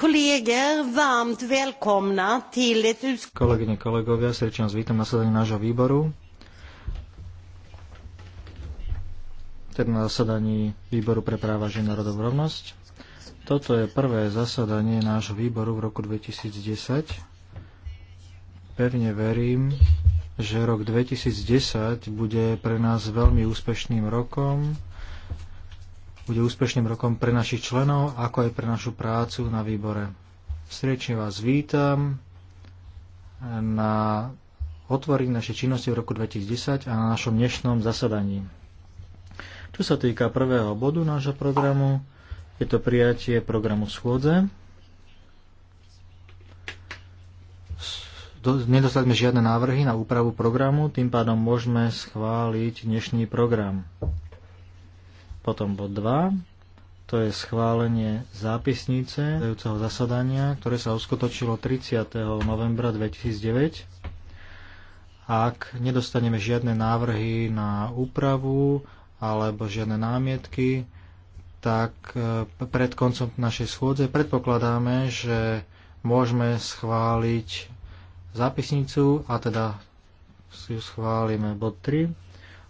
Kolleger, varmt välkomna till ett utskott. Kolegyne, kolegovia, srdečne vás vítam na zasadaní nášho výboru. Teda na zasadaní výboru pre práva žien národov rovnosť. Toto je prvé zasadanie nášho výboru v roku 2010. Pevne verím, že rok 2010 bude pre nás veľmi úspešným rokom bude úspešným rokom pre našich členov, ako aj pre našu prácu na výbore. Srdečne vás vítam na otvorení našej činnosti v roku 2010 a na našom dnešnom zasadaní. Čo sa týka prvého bodu nášho programu, je to prijatie programu schôdze. Nedostali žiadne návrhy na úpravu programu, tým pádom môžeme schváliť dnešný program. Potom bod 2, to je schválenie zápisnice dajúceho zasadania, ktoré sa uskutočilo 30. novembra 2009. Ak nedostaneme žiadne návrhy na úpravu alebo žiadne námietky, tak e, pred koncom našej schôdze predpokladáme, že môžeme schváliť zápisnicu a teda si ju schválime bod 3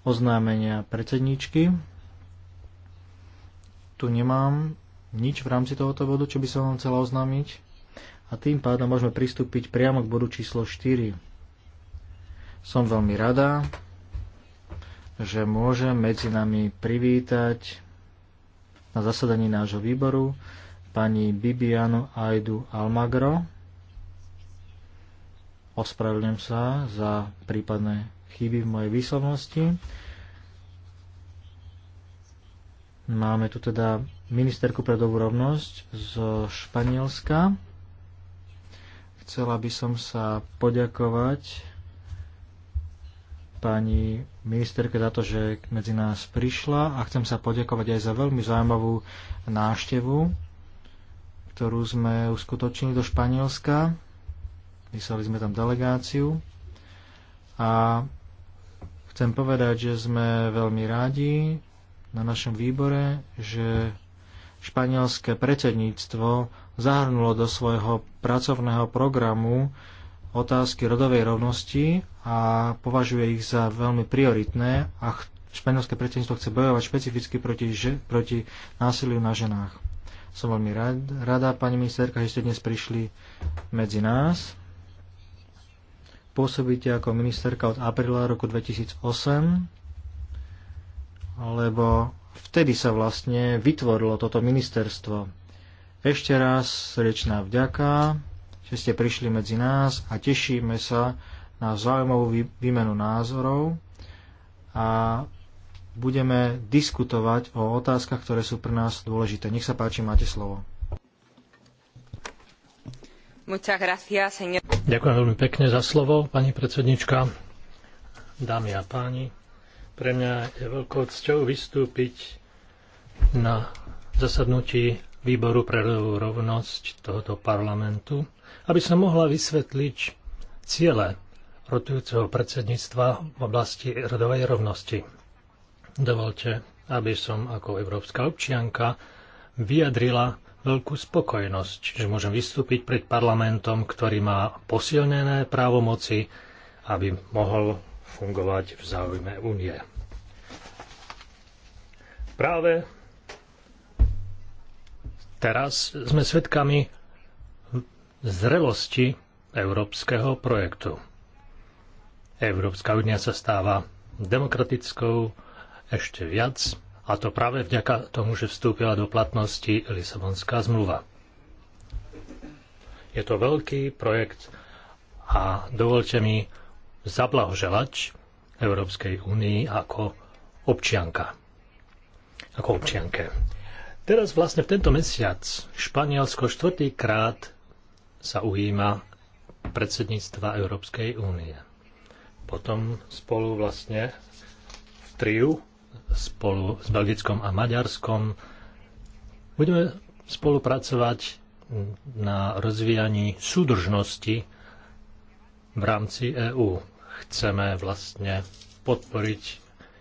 oznámenia predsedničky tu nemám nič v rámci tohoto bodu, čo by som vám chcela oznámiť. A tým pádom môžeme pristúpiť priamo k bodu číslo 4. Som veľmi rada, že môžem medzi nami privítať na zasadaní nášho výboru pani Bibianu Aidu Almagro. Ospravedlňujem sa za prípadné chyby v mojej výslovnosti. Máme tu teda ministerku pre dobrú rovnosť zo Španielska. Chcela by som sa poďakovať pani ministerke za to, že medzi nás prišla a chcem sa poďakovať aj za veľmi zaujímavú náštevu, ktorú sme uskutočnili do Španielska. Vyslali sme tam delegáciu a chcem povedať, že sme veľmi rádi, na našom výbore, že španielské predsedníctvo zahrnulo do svojho pracovného programu otázky rodovej rovnosti a považuje ich za veľmi prioritné a španielské predsedníctvo chce bojovať špecificky proti, že, proti násiliu na ženách. Som veľmi rad, rada, pani ministerka, že ste dnes prišli medzi nás. Pôsobíte ako ministerka od apríla roku 2008 lebo vtedy sa vlastne vytvorilo toto ministerstvo. Ešte raz srdečná vďaka, že ste prišli medzi nás a tešíme sa na zaujímavú výmenu názorov a budeme diskutovať o otázkach, ktoré sú pre nás dôležité. Nech sa páči, máte slovo. Ďakujem veľmi pekne za slovo, pani predsednička, dámy a páni. Pre mňa je veľkou cťou vystúpiť na zasadnutí výboru pre rovnosť tohoto parlamentu, aby som mohla vysvetliť ciele rotujúceho predsedníctva v oblasti rodovej rovnosti. Dovolte, aby som ako európska občianka vyjadrila veľkú spokojnosť, že môžem vystúpiť pred parlamentom, ktorý má posilnené právomoci, aby mohol fungovať v záujme únie práve teraz sme svedkami zrelosti európskeho projektu. Európska únia sa stáva demokratickou ešte viac, a to práve vďaka tomu, že vstúpila do platnosti Lisabonská zmluva. Je to veľký projekt a dovolte mi zablahoželať Európskej únii ako občianka ako občianke. Teraz vlastne v tento mesiac Španielsko štvrtýkrát sa ujíma predsedníctva Európskej únie. Potom spolu vlastne v triu spolu s Belgickom a Maďarskom budeme spolupracovať na rozvíjaní súdržnosti v rámci EÚ. Chceme vlastne podporiť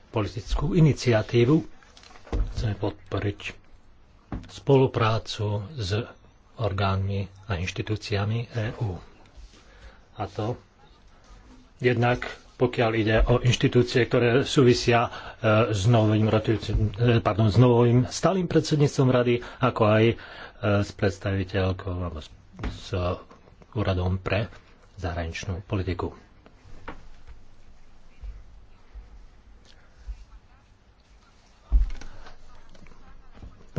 politickú iniciatívu chceme podporiť spoluprácu s orgánmi a inštitúciami EÚ. A to jednak pokiaľ ide o inštitúcie, ktoré súvisia e, s novým, e, pardon, s novým stalým predsedníctvom rady, ako aj e, s predstaviteľkou alebo s, s úradom pre zahraničnú politiku.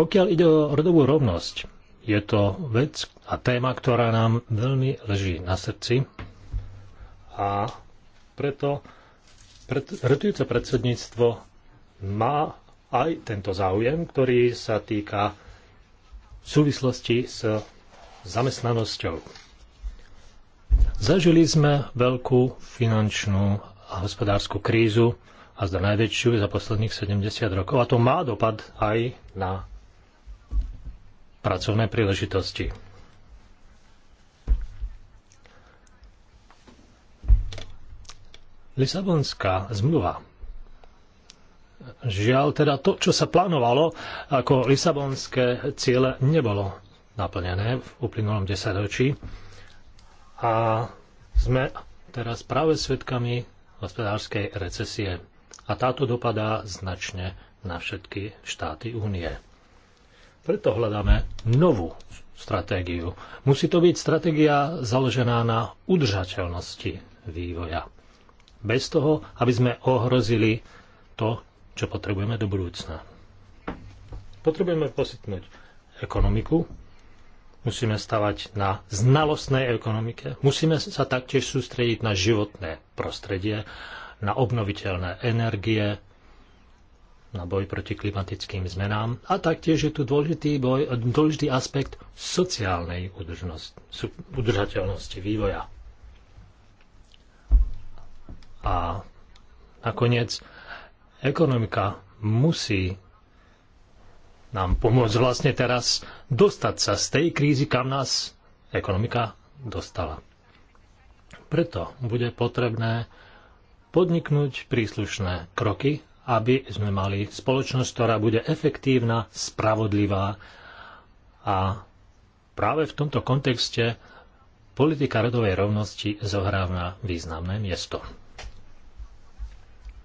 Pokiaľ ide o rodovú rovnosť, je to vec a téma, ktorá nám veľmi leží na srdci a preto pred, rotujúce predsedníctvo má aj tento záujem, ktorý sa týka v súvislosti s zamestnanosťou. Zažili sme veľkú finančnú a hospodárskú krízu, a zda najväčšiu za posledných 70 rokov. A to má dopad aj na pracovné príležitosti. Lisabonská zmluva. Žiaľ, teda to, čo sa plánovalo ako lisabonské ciele, nebolo naplnené v uplynulom desaťročí. A sme teraz práve svedkami hospodárskej recesie. A táto dopadá značne na všetky štáty únie. Preto hľadáme novú stratégiu. Musí to byť stratégia založená na udržateľnosti vývoja. Bez toho, aby sme ohrozili to, čo potrebujeme do budúcna. Potrebujeme posytnúť ekonomiku, musíme stavať na znalostnej ekonomike, musíme sa taktiež sústrediť na životné prostredie, na obnoviteľné energie, na boj proti klimatickým zmenám a taktiež je tu dôležitý, boj, dôležitý aspekt sociálnej udržateľnosti vývoja. A nakoniec ekonomika musí nám pomôcť vlastne teraz dostať sa z tej krízy, kam nás ekonomika dostala. Preto bude potrebné podniknúť príslušné kroky aby sme mali spoločnosť, ktorá bude efektívna, spravodlivá a práve v tomto kontexte politika rodovej rovnosti zohráva významné miesto.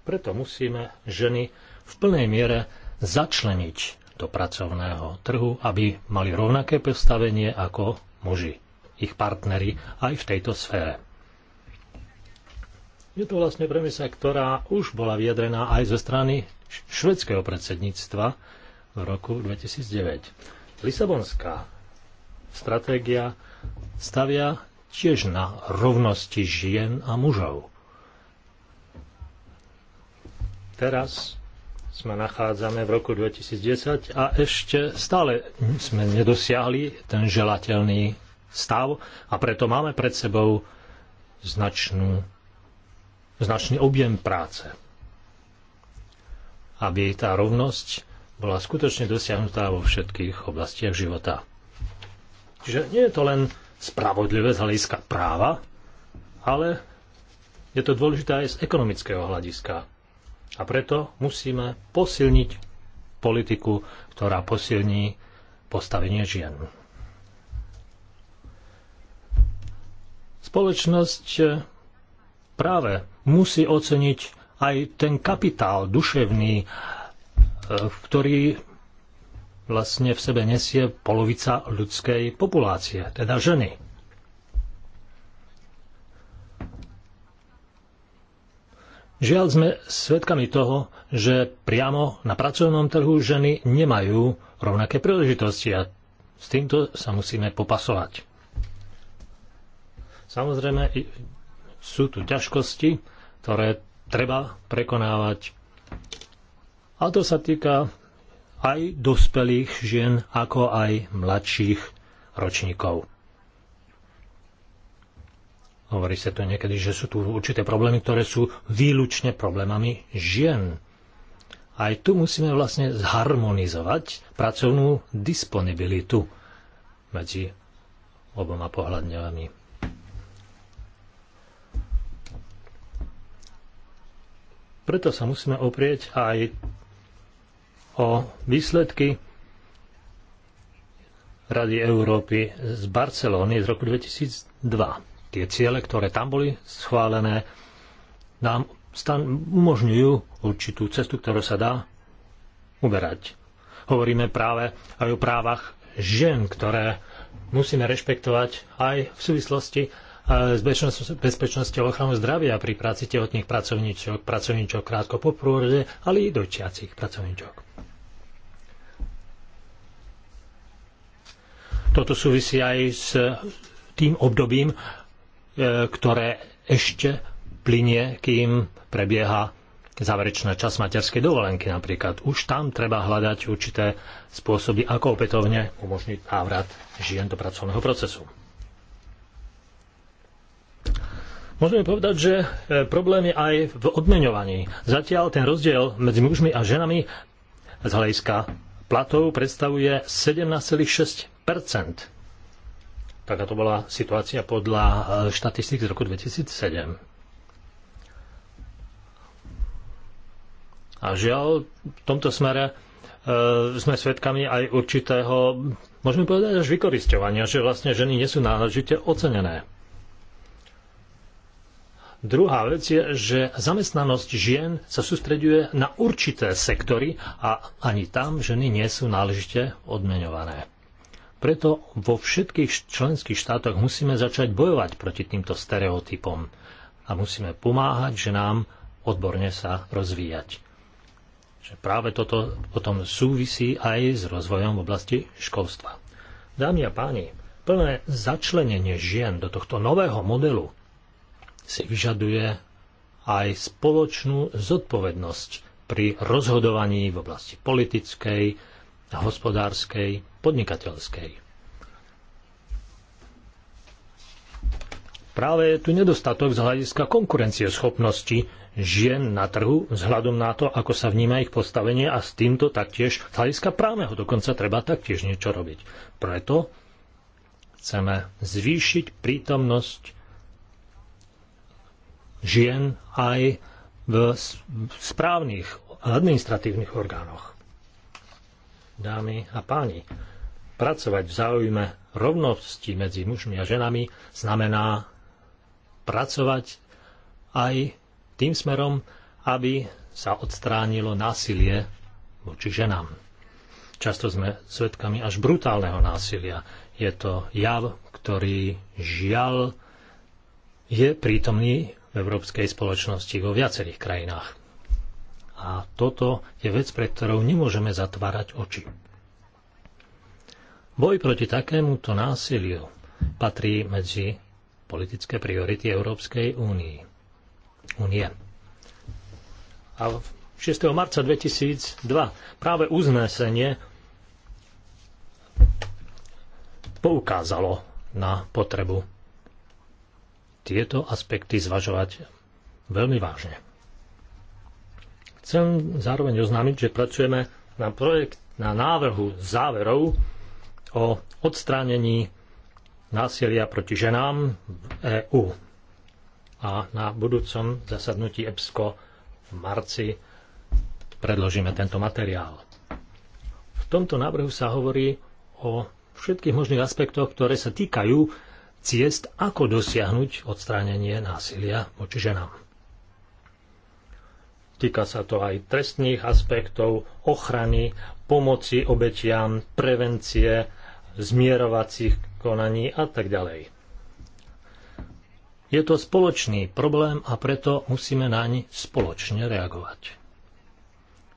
Preto musíme ženy v plnej miere začleniť do pracovného trhu, aby mali rovnaké postavenie ako muži, ich partneri aj v tejto sfére. Je to vlastne premisa, ktorá už bola vyjadrená aj zo strany švedského predsedníctva v roku 2009. Lisabonská stratégia stavia tiež na rovnosti žien a mužov. Teraz sme nachádzame v roku 2010 a ešte stále sme nedosiahli ten želateľný stav a preto máme pred sebou značnú značný objem práce. Aby tá rovnosť bola skutočne dosiahnutá vo všetkých oblastiach života. Čiže nie je to len spravodlivé z hľadiska práva, ale je to dôležité aj z ekonomického hľadiska. A preto musíme posilniť politiku, ktorá posilní postavenie žien. Spoločnosť práve musí oceniť aj ten kapitál duševný, e, ktorý vlastne v sebe nesie polovica ľudskej populácie, teda ženy. Žiaľ sme svedkami toho, že priamo na pracovnom trhu ženy nemajú rovnaké príležitosti a s týmto sa musíme popasovať. Samozrejme, sú tu ťažkosti, ktoré treba prekonávať. A to sa týka aj dospelých žien, ako aj mladších ročníkov. Hovorí sa tu niekedy, že sú tu určité problémy, ktoré sú výlučne problémami žien. Aj tu musíme vlastne zharmonizovať pracovnú disponibilitu medzi oboma pohľadňami. Preto sa musíme oprieť aj o výsledky Rady Európy z Barcelóny z roku 2002. Tie ciele, ktoré tam boli schválené, nám umožňujú určitú cestu, ktorú sa dá uberať. Hovoríme práve aj o právach žien, ktoré musíme rešpektovať aj v súvislosti s bezpečnosťou ochranu zdravia pri práci tehotných pracovníčok, pracovníčok krátko po prúrode, ale i dočiacich pracovníčok. Toto súvisí aj s tým obdobím, e, ktoré ešte plinie, kým prebieha záverečná čas materskej dovolenky napríklad. Už tam treba hľadať určité spôsoby, ako opätovne umožniť návrat žien do pracovného procesu. Môžeme povedať, že e, problém je aj v odmeňovaní. Zatiaľ ten rozdiel medzi mužmi a ženami z hľadiska platov predstavuje 17,6 Taká to bola situácia podľa e, štatistik z roku 2007. A žiaľ, v tomto smere e, sme svedkami aj určitého, môžeme povedať, až vykoristovania, že vlastne ženy nie sú náležite ocenené. Druhá vec je, že zamestnanosť žien sa sústreďuje na určité sektory a ani tam ženy nie sú náležite odmeňované. Preto vo všetkých členských štátoch musíme začať bojovať proti týmto stereotypom a musíme pomáhať ženám odborne sa rozvíjať. Že práve toto potom súvisí aj s rozvojom v oblasti školstva. Dámy a páni, plné začlenenie žien do tohto nového modelu si vyžaduje aj spoločnú zodpovednosť pri rozhodovaní v oblasti politickej, hospodárskej, podnikateľskej. Práve je tu nedostatok z hľadiska konkurencieschopnosti žien na trhu vzhľadom na to, ako sa vníma ich postavenie a s týmto taktiež z hľadiska právneho dokonca treba taktiež niečo robiť. Preto chceme zvýšiť prítomnosť žien aj v správnych administratívnych orgánoch. Dámy a páni, pracovať v záujme rovnosti medzi mužmi a ženami znamená pracovať aj tým smerom, aby sa odstránilo násilie voči ženám. Často sme svedkami až brutálneho násilia. Je to jav, ktorý žiaľ je prítomný európskej spoločnosti vo viacerých krajinách. A toto je vec, pred ktorou nemôžeme zatvárať oči. Boj proti takémuto násiliu patrí medzi politické priority Európskej únie. Unie. A 6. marca 2002 práve uznesenie poukázalo na potrebu tieto aspekty zvažovať veľmi vážne. Chcem zároveň oznámiť, že pracujeme na, projekt, na návrhu záverov o odstránení násilia proti ženám v EÚ. A na budúcom zasadnutí EPSCO v marci predložíme tento materiál. V tomto návrhu sa hovorí o všetkých možných aspektoch, ktoré sa týkajú ciest, ako dosiahnuť odstránenie násilia voči ženám. Týka sa to aj trestných aspektov, ochrany, pomoci obetiam, prevencie, zmierovacích konaní a tak ďalej. Je to spoločný problém a preto musíme naň spoločne reagovať.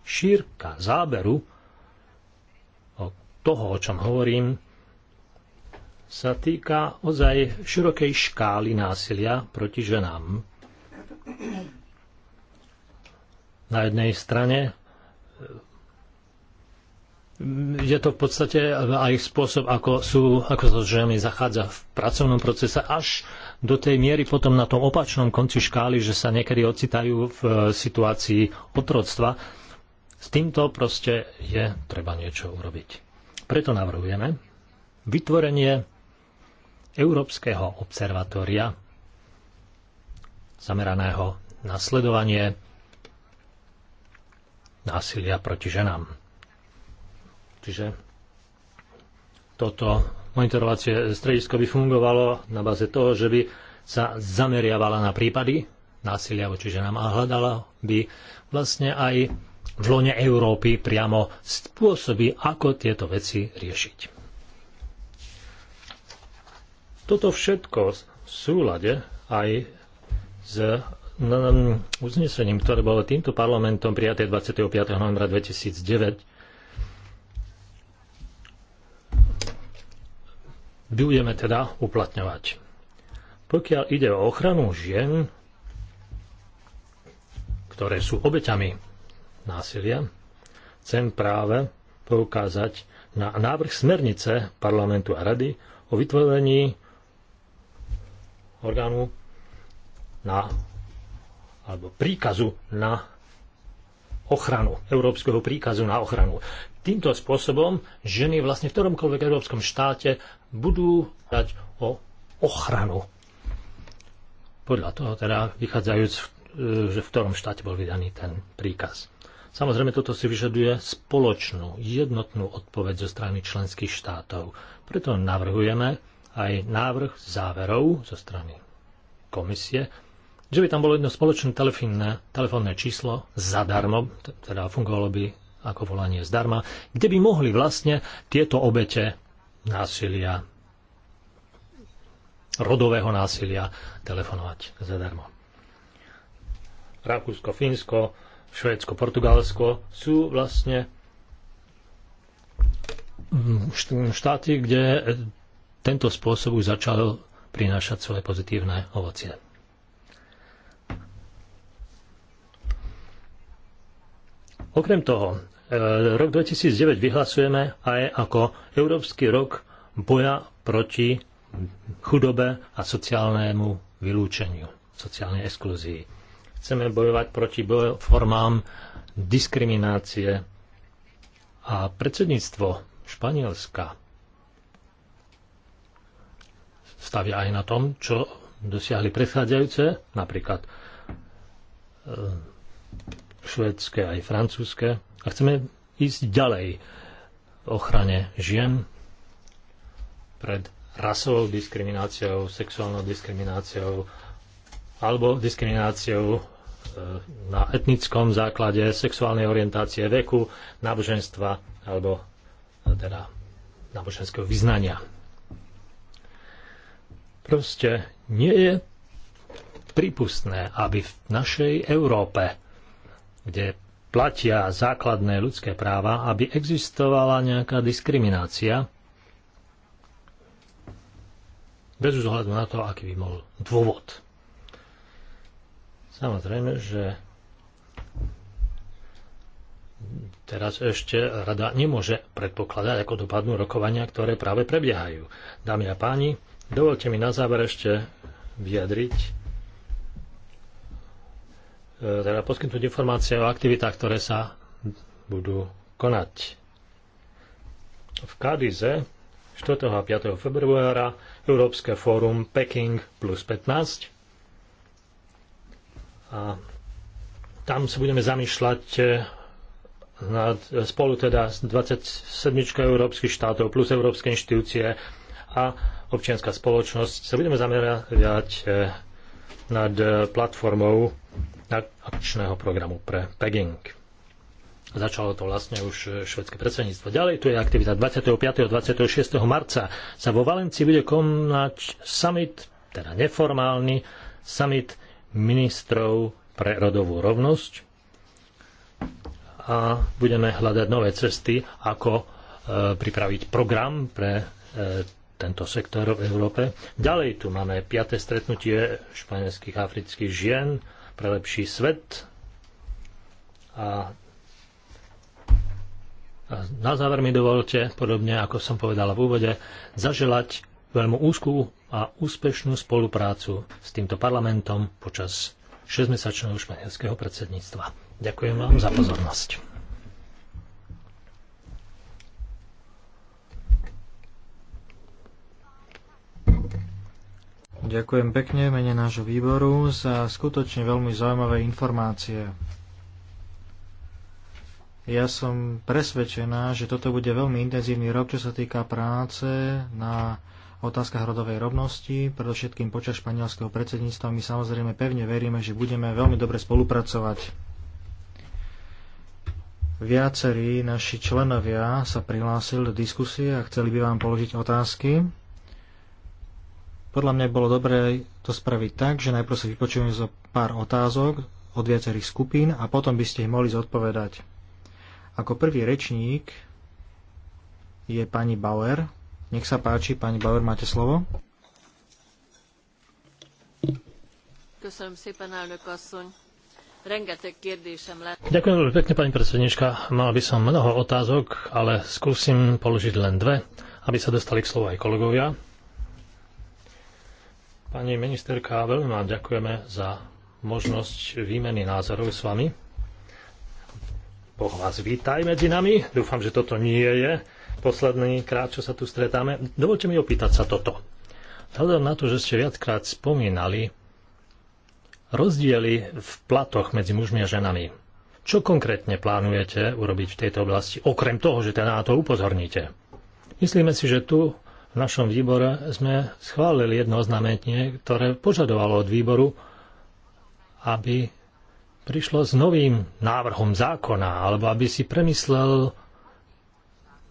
Šírka záberu toho, o čom hovorím, sa týka ozaj širokej škály násilia proti ženám. Na jednej strane eh, je to v podstate aj spôsob, ako, sú, ako sa s ženami zachádza v pracovnom procese, až do tej miery potom na tom opačnom konci škály, že sa niekedy ocitajú v eh, situácii otroctva. S týmto proste je treba niečo urobiť. Preto navrhujeme vytvorenie Európskeho observatória zameraného na sledovanie násilia proti ženám. Čiže toto monitorovacie stredisko by fungovalo na báze toho, že by sa zameriavala na prípady násilia voči ženám a hľadala by vlastne aj v lone Európy priamo spôsoby, ako tieto veci riešiť. Toto všetko v súlade aj s uznesením, ktoré bolo týmto parlamentom prijaté 25. novembra 2009, budeme teda uplatňovať. Pokiaľ ide o ochranu žien, ktoré sú obeťami násilia, chcem práve poukázať na návrh smernice parlamentu a rady o vytvorení orgánu na, alebo príkazu na ochranu, európskeho príkazu na ochranu. Týmto spôsobom ženy vlastne v ktoromkoľvek európskom štáte budú dať o ochranu. Podľa toho teda vychádzajúc, e, že v ktorom štáte bol vydaný ten príkaz. Samozrejme, toto si vyžaduje spoločnú, jednotnú odpoveď zo strany členských štátov. Preto navrhujeme, aj návrh záverov zo strany komisie, že by tam bolo jedno spoločné telefónne, telefónne číslo zadarmo, teda fungovalo by ako volanie zdarma, kde by mohli vlastne tieto obete násilia, rodového násilia telefonovať zadarmo. Rakúsko, Fínsko, Švédsko, Portugalsko sú vlastne štáty, kde tento spôsob už začal prinášať svoje pozitívne ovocie. Okrem toho, e, rok 2009 vyhlasujeme aj ako Európsky rok boja proti chudobe a sociálnemu vylúčeniu, sociálnej exkluzii. Chceme bojovať proti formám diskriminácie a predsedníctvo Španielska stavia aj na tom, čo dosiahli predchádzajúce, napríklad e, švedské aj francúzske. A chceme ísť ďalej v ochrane žien pred rasovou diskrimináciou, sexuálnou diskrimináciou alebo diskrimináciou e, na etnickom základe, sexuálnej orientácie, veku, náboženstva alebo e, teda náboženského vyznania. Proste nie je prípustné, aby v našej Európe, kde platia základné ľudské práva, aby existovala nejaká diskriminácia bez ohľadu na to, aký by mohol dôvod. Samozrejme, že teraz ešte rada nemôže predpokladať, ako dopadnú rokovania, ktoré práve prebiehajú. Dámy a páni, Dovolte mi na záver ešte vyjadriť e, teda poskytnúť informácie o aktivitách, ktoré sa budú konať. V Kadize 4. a 5. februára Európske fórum Peking plus 15 a tam sa budeme zamýšľať e, nad, spolu teda s 27 európskych štátov plus európske inštitúcie a občianská spoločnosť, sa budeme zamerať e, nad e, platformou akčného programu pre Peking. Začalo to vlastne už e, švedské predsedníctvo. Ďalej tu je aktivita 25. a 26. marca. Sa vo Valencii bude konať summit, teda neformálny summit ministrov pre rodovú rovnosť a budeme hľadať nové cesty, ako pripraviť program pre tento sektor v Európe. Ďalej tu máme 5. stretnutie španielských afrických žien pre lepší svet. A na záver mi dovolte, podobne ako som povedala v úvode, zaželať veľmi úzkú a úspešnú spoluprácu s týmto parlamentom počas 6-mesačného španielského predsedníctva. Ďakujem vám za pozornosť. Ďakujem pekne mene nášho výboru za skutočne veľmi zaujímavé informácie. Ja som presvedčená, že toto bude veľmi intenzívny rok, čo sa týka práce na otázkach rodovej rovnosti, predovšetkým počas španielského predsedníctva. My samozrejme pevne veríme, že budeme veľmi dobre spolupracovať. Viacerí naši členovia sa prihlásili do diskusie a chceli by vám položiť otázky. Podľa mňa bolo dobré to spraviť tak, že najprv si vypočujeme zo pár otázok od viacerých skupín a potom by ste ich mohli zodpovedať. Ako prvý rečník je pani Bauer. Nech sa páči, pani Bauer, máte slovo. Ďakujem veľmi pekne, pani predsednička. Mala by som mnoho otázok, ale skúsim položiť len dve, aby sa dostali k slovu aj kolegovia. Pani ministerka, veľmi vám ďakujeme za možnosť výmeny názorov s vami. Boh vás vítaj medzi nami. Dúfam, že toto nie je posledný krát, čo sa tu stretáme. Dovolte mi opýtať sa toto. Vzhľadom na to, že ste viackrát spomínali rozdiely v platoch medzi mužmi a ženami. Čo konkrétne plánujete urobiť v tejto oblasti, okrem toho, že teda na to upozorníte? Myslíme si, že tu v našom výbore sme schválili jedno oznámenie, ktoré požadovalo od výboru, aby prišlo s novým návrhom zákona, alebo aby si premyslel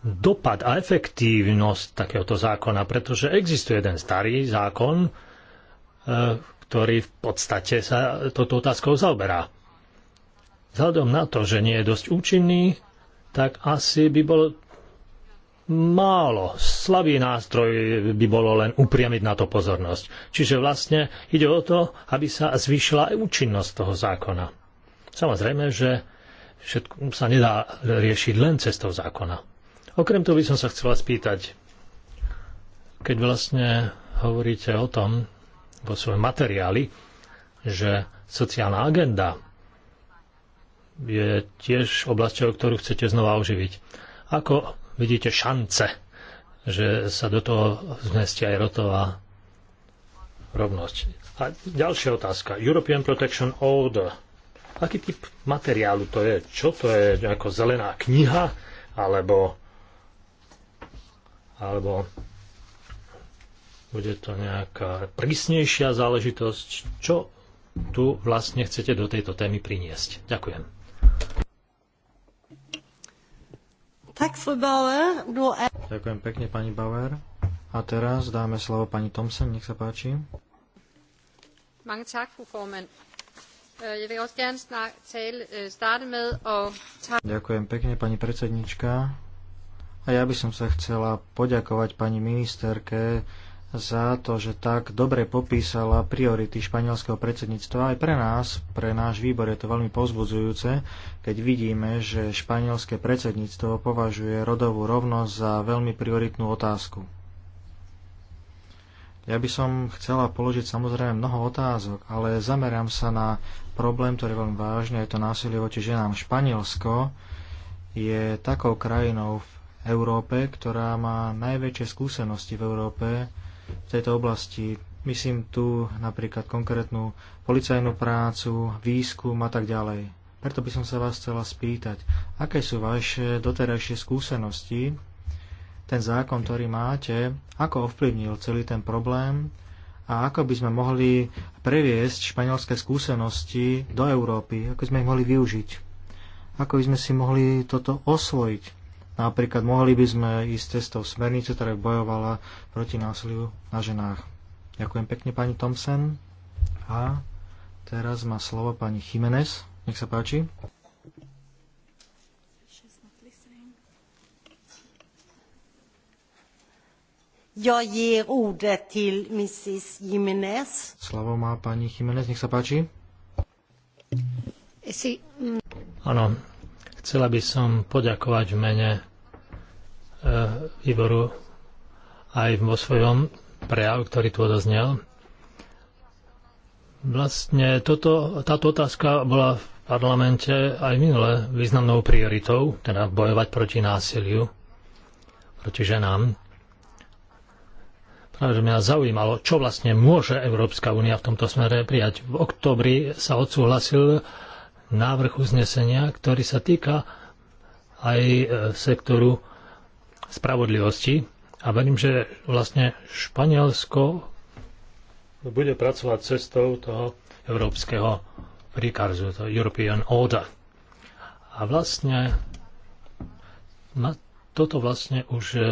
dopad a efektívnosť takéhoto zákona, pretože existuje jeden starý zákon, e, ktorý v podstate sa toto otázkou zaoberá. Vzhľadom na to, že nie je dosť účinný, tak asi by bolo málo, slabý nástroj by bolo len upriamiť na to pozornosť. Čiže vlastne ide o to, aby sa zvýšila aj účinnosť toho zákona. Samozrejme, že všetko sa nedá riešiť len cestou zákona. Okrem toho by som sa chcela spýtať, keď vlastne hovoríte o tom vo svojom materiáli, že sociálna agenda je tiež oblasťou, ktorú chcete znova oživiť. Ako vidíte šance, že sa do toho zmestia aj rotová rovnosť. A ďalšia otázka. European Protection Order. Aký typ materiálu to je? Čo to je? Ako zelená kniha? Alebo alebo bude to nejaká prísnejšia záležitosť. Čo tu vlastne chcete do tejto témy priniesť? Ďakujem. Ďakujem pekne, pani Bauer. A teraz dáme slovo pani Thompson, nech sa páči. Mange tak, fru formand. Øh, jeg vil også gerne tale, øh, starte med og... Ďakujem pekne, pani predsednička. A ja by som sa chcela poďakovať pani ministerke za to, že tak dobre popísala priority španielského predsedníctva. Aj pre nás, pre náš výbor je to veľmi pozbudzujúce, keď vidíme, že španielské predsedníctvo považuje rodovú rovnosť za veľmi prioritnú otázku. Ja by som chcela položiť samozrejme mnoho otázok, ale zamerám sa na problém, ktorý je veľmi vážny, je to násilie voči ženám. Španielsko je takou krajinou v Európe, ktorá má najväčšie skúsenosti v Európe v tejto oblasti. Myslím tu napríklad konkrétnu policajnú prácu, výskum a tak ďalej. Preto by som sa vás chcela spýtať, aké sú vaše doterajšie skúsenosti, ten zákon, ktorý máte, ako ovplyvnil celý ten problém a ako by sme mohli previesť španielské skúsenosti do Európy, ako by sme ich mohli využiť, ako by sme si mohli toto osvojiť. Napríklad mohli by sme ísť cestou smernice, ktorá bojovala proti násiliu na ženách. Ďakujem pekne pani Thompson. A teraz má slovo pani Jiménez. Nech sa páči. Ja ger ordet till Mrs Jimenez. Slovo má pani Jimenez, nech sa páči. Eh, Áno, Chcela by som poďakovať v mene e, výboru aj vo svojom prejavu, ktorý tu odoznel. Vlastne toto, táto otázka bola v parlamente aj minule významnou prioritou, teda bojovať proti násiliu, proti ženám. Práve že mňa zaujímalo, čo vlastne môže Európska únia v tomto smere prijať. V oktobri sa odsúhlasil návrh uznesenia, ktorý sa týka aj e, sektoru spravodlivosti. A verím, že vlastne Španielsko bude pracovať cestou toho európskeho príkazu, to European Order. A vlastne na toto vlastne už e,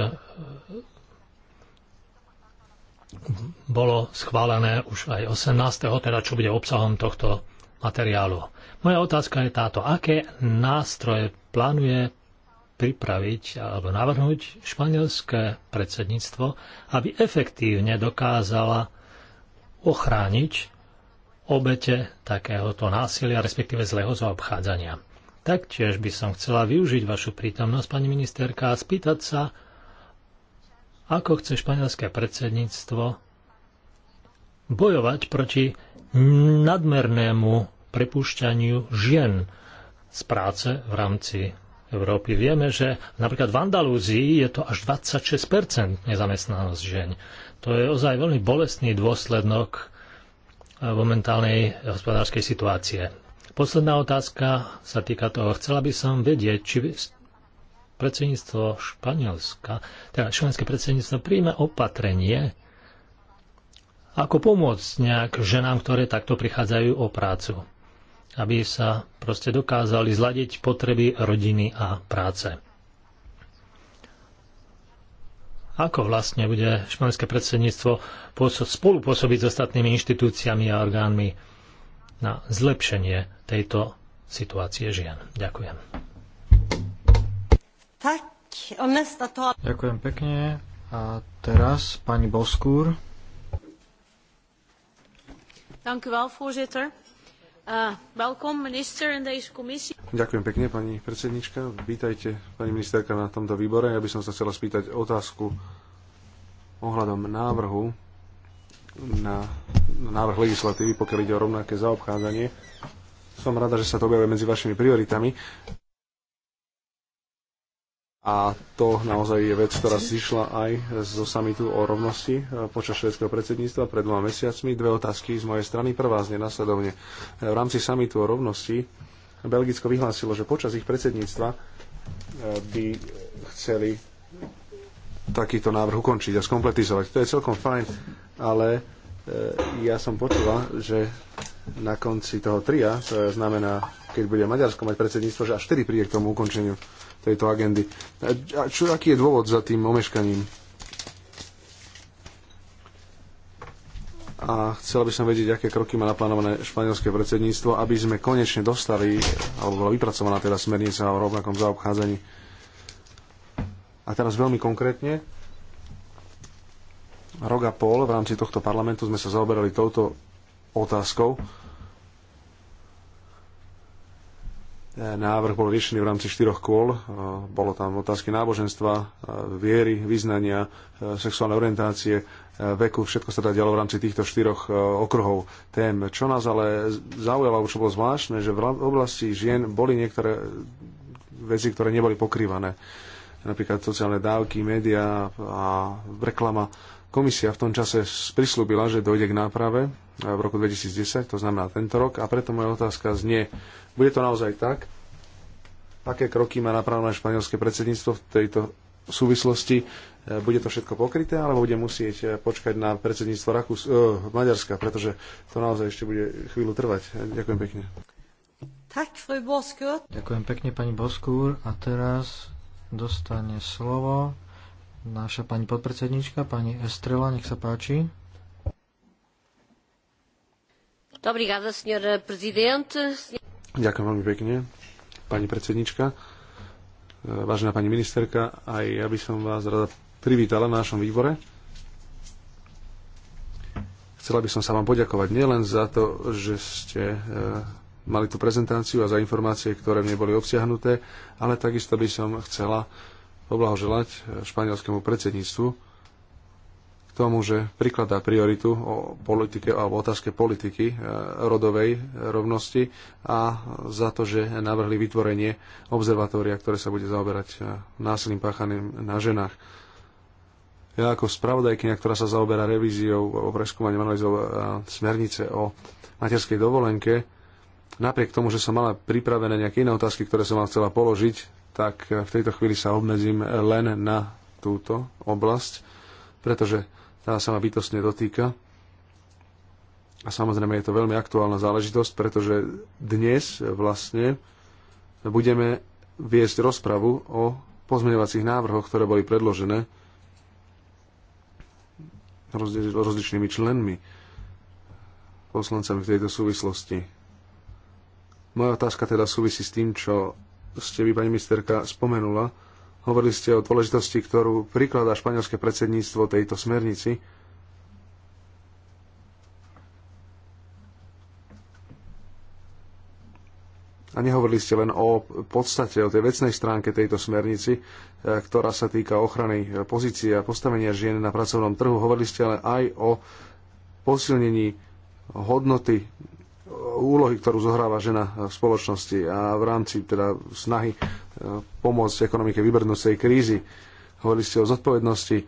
bolo schválené už aj 18. teda čo bude obsahom tohto materiálu. Moja otázka je táto. Aké nástroje plánuje pripraviť alebo navrhnúť španielské predsedníctvo, aby efektívne dokázala ochrániť obete takéhoto násilia, respektíve zlého zaobchádzania. Taktiež by som chcela využiť vašu prítomnosť, pani ministerka, a spýtať sa, ako chce španielské predsedníctvo bojovať proti nadmernému prepúšťaniu žien z práce v rámci Európy. Vieme, že napríklad v Andalúzii je to až 26 nezamestnanosť žien. To je ozaj veľmi bolestný dôsledok eh, momentálnej hospodárskej situácie. Posledná otázka sa týka toho. Chcela by som vedieť, či predsedníctvo Španielska, teda švenské predsedníctvo príjme opatrenie, ako pomôcť nejak ženám, ktoré takto prichádzajú o prácu aby sa proste dokázali zladiť potreby rodiny a práce. Ako vlastne bude španské predsedníctvo spolupôsobiť s ostatnými inštitúciami a orgánmi na zlepšenie tejto situácie žien? Ďakujem. Ďakujem pekne. A teraz pani Boskúr. Dank u wel, voorzitter. Uh, Ďakujem pekne, pani predsednička. Vítajte, pani ministerka, na tomto výbore. Ja by som sa chcela spýtať otázku ohľadom návrhu na, na návrh legislatívy, pokiaľ ide o rovnaké zaobchádzanie. Som rada, že sa to objavuje medzi vašimi prioritami. A to naozaj je vec, ktorá zišla aj zo samitu o rovnosti e, počas švedského predsedníctva pred dvoma mesiacmi. Dve otázky z mojej strany. Prvá zne nasledovne. E, v rámci samitu o rovnosti Belgicko vyhlásilo, že počas ich predsedníctva e, by chceli takýto návrh ukončiť a skompletizovať. To je celkom fajn, ale ja som počula, že na konci toho tria, to znamená, keď bude Maďarsko mať predsedníctvo, že až vtedy príde k tomu ukončeniu tejto agendy. A čo, aký je dôvod za tým omeškaním? A chcela by som vedieť, aké kroky má naplánované španielské predsedníctvo, aby sme konečne dostali, alebo bola vypracovaná teda smernica o rovnakom zaobchádzaní. A teraz veľmi konkrétne, rok a pol v rámci tohto parlamentu sme sa zaoberali touto otázkou návrh bol riešený v rámci štyroch kôl. E, bolo tam otázky náboženstva, e, viery, význania, e, sexuálne orientácie, veku. Všetko sa teda dialo v rámci týchto štyroch okruhov tém. Čo nás ale zaujalo, čo bolo zvláštne, že v oblasti žien boli niektoré veci, ktoré neboli pokrývané. Napríklad sociálne dávky, médiá a reklama. Komisia v tom čase prislúbila, že dojde k náprave v roku 2010, to znamená tento rok. A preto moja otázka znie, bude to naozaj tak? Aké kroky má napravené španielské predsedníctvo v tejto súvislosti? Bude to všetko pokryté, alebo bude musieť eh, počkať na predsedníctvo Rakus, uh, eh, Maďarska, pretože to naozaj ešte bude chvíľu trvať. Ďakujem pekne. Tak, Ďakujem pekne, pani Boskúr. A teraz dostane slovo naša pani podpredsednička, pani Estrela, nech sa páči. Ďakujem veľmi pekne, pani predsednička. Vážená pani ministerka, aj ja by som vás rada privítala na našom výbore. Chcela by som sa vám poďakovať nielen za to, že ste e, mali tú prezentáciu a za informácie, ktoré nej boli obsiahnuté, ale takisto by som chcela poblahoželať e, španielskému predsedníctvu tomu, že prikladá prioritu o politike alebo otázke politiky e, rodovej rovnosti a za to, že navrhli vytvorenie observatória, ktoré sa bude zaoberať e, násilným páchaným na ženách. Ja ako spravodajkynia, ktorá sa zaoberá revíziou o preskúmaní analýzov e, smernice o materskej dovolenke, napriek tomu, že som mala pripravené nejaké iné otázky, ktoré som vám chcela položiť, tak v tejto chvíli sa obmedzím len na túto oblasť, pretože tá sa ma bytostne dotýka. A samozrejme je to veľmi aktuálna záležitosť, pretože dnes vlastne budeme viesť rozpravu o pozmeňovacích návrhoch, ktoré boli predložené rozličnými členmi, poslancami v tejto súvislosti. Moja otázka teda súvisí s tým, čo ste vy, pani ministerka, spomenula, Hovorili ste o dôležitosti, ktorú prikladá španielské predsedníctvo tejto smernici. A nehovorili ste len o podstate, o tej vecnej stránke tejto smernici, e, ktorá sa týka ochrany e, pozície a postavenia žien na pracovnom trhu. Hovorili ste ale aj o posilnení hodnoty úlohy, ktorú zohráva žena v spoločnosti a v rámci teda snahy e, pomôcť ekonomike vybrnúť z tej krízy. Hovorili ste o zodpovednosti. E,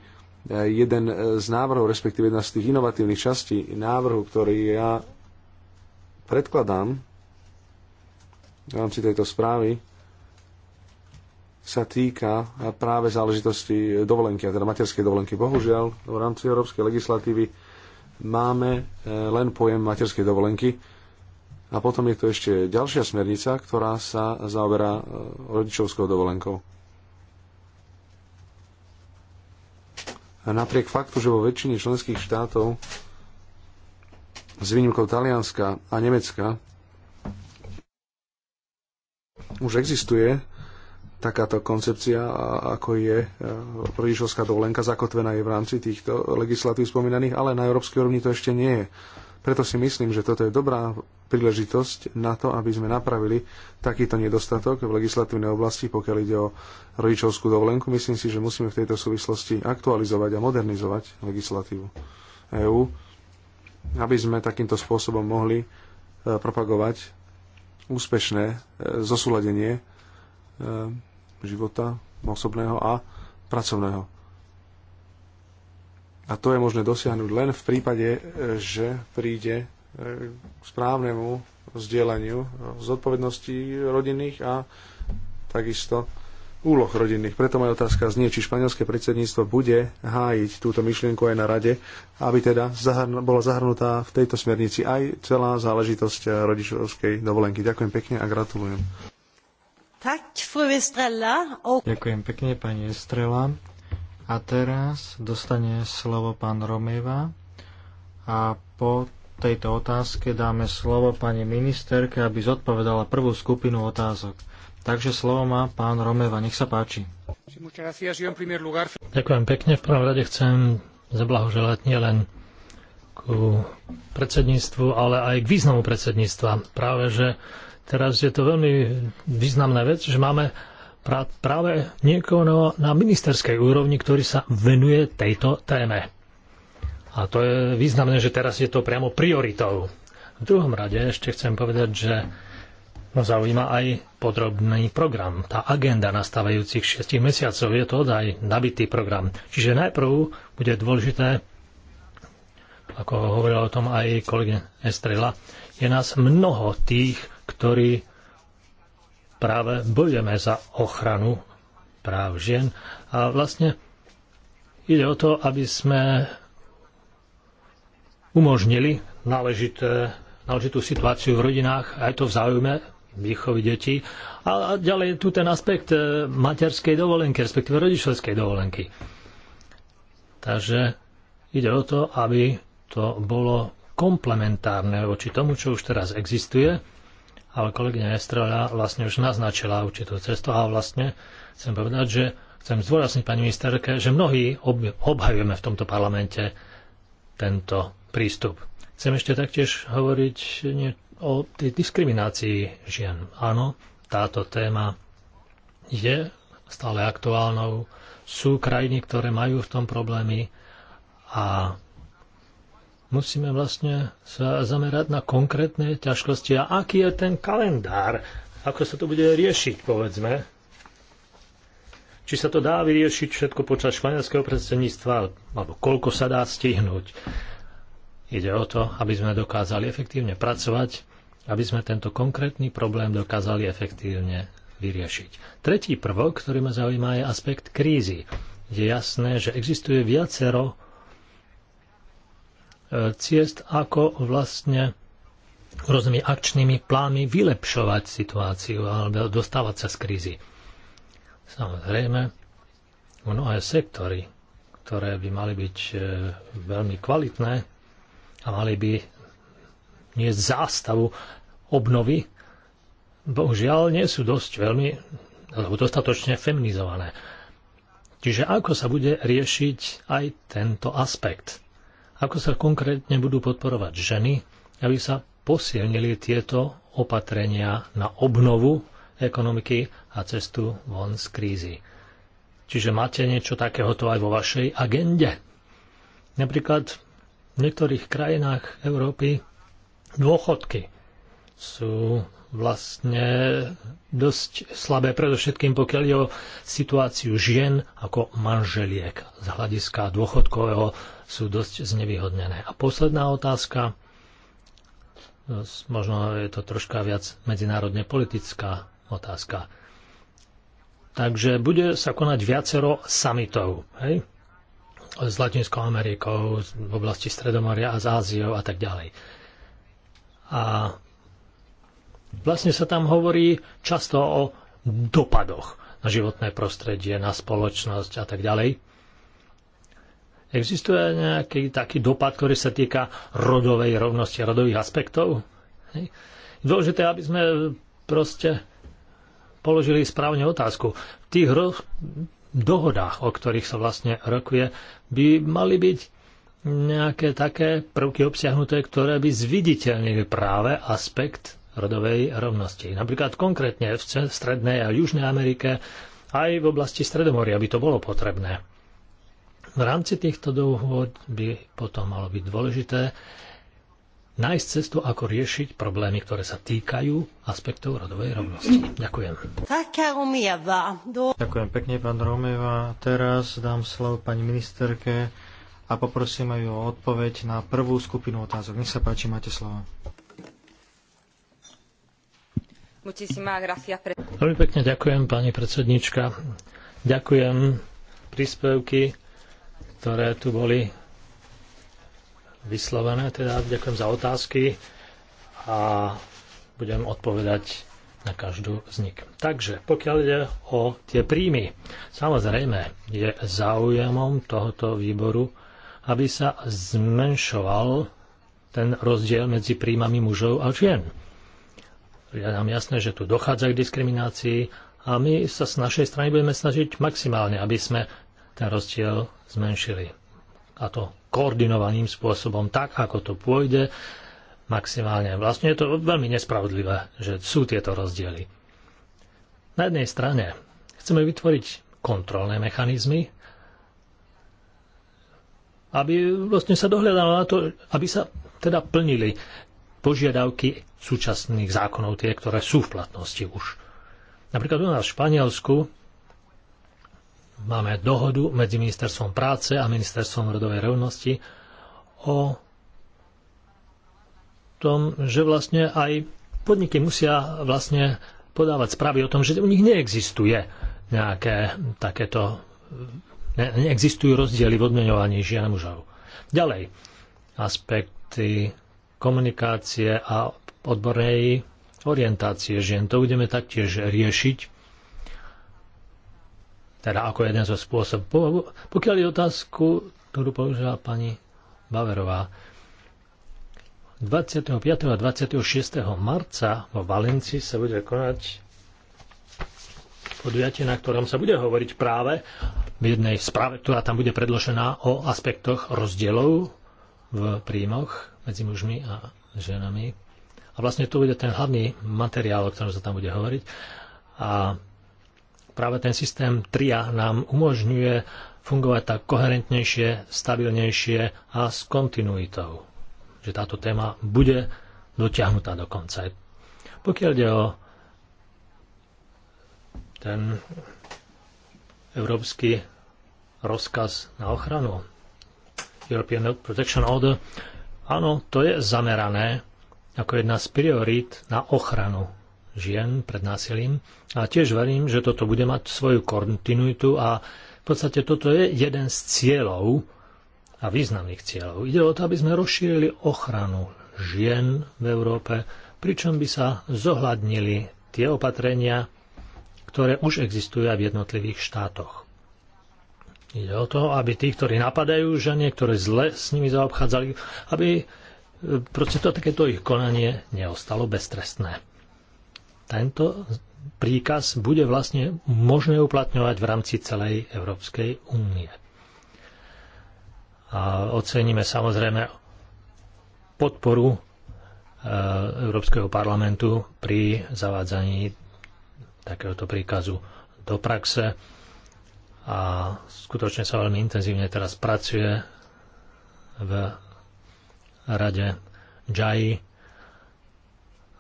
jeden z návrhov, respektíve jedna z tých inovatívnych častí návrhu, ktorý ja predkladám v rámci tejto správy, sa týka práve záležitosti dovolenky, a teda materskej dovolenky. Bohužiaľ, v rámci európskej legislatívy máme e, len pojem materskej dovolenky a potom je tu ešte ďalšia smernica, ktorá sa zaoberá e, rodičovskou dovolenkou. A napriek faktu, že vo väčšine členských štátov s výnimkou Talianska a Nemecka už existuje takáto koncepcia, ako je e, rodičovská dovolenka, zakotvená je v rámci týchto legislatív spomínaných, ale na európskej úrovni to ešte nie je. Preto si myslím, že toto je dobrá príležitosť na to, aby sme napravili takýto nedostatok v legislatívnej oblasti, pokiaľ ide o rodičovskú dovolenku. Myslím si, že musíme v tejto súvislosti aktualizovať a modernizovať legislatívu EÚ, aby sme takýmto spôsobom mohli e, propagovať úspešné e, zosúladenie e, života osobného a pracovného. A to je možné dosiahnuť len v prípade, e, že príde e, k správnemu vzdielaniu e, zodpovedností rodinných a takisto úloh rodinných. Preto moja otázka znie, či španielské predsedníctvo bude hájiť túto myšlienku aj na rade, aby teda zahrn- bola zahrnutá v tejto smernici aj celá záležitosť rodičovskej dovolenky. Ďakujem pekne a gratulujem. Ďakujem pekne, pani Estrela. A teraz dostane slovo pán Romeva a po tejto otázke dáme slovo pani ministerke, aby zodpovedala prvú skupinu otázok. Takže slovo má pán Romeva, nech sa páči. Ďakujem pekne. V prvom rade chcem zablahoželať nielen ku predsedníctvu, ale aj k významu predsedníctva. Práve, že teraz je to veľmi významná vec, že máme práve niekoho na ministerskej úrovni, ktorý sa venuje tejto téme. A to je významné, že teraz je to priamo prioritou. V druhom rade ešte chcem povedať, že ma zaujíma aj podrobný program. Tá agenda nastávajúcich 6 mesiacov je to aj nabitý program. Čiže najprv bude dôležité, ako hovorila o tom aj kolegyňa Estrela, je nás mnoho tých, ktorí práve bojujeme za ochranu práv žien a vlastne ide o to, aby sme umožnili náležité, náležitú situáciu v rodinách, aj to v záujme výchovy detí. A ďalej je tu ten aspekt e, materskej dovolenky, respektíve rodičovskej dovolenky. Takže ide o to, aby to bolo komplementárne voči tomu, čo už teraz existuje ale kolegyňa Estrela vlastne už naznačila určitú cestu a vlastne chcem povedať, že chcem zdôrazniť pani ministerke, že mnohí obhajujeme v tomto parlamente tento prístup. Chcem ešte taktiež hovoriť o tej diskriminácii žien. Áno, táto téma je stále aktuálnou. Sú krajiny, ktoré majú v tom problémy a musíme vlastne sa zamerať na konkrétne ťažkosti. A aký je ten kalendár? Ako sa to bude riešiť, povedzme? Či sa to dá vyriešiť všetko počas španielského predsedníctva, alebo koľko sa dá stihnúť? Ide o to, aby sme dokázali efektívne pracovať, aby sme tento konkrétny problém dokázali efektívne vyriešiť. Tretí prvok, ktorý ma zaujíma, je aspekt krízy. Je jasné, že existuje viacero ciest, ako vlastne rozumie akčnými plánmi vylepšovať situáciu alebo dostávať sa z krízy. Samozrejme, mnohé sektory, ktoré by mali byť e, veľmi kvalitné a mali by nie zástavu obnovy, bohužiaľ nie sú dosť veľmi alebo dostatočne feminizované. Čiže ako sa bude riešiť aj tento aspekt? ako sa konkrétne budú podporovať ženy, aby sa posilnili tieto opatrenia na obnovu ekonomiky a cestu von z krízy. Čiže máte niečo takéhoto aj vo vašej agende. Napríklad v niektorých krajinách Európy dôchodky sú vlastne dosť slabé, predovšetkým pokiaľ je o situáciu žien ako manželiek z hľadiska dôchodkového sú dosť znevýhodnené. A posledná otázka, no, možno je to troška viac medzinárodne politická otázka. Takže bude sa konať viacero samitov hej? s Latinskou Amerikou, v oblasti Stredomoria a z Áziou a tak ďalej. A Vlastne sa tam hovorí často o dopadoch na životné prostredie, na spoločnosť a tak ďalej. Existuje nejaký taký dopad, ktorý sa týka rodovej rovnosti, rodových aspektov? Hej. Dôležité, aby sme proste položili správne otázku. V tých ro- dohodách, o ktorých sa vlastne rokuje, by mali byť nejaké také prvky obsiahnuté, ktoré by zviditeľnili práve aspekt rodovej rovnosti. Napríklad konkrétne v Strednej a Južnej Amerike aj v oblasti Stredomoria by to bolo potrebné. V rámci týchto dohôd by potom malo byť dôležité nájsť cestu, ako riešiť problémy, ktoré sa týkajú aspektov rodovej rovnosti. Ďakujem. Ďakujem pekne, pán Romeva. Teraz dám slovo pani ministerke a poprosím ju o odpoveď na prvú skupinu otázok. Nech sa páči, máte slovo. Veľmi pekne ďakujem, pani predsednička. Ďakujem príspevky, ktoré tu boli vyslovené. Teda ďakujem za otázky a budem odpovedať na každú z nich. Takže pokiaľ ide o tie príjmy, samozrejme je záujemom tohoto výboru, aby sa zmenšoval ten rozdiel medzi príjmami mužov a žien je nám jasné, že tu dochádza k diskriminácii a my sa z našej strany budeme snažiť maximálne, aby sme ten rozdiel zmenšili. A to koordinovaným spôsobom, tak ako to pôjde, maximálne. Vlastne je to veľmi nespravodlivé, že sú tieto rozdiely. Na jednej strane chceme vytvoriť kontrolné mechanizmy, aby vlastne sa dohľadalo na to, aby sa teda plnili požiadavky súčasných zákonov, tie, ktoré sú v platnosti už. Napríklad u nás v Španielsku máme dohodu medzi Ministerstvom práce a Ministerstvom rodovej rovnosti o tom, že vlastne aj podniky musia vlastne podávať správy o tom, že u nich neexistuje nejaké takéto ne, neexistujú rozdiely v odmeňovaní žien a mužov. Ďalej, aspekty komunikácie a odbornej orientácie žien. To budeme taktiež riešiť, teda ako jeden zo spôsobov. Pokiaľ je otázku, ktorú použila pani Baverová, 25. a 26. marca vo Valencii sa bude konať podujatie, na ktorom sa bude hovoriť práve v jednej správe, ktorá tam bude predložená o aspektoch rozdielov v príjmoch medzi mužmi a ženami. A vlastne tu bude ten hlavný materiál, o ktorom sa tam bude hovoriť. A práve ten systém TRIA nám umožňuje fungovať tak koherentnejšie, stabilnejšie a s kontinuitou. Že táto téma bude dotiahnutá do konca. Pokiaľ ide o ten európsky rozkaz na ochranu European Protection Order, áno, to je zamerané ako jedna z priorít na ochranu žien pred násilím a tiež verím, že toto bude mať svoju kontinuitu a v podstate toto je jeden z cieľov a významných cieľov. Ide o to, aby sme rozšírili ochranu žien v Európe, pričom by sa zohľadnili tie opatrenia, ktoré už existujú aj v jednotlivých štátoch. Ide o to, aby tí, ktorí napadajú ženie, ktorí zle s nimi zaobchádzali, aby e, proste to takéto ich konanie neostalo beztrestné. Tento príkaz bude vlastne možné uplatňovať v rámci celej Európskej únie. A oceníme samozrejme podporu e, Európskeho parlamentu pri zavádzaní takéhoto príkazu do praxe a skutočne sa veľmi intenzívne teraz pracuje v rade JAI.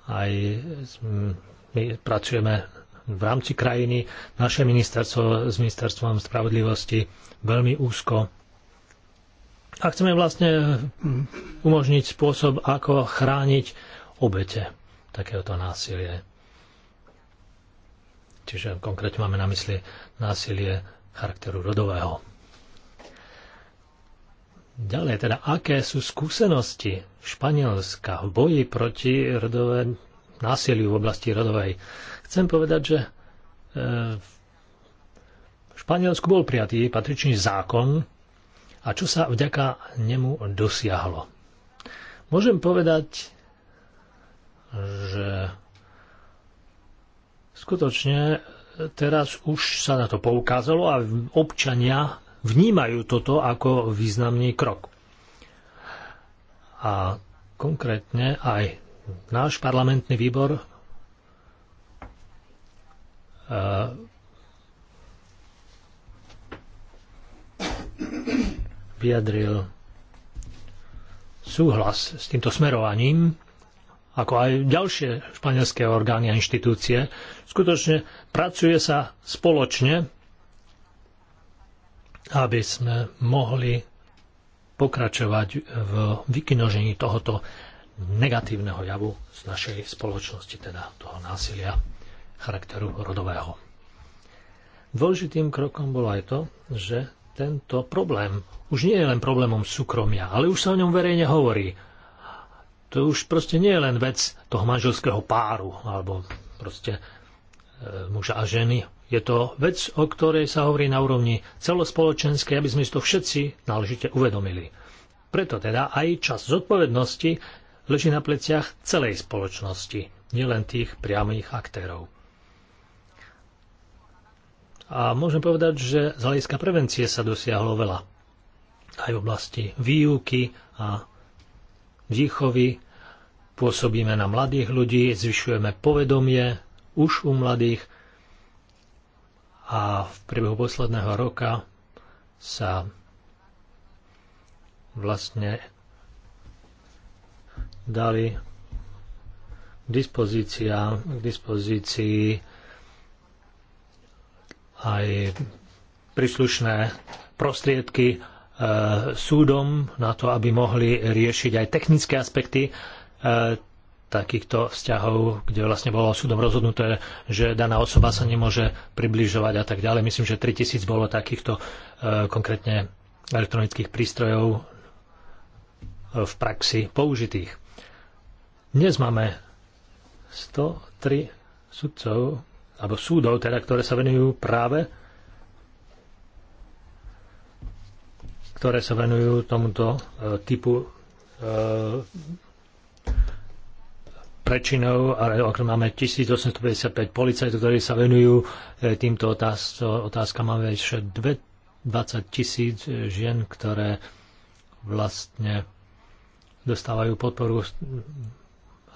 Aj my pracujeme v rámci krajiny. Naše ministerstvo s ministerstvom spravodlivosti veľmi úzko a chceme vlastne umožniť spôsob, ako chrániť obete takéhoto násilie. Čiže konkrétne máme na mysli násilie charakteru rodového. Ďalej teda, aké sú skúsenosti Španielska v boji proti rodové, násiliu v oblasti rodovej? Chcem povedať, že e, v Španielsku bol prijatý patričný zákon a čo sa vďaka nemu dosiahlo. Môžem povedať, že skutočne teraz už sa na to poukázalo a občania vnímajú toto ako významný krok. A konkrétne aj náš parlamentný výbor e, vyjadril súhlas s týmto smerovaním ako aj ďalšie španielské orgány a inštitúcie. Skutočne pracuje sa spoločne, aby sme mohli pokračovať v vykinožení tohoto negatívneho javu z našej spoločnosti, teda toho násilia charakteru rodového. Dôležitým krokom bolo aj to, že tento problém už nie je len problémom súkromia, ale už sa o ňom verejne hovorí to už proste nie je len vec toho manželského páru, alebo proste e, muža a ženy. Je to vec, o ktorej sa hovorí na úrovni celospoločenskej, aby sme si to všetci náležite uvedomili. Preto teda aj čas zodpovednosti leží na pleciach celej spoločnosti, nielen tých priamých aktérov. A môžem povedať, že z hľadiska prevencie sa dosiahlo veľa. Aj v oblasti výuky a výchovy, pôsobíme na mladých ľudí, zvyšujeme povedomie už u mladých a v priebehu posledného roka sa vlastne dali k dispozícia, k dispozícii aj príslušné prostriedky Eh, súdom na to, aby mohli riešiť aj technické aspekty eh, takýchto vzťahov, kde vlastne bolo súdom rozhodnuté, že daná osoba sa nemôže približovať a tak ďalej. Myslím, že 3000 bolo takýchto eh, konkrétne elektronických prístrojov v praxi použitých. Dnes máme 103 sudcov, alebo súdov, teda, ktoré sa venujú práve ktoré sa venujú tomuto e, typu e, prečinov, ale okrem máme 1855 policajtov, ktorí sa venujú e, týmto otázkam. Otázka máme ešte 20 tisíc žien, ktoré vlastne dostávajú podporu,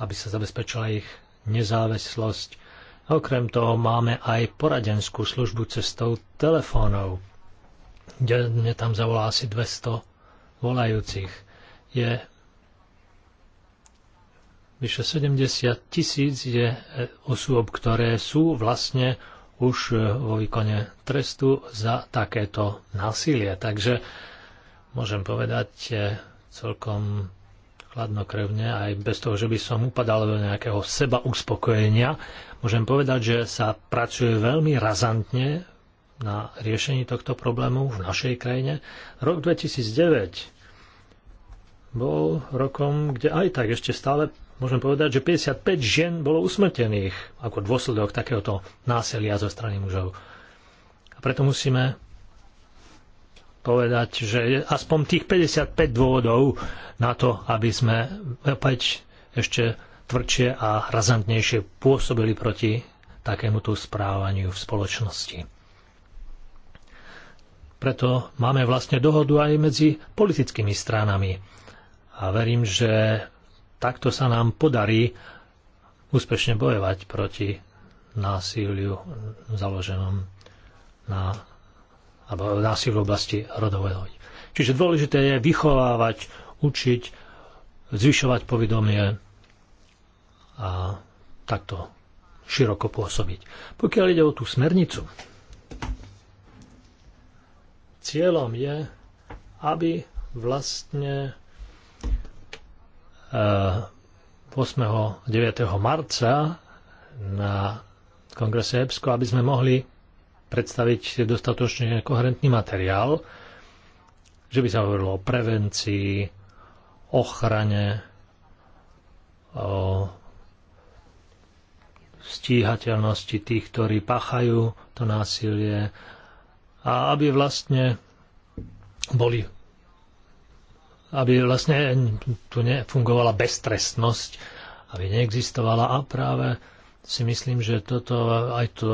aby sa zabezpečila ich nezávislosť. Okrem toho máme aj poradenskú službu cestou telefónov. Denne tam zavolá asi 200 volajúcich. Je vyše 70 tisíc je e, osôb, ktoré sú vlastne už e, vo výkone trestu za takéto násilie. Takže môžem povedať e, celkom chladnokrevne, aj bez toho, že by som upadal do nejakého seba uspokojenia. Môžem povedať, že sa pracuje veľmi razantne na riešení tohto problému v našej krajine. Rok 2009 bol rokom, kde aj tak ešte stále môžem povedať, že 55 žien bolo usmrtených ako dôsledok takéhoto násilia zo strany mužov. A preto musíme povedať, že je aspoň tých 55 dôvodov na to, aby sme opäť ešte tvrdšie a razantnejšie pôsobili proti takémuto správaniu v spoločnosti. Preto máme vlastne dohodu aj medzi politickými stranami. A verím, že takto sa nám podarí úspešne bojovať proti násiliu založenom na alebo násilu v oblasti rodového. Čiže dôležité je vychovávať, učiť, zvyšovať povedomie a takto široko pôsobiť. Pokiaľ ide o tú smernicu, Cieľom je, aby vlastne 8. Eh, 9. marca na kongrese EBSCO, aby sme mohli predstaviť dostatočne koherentný materiál, že by sa hovorilo o prevencii, ochrane, o stíhateľnosti tých, ktorí páchajú to násilie, a aby vlastne boli aby vlastne tu nefungovala beztrestnosť, aby neexistovala a práve si myslím, že toto aj to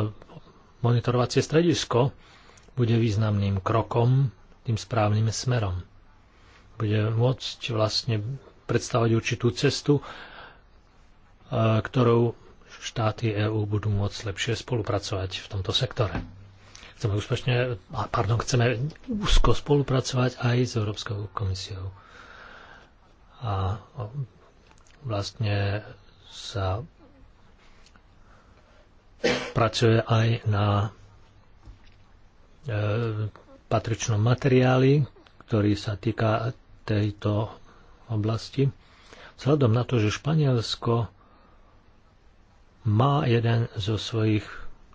monitorovacie stredisko bude významným krokom tým správnym smerom. Bude môcť vlastne predstavať určitú cestu, e, ktorou štáty EÚ budú môcť lepšie spolupracovať v tomto sektore chceme úspešne, pardon, chceme úzko spolupracovať aj s Európskou komisiou. A vlastne sa pracuje aj na e, patričnom materiáli, ktorý sa týka tejto oblasti. Vzhľadom na to, že Španielsko má jeden zo svojich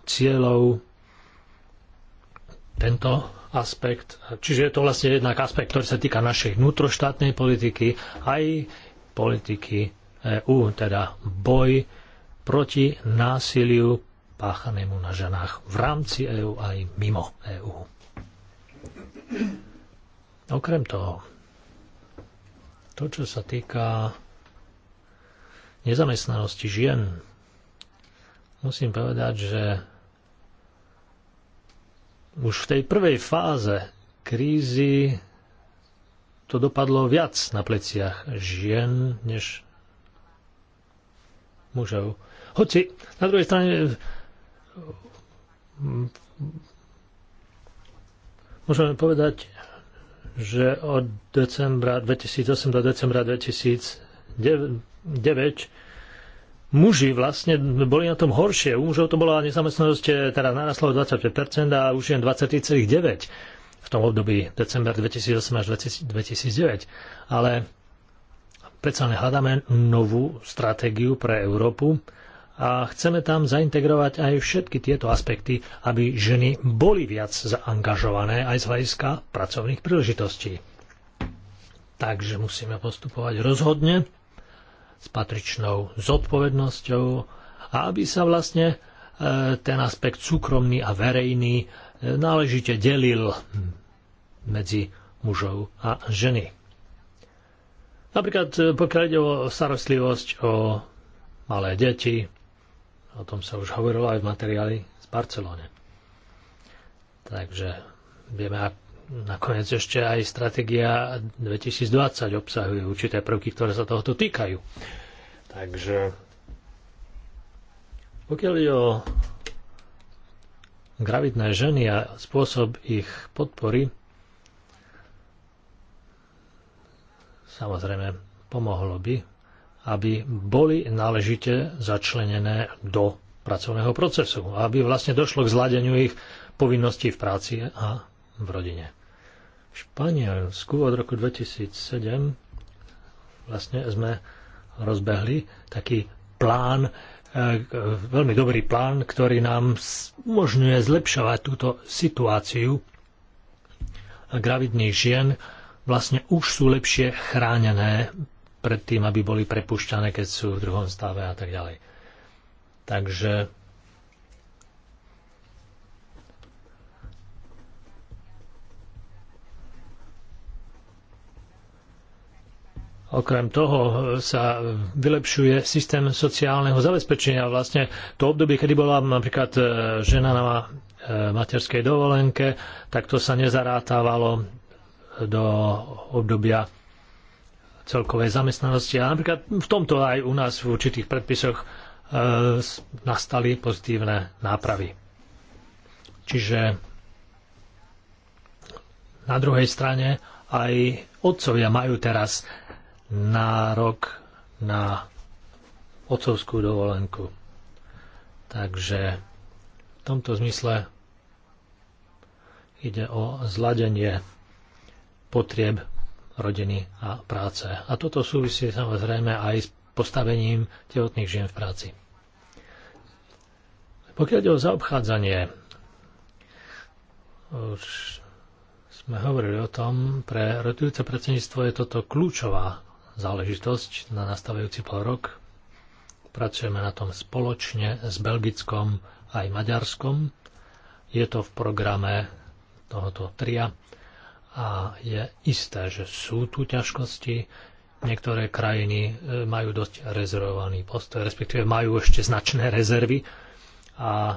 cieľov tento aspekt. Čiže je to vlastne jednak aspekt, ktorý sa týka našej vnútroštátnej politiky, aj politiky EU. teda boj proti násiliu páchanému na ženách v rámci EU aj mimo EU. Okrem toho, to, čo sa týka nezamestnanosti žien, musím povedať, že už v tej prvej fáze krízy to dopadlo viac na pleciach žien než mužov. Hoci na druhej strane môžeme povedať, že od decembra 2008 do decembra 2009 muži vlastne boli na tom horšie. U mužov to bola nezamestnanosť, eh, teda narastla o 25% a už je 23,9% v tom období december 2008 až 2009. Ale predsa hľadáme novú stratégiu pre Európu a chceme tam zaintegrovať aj všetky tieto aspekty, aby ženy boli viac zaangažované aj z hľadiska pracovných príležitostí. Takže musíme postupovať rozhodne s patričnou zodpovednosťou a aby sa vlastne e, ten aspekt súkromný a verejný e, náležite delil medzi mužov a ženy. Napríklad e, pokiaľ ide o starostlivosť o malé deti, o tom sa už hovorilo aj v materiáli z Barcelóne. Takže vieme, nakoniec ešte aj stratégia 2020 obsahuje určité prvky, ktoré sa tohoto týkajú. Takže pokiaľ je o gravidné ženy a spôsob ich podpory, samozrejme pomohlo by, aby boli náležite začlenené do pracovného procesu, aby vlastne došlo k zladeniu ich povinností v práci a v rodine. V Španielsku od roku 2007 vlastne sme rozbehli taký plán, e, veľmi dobrý plán, ktorý nám umožňuje zlepšovať túto situáciu gravidných žien vlastne už sú lepšie chránené pred tým, aby boli prepušťané, keď sú v druhom stave a tak ďalej. Takže Okrem toho e, sa e, vylepšuje systém sociálneho zabezpečenia. Vlastne to obdobie, kedy bola napríklad e, žena na materskej dovolenke, tak to sa nezarátávalo do obdobia celkovej zamestnanosti. A napríklad v tomto aj u nás v určitých predpisoch nastali pozitívne nápravy. Čiže na druhej strane aj otcovia majú teraz nárok na otcovskú dovolenku. Takže v tomto zmysle ide o zladenie potrieb rodiny a práce. A toto súvisí samozrejme aj s postavením tehotných žien v práci. Pokiaľ ide o zaobchádzanie, už sme hovorili o tom, pre rotujúce predsedníctvo je toto kľúčová záležitosť na nastavujúci pol rok. Pracujeme na tom spoločne s Belgickom aj Maďarskom. Je to v programe tohoto tria a je isté, že sú tu ťažkosti. Niektoré krajiny e, majú dosť rezervovaný postoj, respektíve majú ešte značné rezervy a e,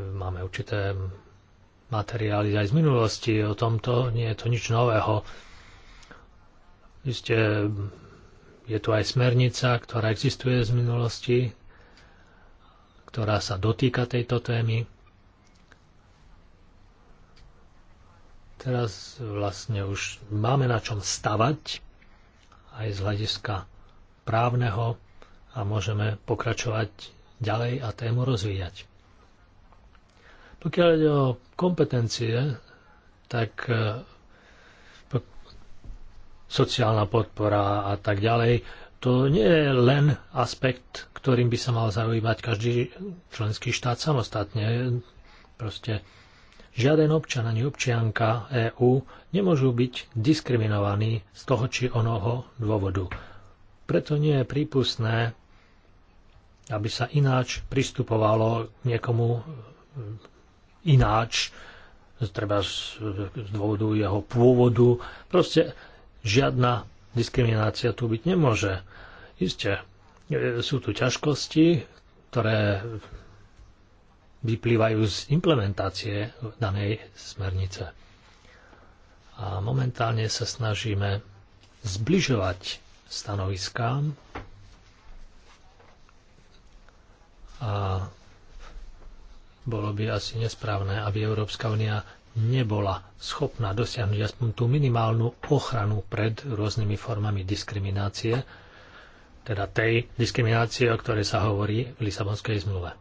máme určité materiály aj z minulosti o tomto, nie je to nič nového. Isté je tu aj smernica, ktorá existuje z minulosti, ktorá sa dotýka tejto témy. Teraz vlastne už máme na čom stavať aj z hľadiska právneho a môžeme pokračovať ďalej a tému rozvíjať. Pokiaľ ide o kompetencie, tak sociálna podpora a tak ďalej. To nie je len aspekt, ktorým by sa mal zaujímať každý členský štát samostatne. Proste žiaden občan ani občianka EÚ nemôžu byť diskriminovaní z toho či onoho dôvodu. Preto nie je prípustné, aby sa ináč pristupovalo k niekomu ináč, treba z, z dôvodu jeho pôvodu. Proste žiadna diskriminácia tu byť nemôže. Isté, e, sú tu ťažkosti, ktoré vyplývajú z implementácie danej smernice. A momentálne sa snažíme zbližovať stanoviskám a bolo by asi nesprávne, aby Európska únia nebola schopná dosiahnuť aspoň tú minimálnu ochranu pred rôznymi formami diskriminácie, teda tej diskriminácie, o ktorej sa hovorí v Lisabonskej zmluve.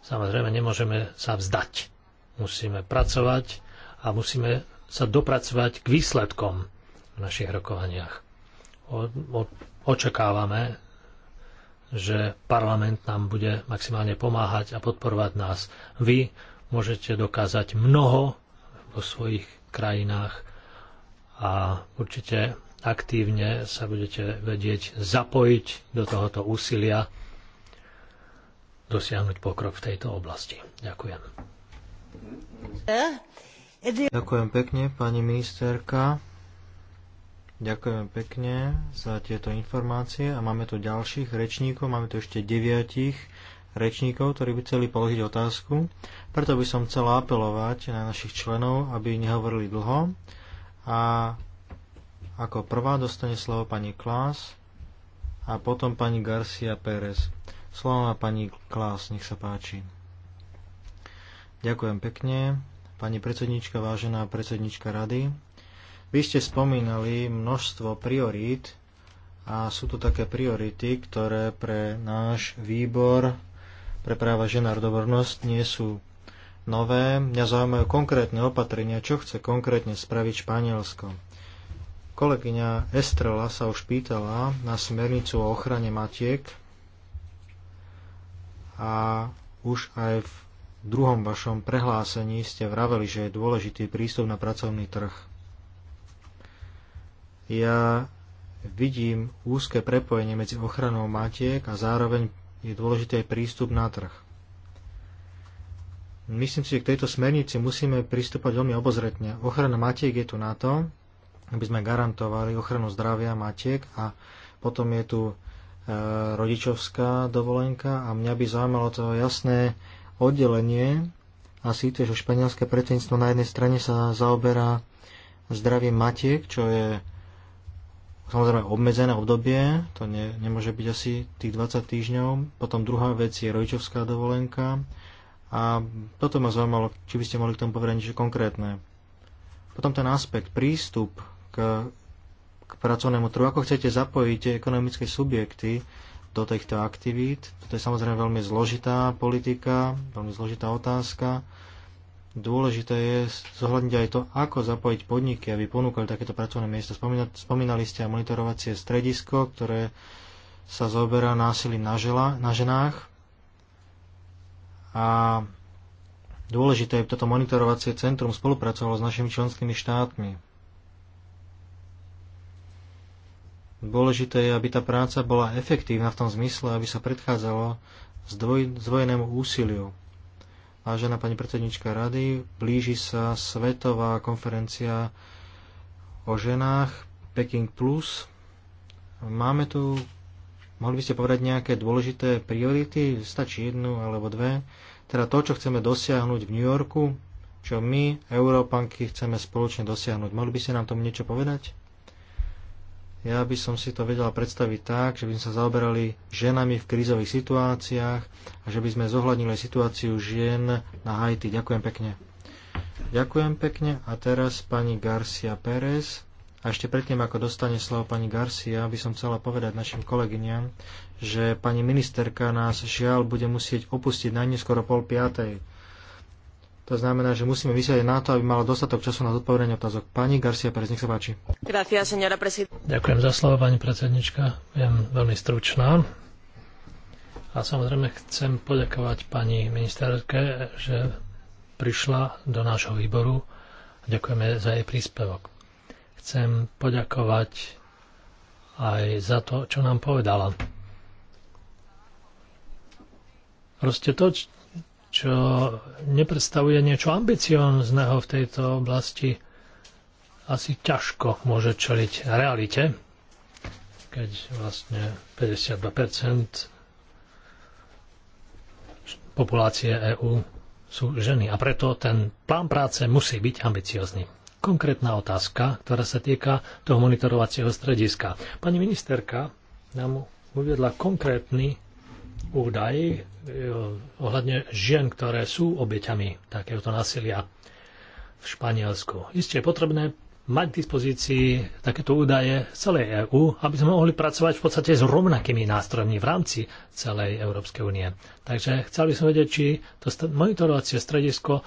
Samozrejme, nemôžeme sa vzdať. Musíme pracovať a musíme sa dopracovať k výsledkom v našich rokovaniach. O, o, očakávame, že parlament nám bude maximálne pomáhať a podporovať nás. Vy môžete dokázať mnoho vo svojich krajinách a určite aktívne sa budete vedieť zapojiť do tohoto úsilia dosiahnuť pokrok v tejto oblasti. Ďakujem. Ďakujem pekne, pani ministerka. Ďakujem pekne za tieto informácie a máme tu ďalších rečníkov, máme tu ešte deviatich rečníkov, ktorí by chceli položiť otázku. Preto by som chcela apelovať na našich členov, aby nehovorili dlho. A ako prvá dostane slovo pani Klás a potom pani Garcia Pérez. Slovo má pani Klás, nech sa páči. Ďakujem pekne. Pani predsednička, vážená predsednička rady, vy ste spomínali množstvo priorít a sú to také priority, ktoré pre náš výbor pre práva žena a rovnoprávnosť nie sú nové. Mňa zaujímajú konkrétne opatrenia, čo chce konkrétne spraviť Španielsko. Kolegyňa Estrela sa už pýtala na smernicu o ochrane matiek a už aj v druhom vašom prehlásení ste vraveli, že je dôležitý prístup na pracovný trh. Ja vidím úzke prepojenie medzi ochranou matiek a zároveň je dôležitý aj prístup na trh. Myslím si, že k tejto smernici musíme pristúpať veľmi obozretne. Ochrana matiek je tu na to, aby sme garantovali ochranu zdravia matiek a potom je tu e, rodičovská dovolenka a mňa by zaujímalo to jasné oddelenie a síte, že španielské predsedníctvo na jednej strane sa zaoberá zdravím matiek, čo je samozrejme obmedzené obdobie, to ne, nemôže byť asi tých 20 týždňov. Potom druhá vec je rodičovská dovolenka. A toto ma zaujímalo, či by ste mohli k tomu povedať niečo konkrétne. Potom ten aspekt, prístup k, k pracovnému trhu, ako chcete zapojiť ekonomické subjekty do týchto aktivít. To je samozrejme veľmi zložitá politika, veľmi zložitá otázka dôležité je zohľadniť aj to, ako zapojiť podniky, aby ponúkali takéto pracovné miesta. Spomínali ste aj monitorovacie stredisko, ktoré sa zaoberá násilím na, žela, na ženách. A dôležité je, toto monitorovacie centrum spolupracovalo s našimi členskými štátmi. Dôležité je, aby tá práca bola efektívna v tom zmysle, aby sa predchádzalo zdvojenému úsiliu Vážená pani predsednička rady, blíži sa svetová konferencia o ženách Peking Plus. Máme tu, mohli by ste povedať nejaké dôležité priority, stačí jednu alebo dve, teda to, čo chceme dosiahnuť v New Yorku, čo my, Európanky, chceme spoločne dosiahnuť. Mohli by ste nám tomu niečo povedať? Ja by som si to vedela predstaviť tak, že by sme sa zaoberali ženami v krízových situáciách a že by sme zohľadnili situáciu žien na Haiti. Ďakujem pekne. Ďakujem pekne a teraz pani Garcia Pérez. A ešte predtým, ako dostane slovo pani Garcia, by som chcela povedať našim kolegyňam, že pani ministerka nás žiaľ bude musieť opustiť najneskoro pol piatej. To znamená, že musíme vysieť na to, aby malo dostatok času na zodpovedanie otázok. Pani Garcia Perez, nech sa páči. Gracias, Ďakujem za slovo, pani predsednička. Viem veľmi stručná. A samozrejme chcem poďakovať pani ministerke, že prišla do nášho výboru. Ďakujeme za jej príspevok. Chcem poďakovať aj za to, čo nám povedala. Proste to, čo nepredstavuje niečo ambiciózneho v tejto oblasti, asi ťažko môže čeliť realite, keď vlastne 52% populácie EÚ sú ženy. A preto ten plán práce musí byť ambiciózny. Konkrétna otázka, ktorá sa týka toho monitorovacieho strediska. Pani ministerka nám uviedla konkrétny údaj eh, ohľadne žien, ktoré sú obeťami takéhoto násilia v Španielsku. Isté je potrebné mať k dispozícii takéto údaje z celej EÚ, aby sme mohli pracovať v podstate s rovnakými nástrojmi v rámci celej Európskej únie. Takže chceli sme vedieť, či to monitorovacie stredisko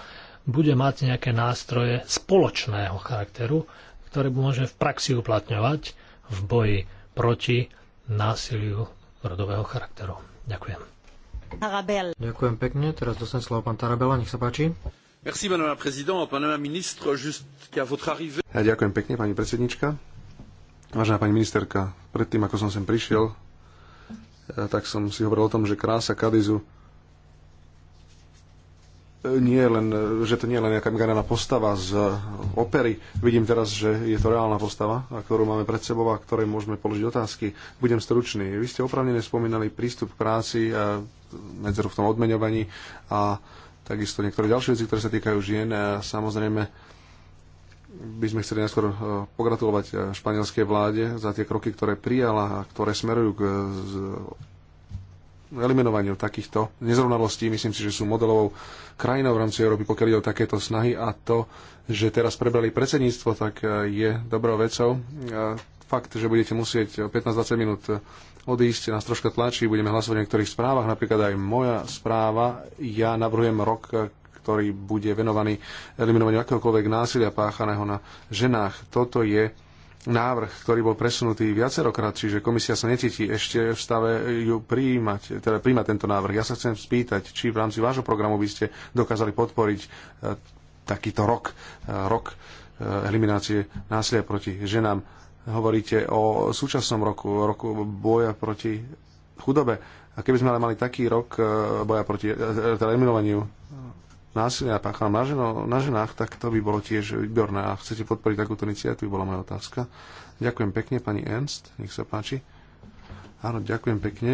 bude mať nejaké nástroje spoločného charakteru, ktoré môže v praxi uplatňovať v boji proti násiliu rodového charakteru. Ďakujem. Tarabel. Ďakujem pekne. Teraz dostane slovo pán Tarabela. Nech sa páči. Merci, madame la présidente, madame la ministre, jusqu'à votre arrivée. Ja ďakujem pekne, pani predsednička. Vážená pani ministerka, predtým, ako som sem prišiel, eh, tak som si hovoril o tom, že krása Kadizu nie len, že to nie je len nejaká migaraná postava z opery. Vidím teraz, že je to reálna postava, ktorú máme pred sebou a ktorej môžeme položiť otázky. Budem stručný. Vy ste opravnene spomínali prístup k práci, a medzeru v tom odmeňovaní a takisto niektoré ďalšie veci, ktoré sa týkajú žien. A samozrejme, by sme chceli najskôr e, pogratulovať e, španielskej vláde za tie kroky, ktoré prijala a ktoré smerujú k eliminovaniu takýchto nezrovnalostí. Myslím si, že sú modelovou krajinou v rámci Európy, pokiaľ ide o takéto snahy a to, že teraz prebrali predsedníctvo, tak e, je dobrou vecou. E, fakt, že budete musieť 15-20 minút e, odísť, nás troška tlačí, budeme hlasovať o niektorých správach, napríklad aj moja správa. Ja navrhujem rok, ktorý bude venovaný eliminovaniu akéhokoľvek násilia páchaného na ženách. Toto je návrh, ktorý bol presunutý viacerokrát, čiže komisia sa necíti ešte v stave ju prijímať, teda príjmať tento návrh. Ja sa chcem spýtať, či v rámci vášho programu by ste dokázali podporiť eh, takýto rok, eh, rok eh, eliminácie násilia proti ženám. Hovoríte o súčasnom roku, roku boja proti chudobe. A keby sme ale mali taký rok boja proti teda eliminovaniu násilia páchala na, ženo, na ženách, tak to by bolo tiež výborné. A chcete podporiť takúto iniciatívu, bola moja otázka. Ďakujem pekne, pani Ernst, nech sa páči. Áno, ďakujem pekne.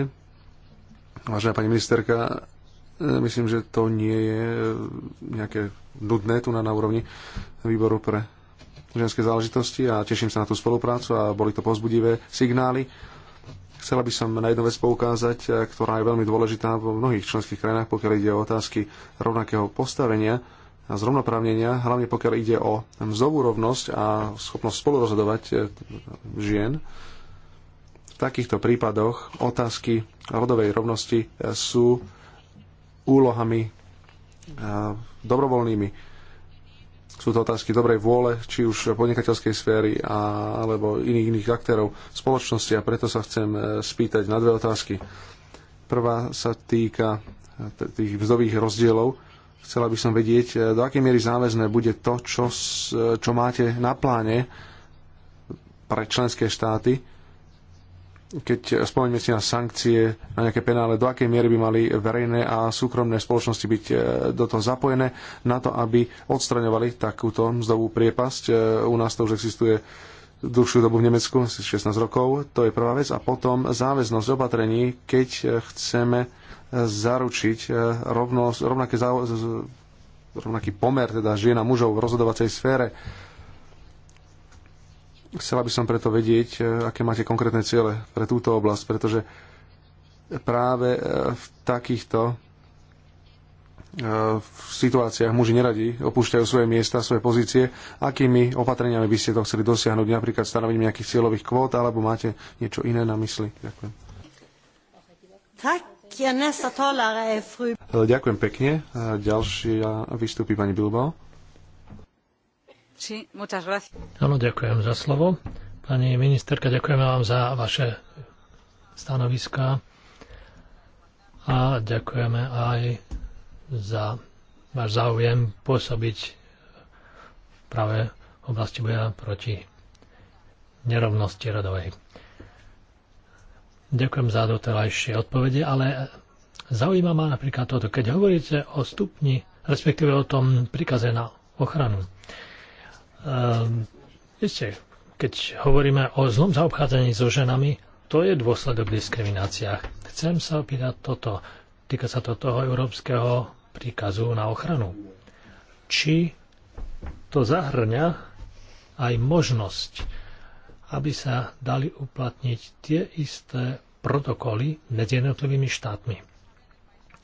Vážená pani ministerka, e, myslím, že to nie je e, nejaké nudné tu na, na úrovni výboru pre ženské záležitosti a teším sa na tú spoluprácu a boli to pozbudivé signály Chcela by som na jednu vec poukázať, e, ktorá je veľmi dôležitá vo mnohých členských krajinách, pokiaľ ide o otázky rovnakého postavenia a zrovnoprávnenia, hlavne pokiaľ ide o mzdovú rovnosť a schopnosť spolurozhodovať e, žien. V takýchto prípadoch otázky rodovej rovnosti e, sú úlohami dobrovoľnými sú to otázky dobrej vôle, či už podnikateľskej sféry a, alebo iných, iných aktérov spoločnosti a preto sa chcem e, spýtať na dve otázky. Prvá sa týka e, tých vzdových rozdielov. Chcela by som vedieť, e, do akej miery záväzné bude to, čo, čo máte na pláne pre členské štáty, keď spomeňme si na sankcie, na nejaké penále, do akej miery by mali verejné a súkromné spoločnosti byť e, do toho zapojené na to, aby odstraňovali takúto mzdovú priepasť. E, u nás to už existuje dlhšiu dobu v Nemecku, asi 16 rokov, to je prvá vec. A potom záväznosť opatrení, keď e, chceme zaručiť rovnosť, rovnaké, rovnaký pomer teda žien a mužov v rozhodovacej sfére Chcela by som preto vedieť, e, aké máte konkrétne ciele pre túto oblasť, pretože práve e, v takýchto e, v situáciách muži neradi opúšťajú svoje miesta, svoje pozície. Akými opatreniami by ste to chceli dosiahnuť? Napríklad stanovením nejakých cieľových kvót, alebo máte niečo iné na mysli? Ďakujem. Eh, ďakujem pekne. Ďalšia vystúpi pani Bilbao. Áno, ďakujem za slovo. Pani ministerka, ďakujeme vám za vaše stanoviská a ďakujeme aj za váš záujem pôsobiť práve v oblasti boja proti nerovnosti rodovej. Ďakujem za doterajšie odpovede, ale zaujíma ma napríklad toto, keď hovoríte o stupni, respektíve o tom prikaze na ochranu. Um, viete, keď hovoríme o zlom zaobchádzaní so ženami, to je dôsledok diskriminácia. Chcem sa opýtať toto. Týka sa to toho európskeho príkazu na ochranu. Či to zahrňa aj možnosť, aby sa dali uplatniť tie isté protokoly medzi jednotlivými štátmi.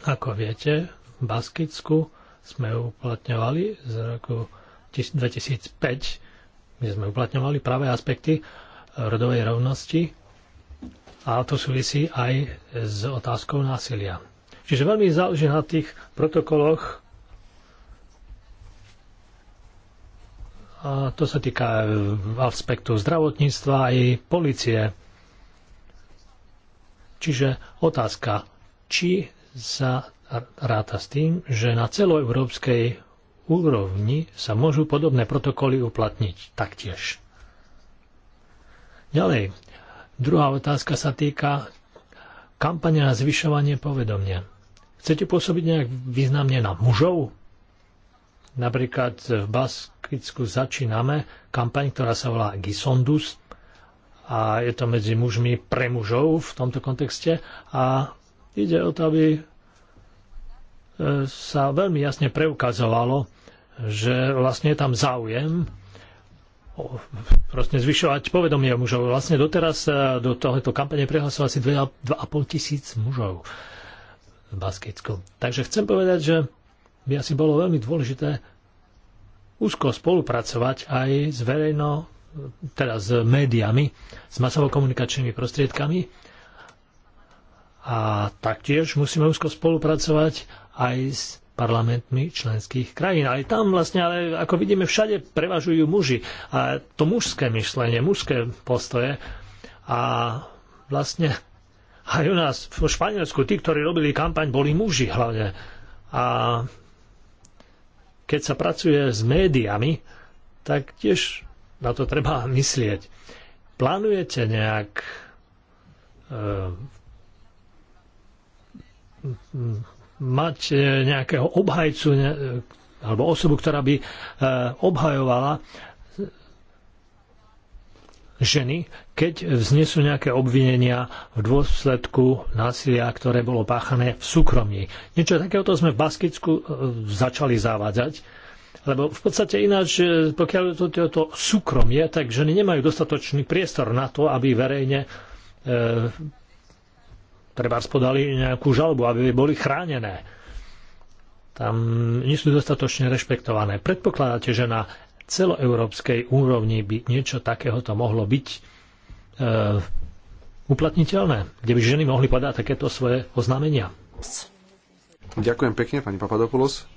Ako viete, v Baskicku sme uplatňovali z roku 2005, kde sme uplatňovali práve aspekty e, rodovej rovnosti a to súvisí aj s otázkou násilia. Čiže veľmi záleží na tých protokoloch a to sa týka e, aspektu zdravotníctva aj policie. Čiže otázka, či sa ráta s tým, že na celoeurópskej úrovni sa môžu podobné protokoly uplatniť taktiež. Ďalej, druhá otázka sa týka kampane na zvyšovanie povedomia. Chcete pôsobiť nejak významne na mužov? Napríklad v Baskicku začíname kampaň, ktorá sa volá Gisondus a je to medzi mužmi pre mužov v tomto kontexte a ide o to, aby sa veľmi jasne preukazovalo, že vlastne je tam záujem proste zvyšovať povedomie mužov. Vlastne doteraz e, do tohoto kampane prihlasilo asi 2,5 tisíc mužov v Baskicku. Takže chcem povedať, že by asi bolo veľmi dôležité úzko spolupracovať aj s verejno, teda s médiami, s masovo-komunikačnými prostriedkami. A taktiež musíme úzko spolupracovať aj s parlamentmi členských krajín. Ale tam vlastne, ale ako vidíme, všade prevažujú muži. A to mužské myšlenie, mužské postoje. A vlastne aj u nás v Španielsku tí, ktorí robili kampaň, boli muži hlavne. A keď sa pracuje s médiami, tak tiež na to treba myslieť. Plánujete nejak e, mať e, nejakého obhajcu e, alebo osobu, ktorá by e, obhajovala ženy, keď vznesú nejaké obvinenia v dôsledku násilia, ktoré bolo páchané v súkromí. Niečo takéhoto sme v Baskicku začali zavádzať, lebo v podstate ináč, pokiaľ to, to, to súkromie, tak ženy nemajú dostatočný priestor na to, aby verejne e, treba spodali nejakú žalbu, aby boli chránené. Tam nie sú dostatočne rešpektované. Predpokladáte, že na celoeurópskej úrovni by niečo takéhoto mohlo byť e, uplatniteľné, kde by ženy mohli podať takéto svoje oznámenia. Ďakujem pekne, pani Papadopoulos.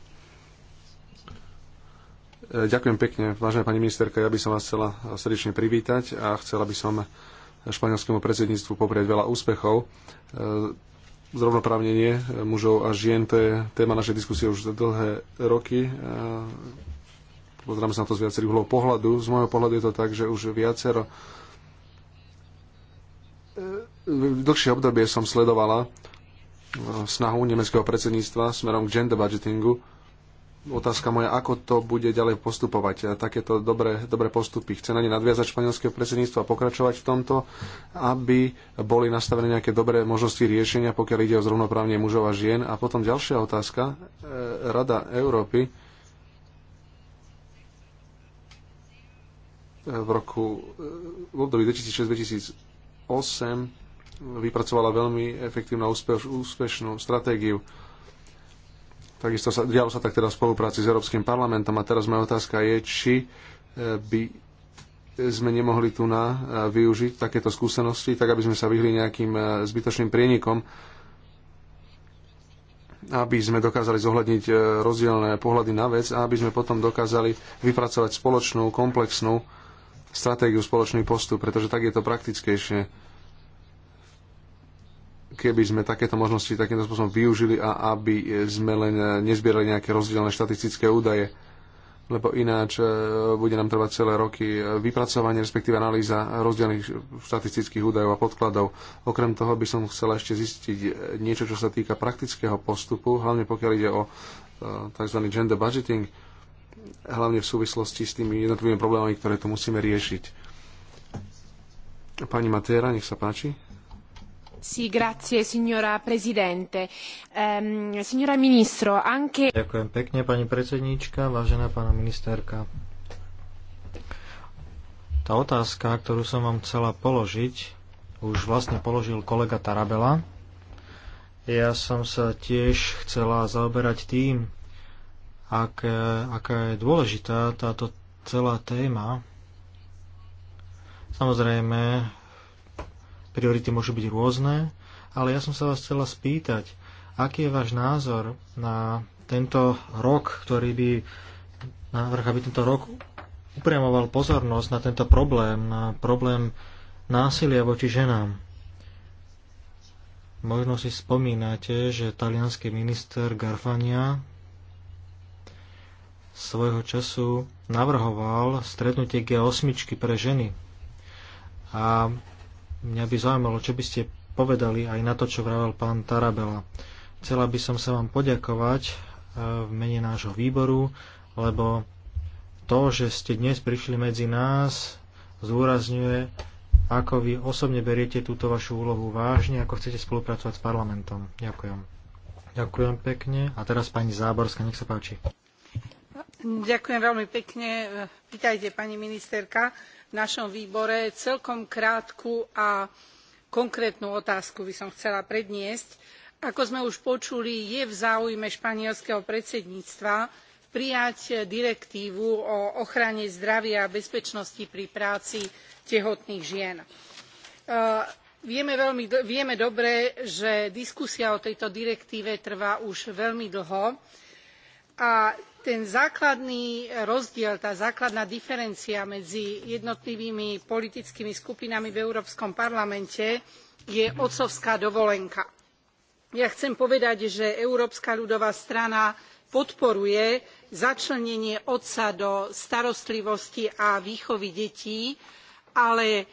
E, ďakujem pekne, vážená pani ministerka. Ja by som vás chcela srdečne privítať a chcela by som španielskému predsedníctvu poprieť veľa úspechov. E, Zrovnoprávnenie mužov a žien, to je téma našej diskusie už dlhé roky. E, pozrieme sa na to z viacerých uhlov pohľadu. Z môjho pohľadu je to tak, že už viacero v e, dlhšie obdobie som sledovala snahu nemeckého predsedníctva smerom k gender budgetingu, otázka moja, ako to bude ďalej postupovať. Takéto dobré, dobré postupy. Chce na ne nadviazať španielské predsedníctvo a pokračovať v tomto, aby boli nastavené nejaké dobré možnosti riešenia, pokiaľ ide o zrovnoprávne mužov a žien. A potom ďalšia otázka. E, Rada Európy v roku v období 2006-2008 vypracovala veľmi efektívnu a úspešnú stratégiu Takisto sa, dialo sa tak teda v spolupráci s Európskym parlamentom a teraz moja otázka je, či e, by sme nemohli tu na e, využiť takéto skúsenosti, tak aby sme sa vyhli nejakým e, zbytočným prienikom, aby sme dokázali zohľadniť rozdielne pohľady na vec a aby sme potom dokázali vypracovať spoločnú, komplexnú stratégiu, spoločný postup, pretože tak je to praktickejšie keby sme takéto možnosti takýmto spôsobom využili a aby sme len nezbierali nejaké rozdielne štatistické údaje, lebo ináč e, bude nám trvať celé roky vypracovanie, respektíve analýza rozdielnych štatistických údajov a podkladov. Okrem toho by som chcel ešte zistiť niečo, čo sa týka praktického postupu, hlavne pokiaľ ide o e, tzv. gender budgeting, hlavne v súvislosti s tými jednotlivými problémami, ktoré tu musíme riešiť. Pani Matéra, nech sa páči grazie signora Presidente. Ehm, signora Ministro, anche... Ďakujem pekne, pani predsedníčka, vážená pána ministerka. Tá otázka, ktorú som vám chcela položiť, už vlastne položil kolega Tarabela. Ja som sa tiež chcela zaoberať tým, ak, aká je dôležitá táto celá téma. Samozrejme, priority môžu byť rôzne, ale ja som sa vás chcela spýtať, aký je váš názor na tento rok, ktorý by návrh, aby tento rok upriamoval pozornosť na tento problém, na problém násilia voči ženám. Možno si spomínate, že talianský minister Garfania svojho času navrhoval stretnutie G8 pre ženy. A Mňa by zaujímalo, čo by ste povedali aj na to, čo vravel pán Tarabela. Chcela by som sa vám poďakovať e, v mene nášho výboru, lebo to, že ste dnes prišli medzi nás, zdôrazňuje, ako vy osobne beriete túto vašu úlohu vážne, ako chcete spolupracovať s parlamentom. Ďakujem. Ďakujem pekne. A teraz pani Záborská, nech sa páči. Ďakujem veľmi pekne. Vítajte, pani ministerka v našom výbore celkom krátku a konkrétnu otázku by som chcela predniesť. ako sme už počuli je v záujme španielskeho predsedníctva prijať direktívu o ochrane zdravia a bezpečnosti pri práci tehotných žien. E, vieme, vieme dobre že diskusia o tejto direktíve trvá už veľmi dlho a ten základný rozdiel tá základná diferencia medzi jednotlivými politickými skupinami v európskom parlamente je otcovská dovolenka. ja chcem povedať že európska ľudová strana podporuje začlenenie otca do starostlivosti a výchovy detí ale e,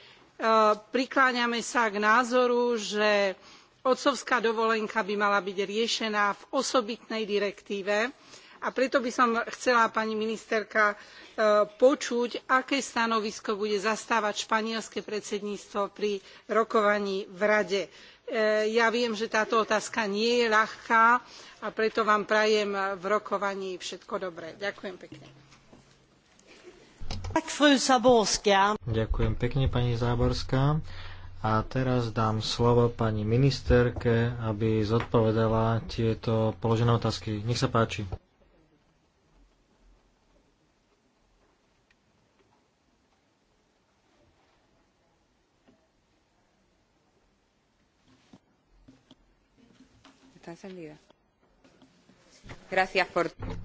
prikláňame sa k názoru že otcovská dovolenka by mala byť riešená v osobitnej direktíve a preto by som chcela pani ministerka e, počuť aké stanovisko bude zastávať španielske predsedníctvo pri rokovaní v rade. E, ja viem že táto otázka nie je ľahká a preto vám prajem v rokovaní všetko dobré. ďakujem pekne. Ďakujem pekne, pani Záborská. A teraz dám slovo pani ministerke, aby zodpovedala tieto položené otázky. Nech sa páči.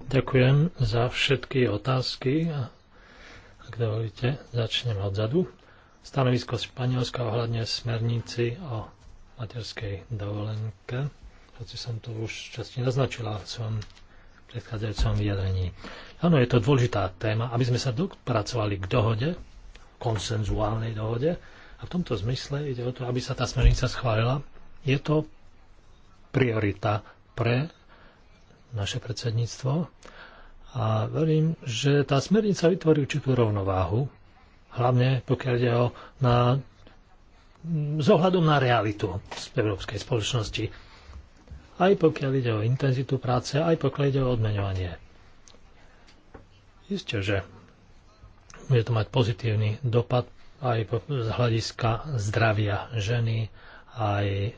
Ďakujem za všetky otázky. Ak dovolíte, začnem odzadu. Stanovisko Španielska ohľadne smernici o materskej dovolenke. Hoci som to už časti naznačila v svojom predchádzajúcom vyjadrení. Áno, je to dôležitá téma, aby sme sa dopracovali k dohode, konsenzuálnej dohode. A v tomto zmysle ide o to, aby sa tá smernica schválila. Je to priorita pre naše predsedníctvo. A verím, že tá smernica vytvorí určitú rovnováhu, hlavne pokiaľ ide o na, z ohľadom na realitu z európskej spoločnosti. Aj pokiaľ ide o intenzitu práce, aj pokiaľ ide o odmeňovanie. Isté, že bude to mať pozitívny dopad aj z hľadiska zdravia ženy, aj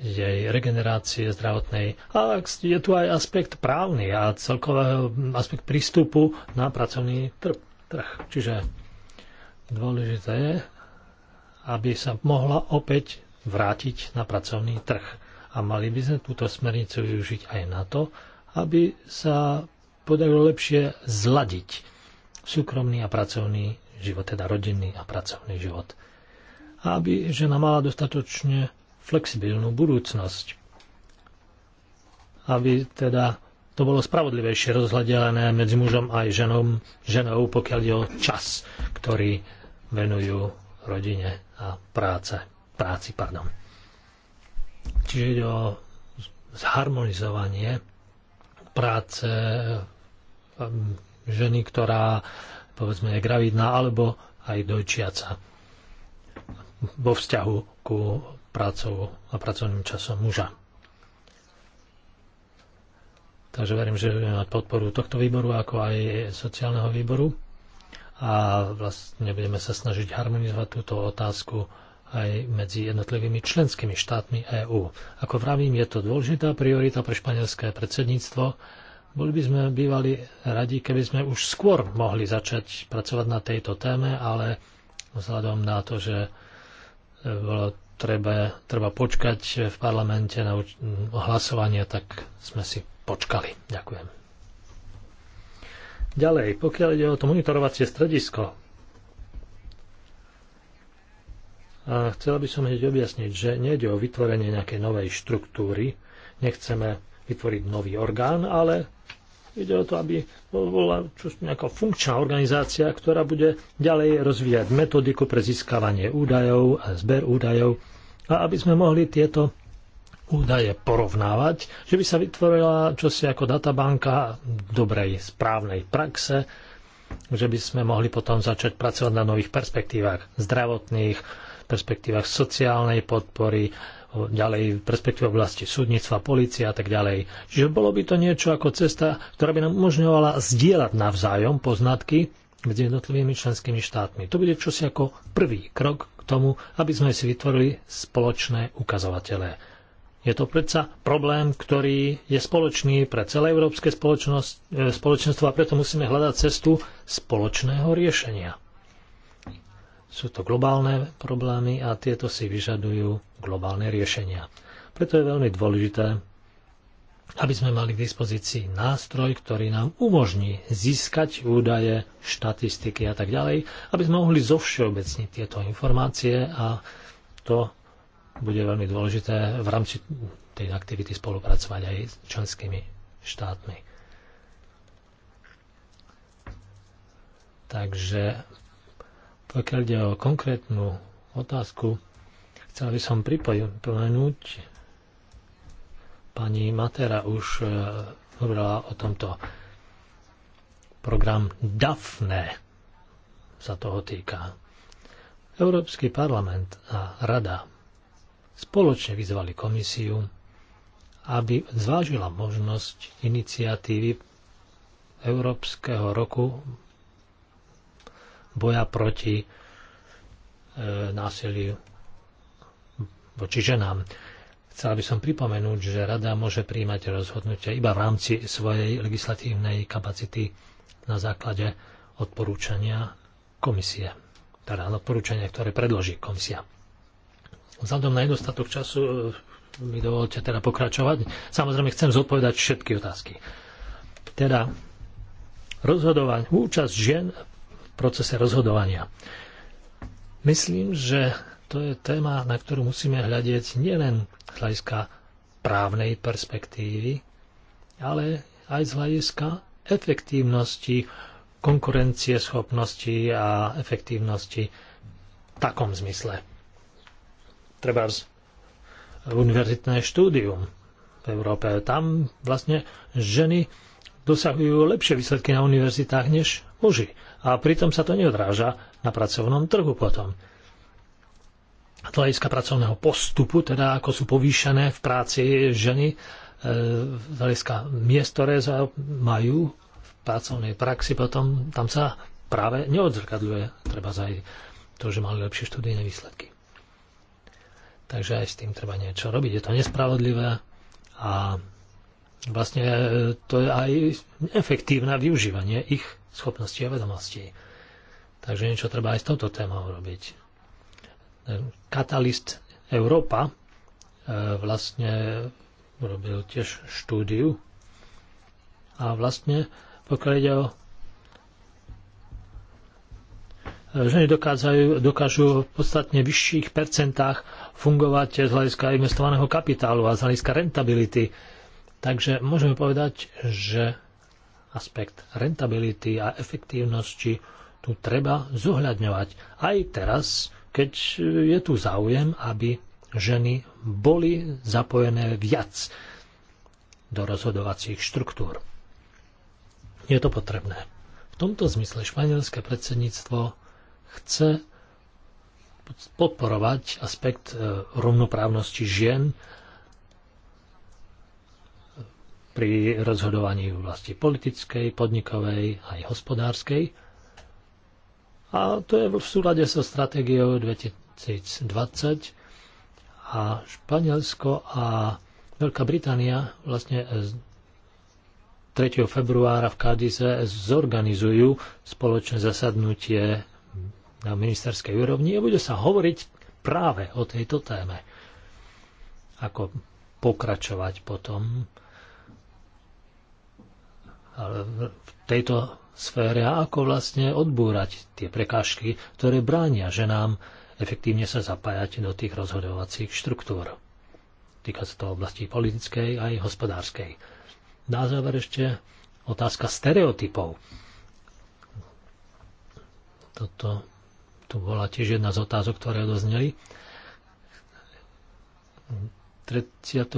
jej regenerácie zdravotnej. A je tu aj aspekt právny a celkového mm, aspekt prístupu na pracovný trh. Čiže dôležité je, aby sa mohla opäť vrátiť na pracovný trh. A mali by sme túto smernicu využiť aj na to, aby sa podarilo lepšie zladiť súkromný a pracovný život, teda rodinný a pracovný život. A aby žena mala dostatočne flexibilnú budúcnosť. Aby teda to bolo spravodlivejšie rozhľadené medzi mužom aj ženom, ženou, pokiaľ je o čas, ktorý venujú rodine a práce, práci. Pardon. Čiže ide o zharmonizovanie práce um, ženy, ktorá povedzme je gravidná alebo aj dojčiaca vo vzťahu ku prácou a pracovným časom muža. Takže verím, že budeme mať podporu tohto výboru, ako aj sociálneho výboru. A vlastne budeme sa snažiť harmonizovať túto otázku aj medzi jednotlivými členskými štátmi EÚ. Ako vravím, je to dôležitá priorita pre španielské predsedníctvo. Boli by sme bývali radi, keby sme už skôr mohli začať pracovať na tejto téme, ale vzhľadom na to, že e, bolo treba, treba počkať v parlamente na hlasovanie, tak sme si počkali. Ďakujem. Ďalej, pokiaľ ide o to monitorovacie stredisko, a chcela by som hneď objasniť, že nejde o vytvorenie nejakej novej štruktúry, nechceme vytvoriť nový orgán, ale Ide o to, aby bola nejaká funkčná organizácia, ktorá bude ďalej rozvíjať metodiku pre získavanie údajov a zber údajov a aby sme mohli tieto údaje porovnávať, že by sa vytvorila čosi ako databanka dobrej, správnej praxe, že by sme mohli potom začať pracovať na nových perspektívach zdravotných, perspektívach sociálnej podpory, ďalej v perspektíve oblasti súdnictva, policia a tak ďalej. Čiže bolo by to niečo ako cesta, ktorá by nám umožňovala zdieľať navzájom poznatky medzi jednotlivými členskými štátmi. To bude čosi ako prvý krok k tomu, aby sme si vytvorili spoločné ukazovatele. Je to predsa problém, ktorý je spoločný pre celé európske e, spoločenstvo a preto musíme hľadať cestu spoločného riešenia. Sú to globálne problémy a tieto si vyžadujú globálne riešenia. Preto je veľmi dôležité, aby sme mali k dispozícii nástroj, ktorý nám umožní získať údaje, štatistiky a tak ďalej, aby sme mohli zovšeobecniť tieto informácie a to bude veľmi dôležité v rámci tej aktivity spolupracovať aj s členskými štátmi. Takže pokiaľ ide o konkrétnu otázku, chcel by som pripomenúť, pani Matera už e, hovorila o tomto program DAFNE sa toho týka. Európsky parlament a rada spoločne vyzvali komisiu, aby zvážila možnosť iniciatívy Európskeho roku boja proti e, násiliu voči ženám. Chcela by som pripomenúť, že rada môže príjmať rozhodnutia iba v rámci svojej legislatívnej kapacity na základe odporúčania komisie, teda odporúčania, ktoré predloží komisia. Vzhľadom na nedostatok času e, mi dovolte teda pokračovať. Samozrejme chcem zodpovedať všetky otázky. Teda rozhodovať účasť žien procese rozhodovania. Myslím, že to je téma, na ktorú musíme hľadieť nielen z hľadiska právnej perspektívy, ale aj z hľadiska efektívnosti, schopnosti a efektívnosti v takom zmysle. Treba univerzitné štúdium v Európe. Tam vlastne ženy dosahujú lepšie výsledky na univerzitách než muži a pritom sa to neodráža na pracovnom trhu potom. to hľadiska pracovného postupu, teda ako sú povýšené v práci ženy, e, z hľadiska miest, ktoré majú v pracovnej praxi, potom tam sa práve neodzrkadľuje treba aj to, že mali lepšie študijné výsledky. Takže aj s tým treba niečo robiť. Je to nespravodlivé a vlastne e, to je aj efektívne využívanie ich schopností a vedomostí. Takže niečo treba aj s touto témou robiť. E, Katalist Európa e, vlastne robil tiež štúdiu a vlastne pokiaľ ide o ženy dokážu, dokážu v podstatne vyšších percentách fungovať z hľadiska investovaného kapitálu a z hľadiska rentability Takže môžeme povedať, že aspekt rentability a efektívnosti tu treba zohľadňovať. Aj teraz, keď je tu záujem, aby ženy boli zapojené viac do rozhodovacích štruktúr. Je to potrebné. V tomto zmysle španielské predsedníctvo chce podporovať aspekt e, rovnoprávnosti žien pri rozhodovaní v oblasti politickej, podnikovej aj hospodárskej. A to je v súlade so stratégiou 2020 a Španielsko a Veľká Británia vlastne 3. februára v Kádize zorganizujú spoločné zasadnutie na ministerskej úrovni a bude sa hovoriť práve o tejto téme. Ako pokračovať potom ale v tejto sfére a ako vlastne odbúrať tie prekážky, ktoré bránia ženám efektívne sa zapájať do tých rozhodovacích štruktúr. Týka sa to oblasti politickej aj hospodárskej. Na záver ešte otázka stereotypov. Toto tu bola tiež jedna z otázok, ktoré dozneli. 31.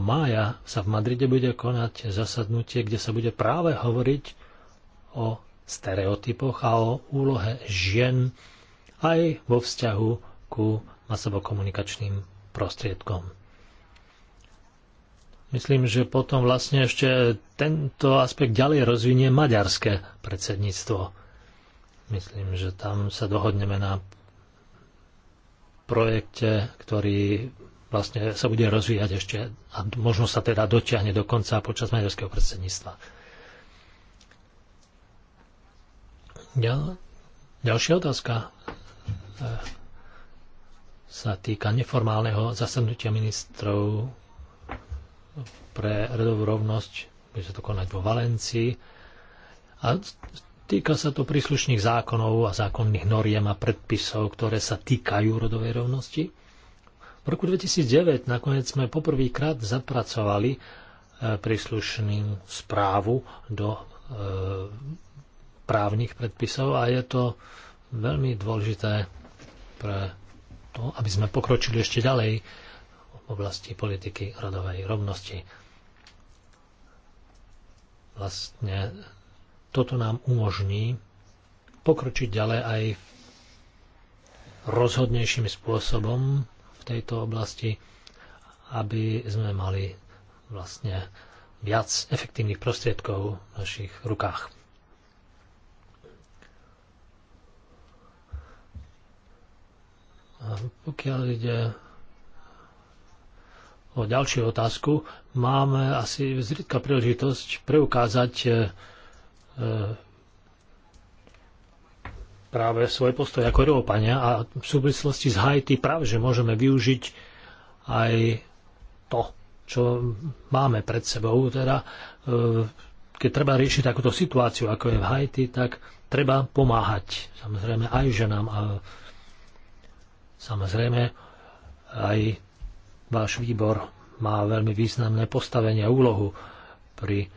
mája sa v Madride bude konať zasadnutie, kde sa bude práve hovoriť o stereotypoch a o úlohe žien aj vo vzťahu ku masovokomunikačným prostriedkom. Myslím, že potom vlastne ešte tento aspekt ďalej rozvinie maďarské predsedníctvo. Myslím, že tam sa dohodneme na projekte, ktorý vlastne sa bude rozvíjať ešte a možno sa teda dotiahne do konca počas maďarského predsedníctva. Ďal, ďalšia otázka eh, sa týka neformálneho zasadnutia ministrov pre redovú rovnosť. Bude sa to konať vo Valencii. A týka sa to príslušných zákonov a zákonných noriem a predpisov, ktoré sa týkajú rodovej rovnosti. V roku 2009 nakoniec sme poprvýkrát zapracovali e, príslušnú správu do e, právnych predpisov a je to veľmi dôležité pre to, aby sme pokročili ešte ďalej v oblasti politiky rodovej rovnosti. Vlastne toto nám umožní pokročiť ďalej aj rozhodnejším spôsobom v tejto oblasti, aby sme mali vlastne viac efektívnych prostriedkov v našich rukách. A pokiaľ ide o ďalšiu otázku, máme asi zriedka príležitosť preukázať e, práve svoj postoj ako Európania a v súvislosti s Haiti práve, že môžeme využiť aj to, čo máme pred sebou. Teda, e, keď treba riešiť takúto situáciu, ako je v Haiti, tak treba pomáhať samozrejme aj ženám a samozrejme aj váš výbor má veľmi významné postavenie a úlohu pri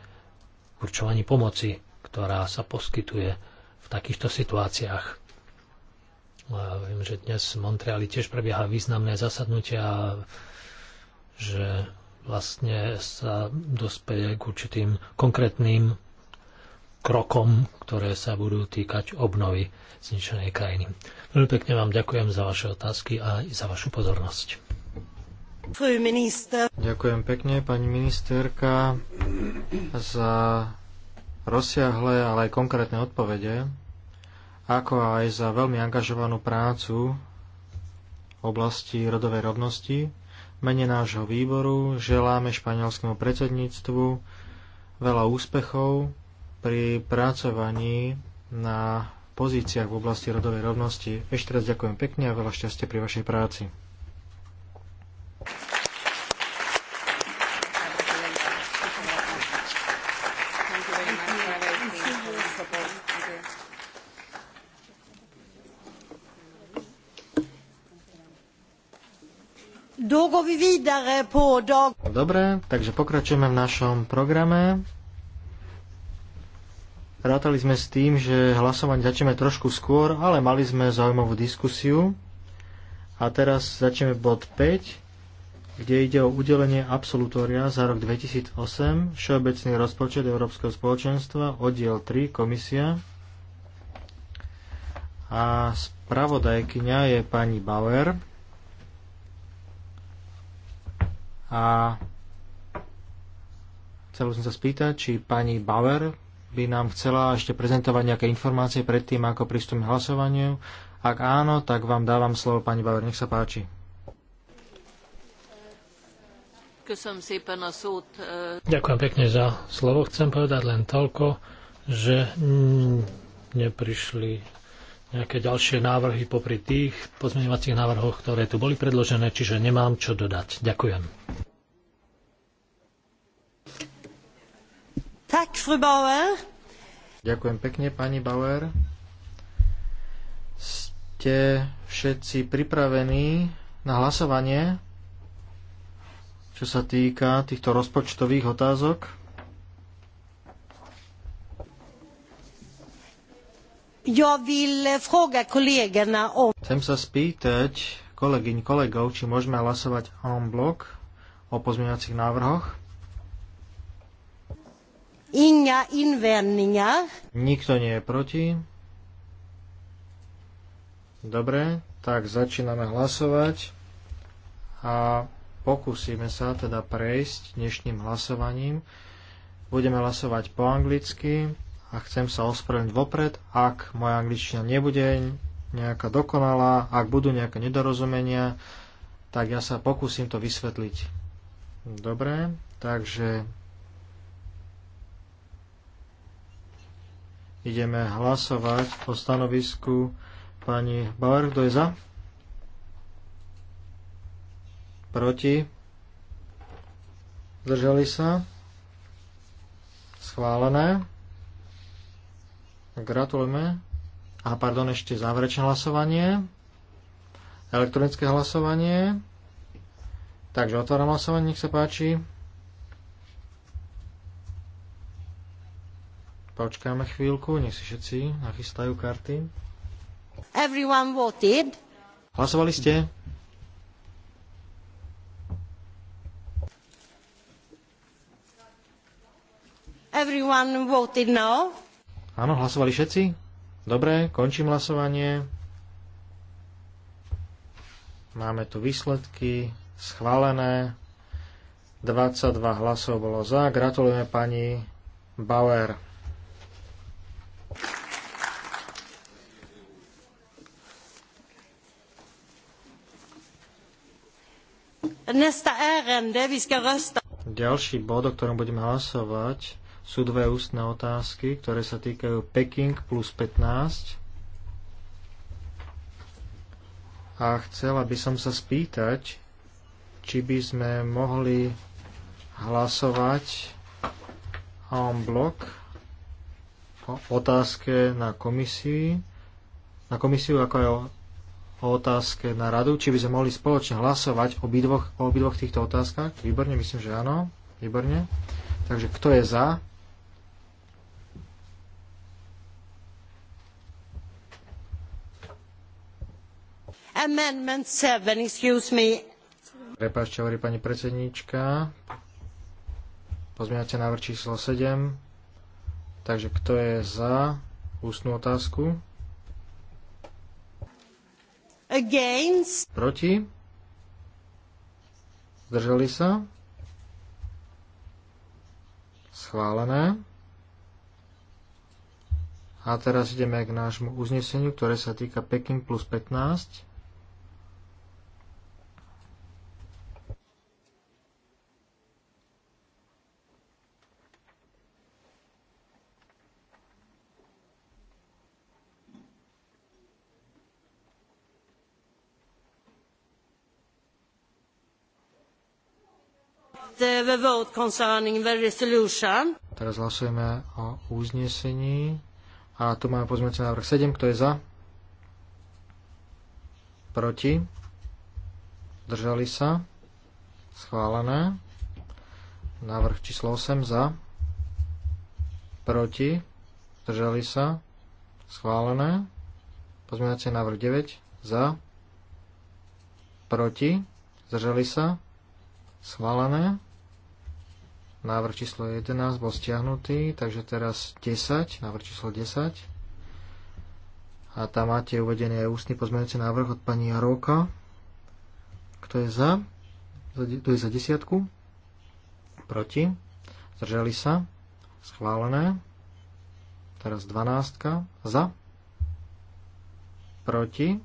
určovaní pomoci, ktorá sa poskytuje v takýchto situáciách. A viem, že dnes v Montreali tiež prebieha významné zasadnutia že vlastne sa dospeje k určitým konkrétnym krokom, ktoré sa budú týkať obnovy zničenej krajiny. Veľmi pekne vám ďakujem za vaše otázky a aj za vašu pozornosť. Ďakujem pekne, pani ministerka, za rozsiahle, ale aj konkrétne odpovede, ako aj za veľmi angažovanú prácu v oblasti rodovej rovnosti. Mene nášho výboru želáme španielskému predsedníctvu veľa úspechov pri pracovaní na pozíciách v oblasti rodovej rovnosti. Ešte raz ďakujem pekne a veľa šťastia pri vašej práci. Dobre, takže pokračujeme v našom programe. Rátali sme s tým, že hlasovanie začneme trošku skôr, ale mali sme zaujímavú diskusiu. A teraz začneme bod 5, kde ide o udelenie absolutória za rok 2008, Všeobecný rozpočet Európskeho spoločenstva, oddiel 3, komisia. A spravodajkyňa je pani Bauer. a chcel som sa spýtať, či pani Bauer by nám chcela ešte prezentovať nejaké informácie predtým, ako pristúpim k hlasovaniu. Ak áno, tak vám dávam slovo, pani Bauer, nech sa páči. Ďakujem pekne za slovo. Chcem povedať len toľko, že neprišli nejaké ďalšie návrhy popri tých pozmeňovacích návrhoch, ktoré tu boli predložené, čiže nemám čo dodať. Ďakujem. Tak, fru Bauer. Ďakujem pekne, pani Bauer. Ste všetci pripravení na hlasovanie, čo sa týka týchto rozpočtových otázok? Eh, Chcem sa spýtať kolegyň kolegov, či môžeme hlasovať en bloc o pozmeňovacích návrhoch. Inga invändningar. Nikto nie je proti. Dobre, tak začíname hlasovať a pokúsime sa teda prejsť dnešným hlasovaním. Budeme hlasovať po anglicky a chcem sa ospravedlniť vopred, ak moja angličtina nebude nejaká dokonalá, ak budú nejaké nedorozumenia, tak ja sa pokúsim to vysvetliť. Dobre, takže ideme hlasovať o stanovisku pani Bauer. Kto je za? Proti? Zdržali sa? Schválené. Gratulujeme. A pardon, ešte záverečné hlasovanie. Elektronické hlasovanie. Takže otváram hlasovanie, nech sa páči. Počkáme chvíľku, nech si všetci nachystajú karty. Everyone voted. Hlasovali ste? Everyone voted no. Áno, hlasovali všetci? Dobre, končím hlasovanie. Máme tu výsledky schválené. 22 hlasov bolo za. Gratulujeme pani Bauer. Ďalší bod, o ktorom budeme hlasovať, sú dve ústne otázky, ktoré sa týkajú Peking plus 15. A chcela by som sa spýtať, či by sme mohli hlasovať en blok o otázke na komisii, na komisiu ako aj o, o otázke na radu, či by sme mohli spoločne hlasovať o obidvoch, o obidvoch týchto otázkach. Výborne, myslím, že áno. Výborne. Takže kto je za? Amendment 7, excuse me. Prepáčte, hovorí pani predsedníčka. Pozmeňujúce návrh číslo 7. Takže kto je za ústnú otázku? Against. Proti? Zdržali sa? Schválené. A teraz ideme k nášmu uzneseniu, ktoré sa týka peking plus 15. the vote concerning the resolution. Teraz hlasujeme o uznesení. A tu máme pozmeňujúci návrh 7. Kto je za? Proti? Držali sa? Schválené. Návrh číslo 8 za? Proti? Držali sa? Schválené. Pozmeňujúci návrh 9 za? Proti? Zdržali sa? Schválené. Návrh číslo 11 bol stiahnutý, takže teraz 10, návrh číslo 10. A tam máte uvedený aj ústny pozmeňujúci návrh od pani Jaróka. Kto je za? Kto je za desiatku? Proti? Zdržali sa? Schválené. Teraz 12. Za? Proti?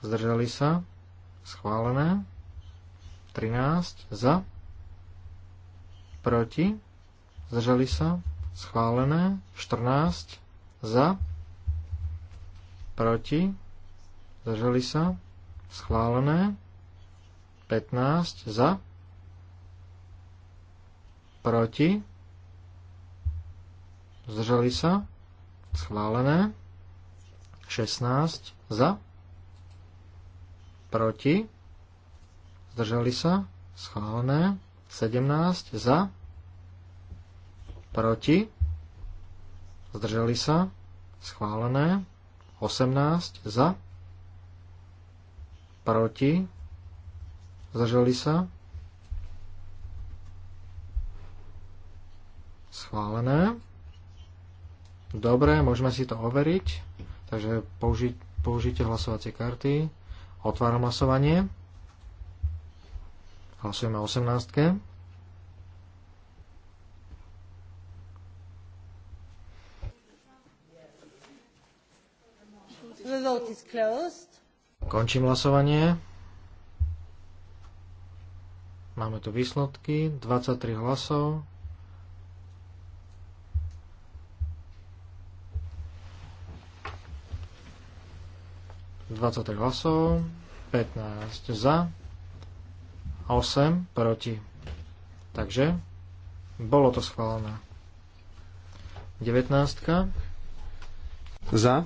Zdržali sa? Schválené. 13. Za? proti, zdržali sa, schválené, 14 za, proti, zdržali sa, schválené, 15 za, proti, zdržali sa, schválené, 16 za, proti, zdržali sa, schválené, 17 za, proti, zdrželi sa, schválené, 18 za, proti, zdrželi sa, schválené. Dobre, môžeme si to overiť, takže použiť, použite hlasovacie karty, otváram hlasovanie. Hlasujeme o 18. Končím hlasovanie. Máme tu výsledky. 23 hlasov. Dvadsaťtri hlasov, 15 za, 8 proti. Takže bolo to schválené. 19. E, e, e, Za.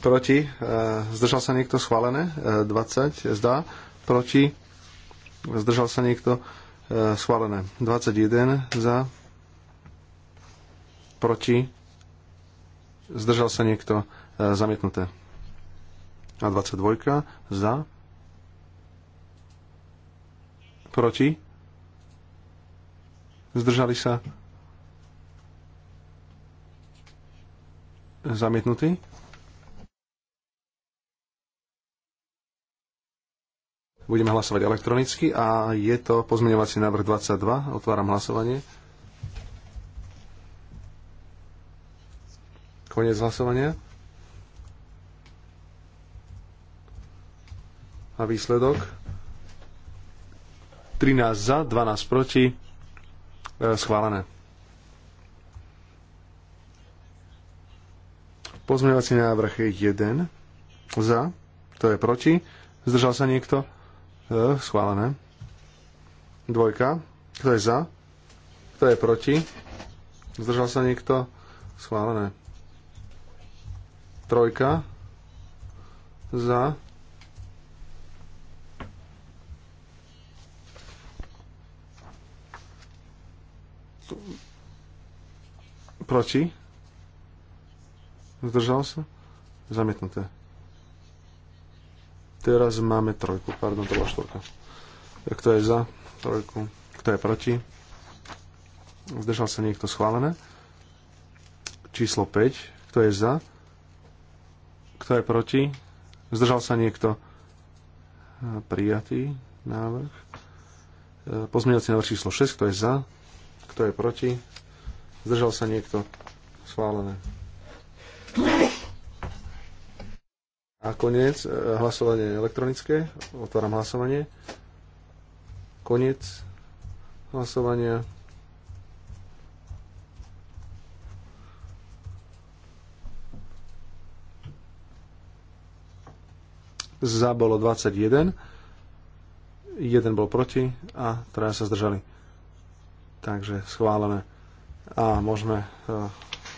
Proti. Zdržal sa niekto schválené? 20. Zda. Proti. Zdržal sa niekto schválené. 21. Za. Proti. Zdržal sa niekto zamietnuté. A 22 za. Proti. Zdržali sa. Zamietnutý. Budeme hlasovať elektronicky a je to pozmeňovací návrh 22. Otváram hlasovanie. Koniec hlasovania. A výsledok 13 za, 12 proti. E, schválené. Pozmeňovací návrh je 1 za, to je proti. Zdržal sa niekto? E, schválené. Dvojka. Kto je za? Kto je proti? Zdržal sa niekto? Schválené. Trojka. Za. Proti? Zdržal sa? Zamietnuté. Teraz máme trojku. Pardon, to bola štvorka. Kto je za trojku? Kto je proti? Zdržal sa niekto schválené. Číslo 5. Kto je za? Kto je proti? Zdržal sa niekto prijatý návrh. E, pozmeňovací návrh číslo 6. Kto je za? Kto je proti? Zdržal sa niekto? Schválené. A koniec, e, hlasovanie elektronické. Otváram hlasovanie. Koniec hlasovania. Za bolo 21, jeden bol proti a traja sa zdržali. Takže schválené a môžeme e,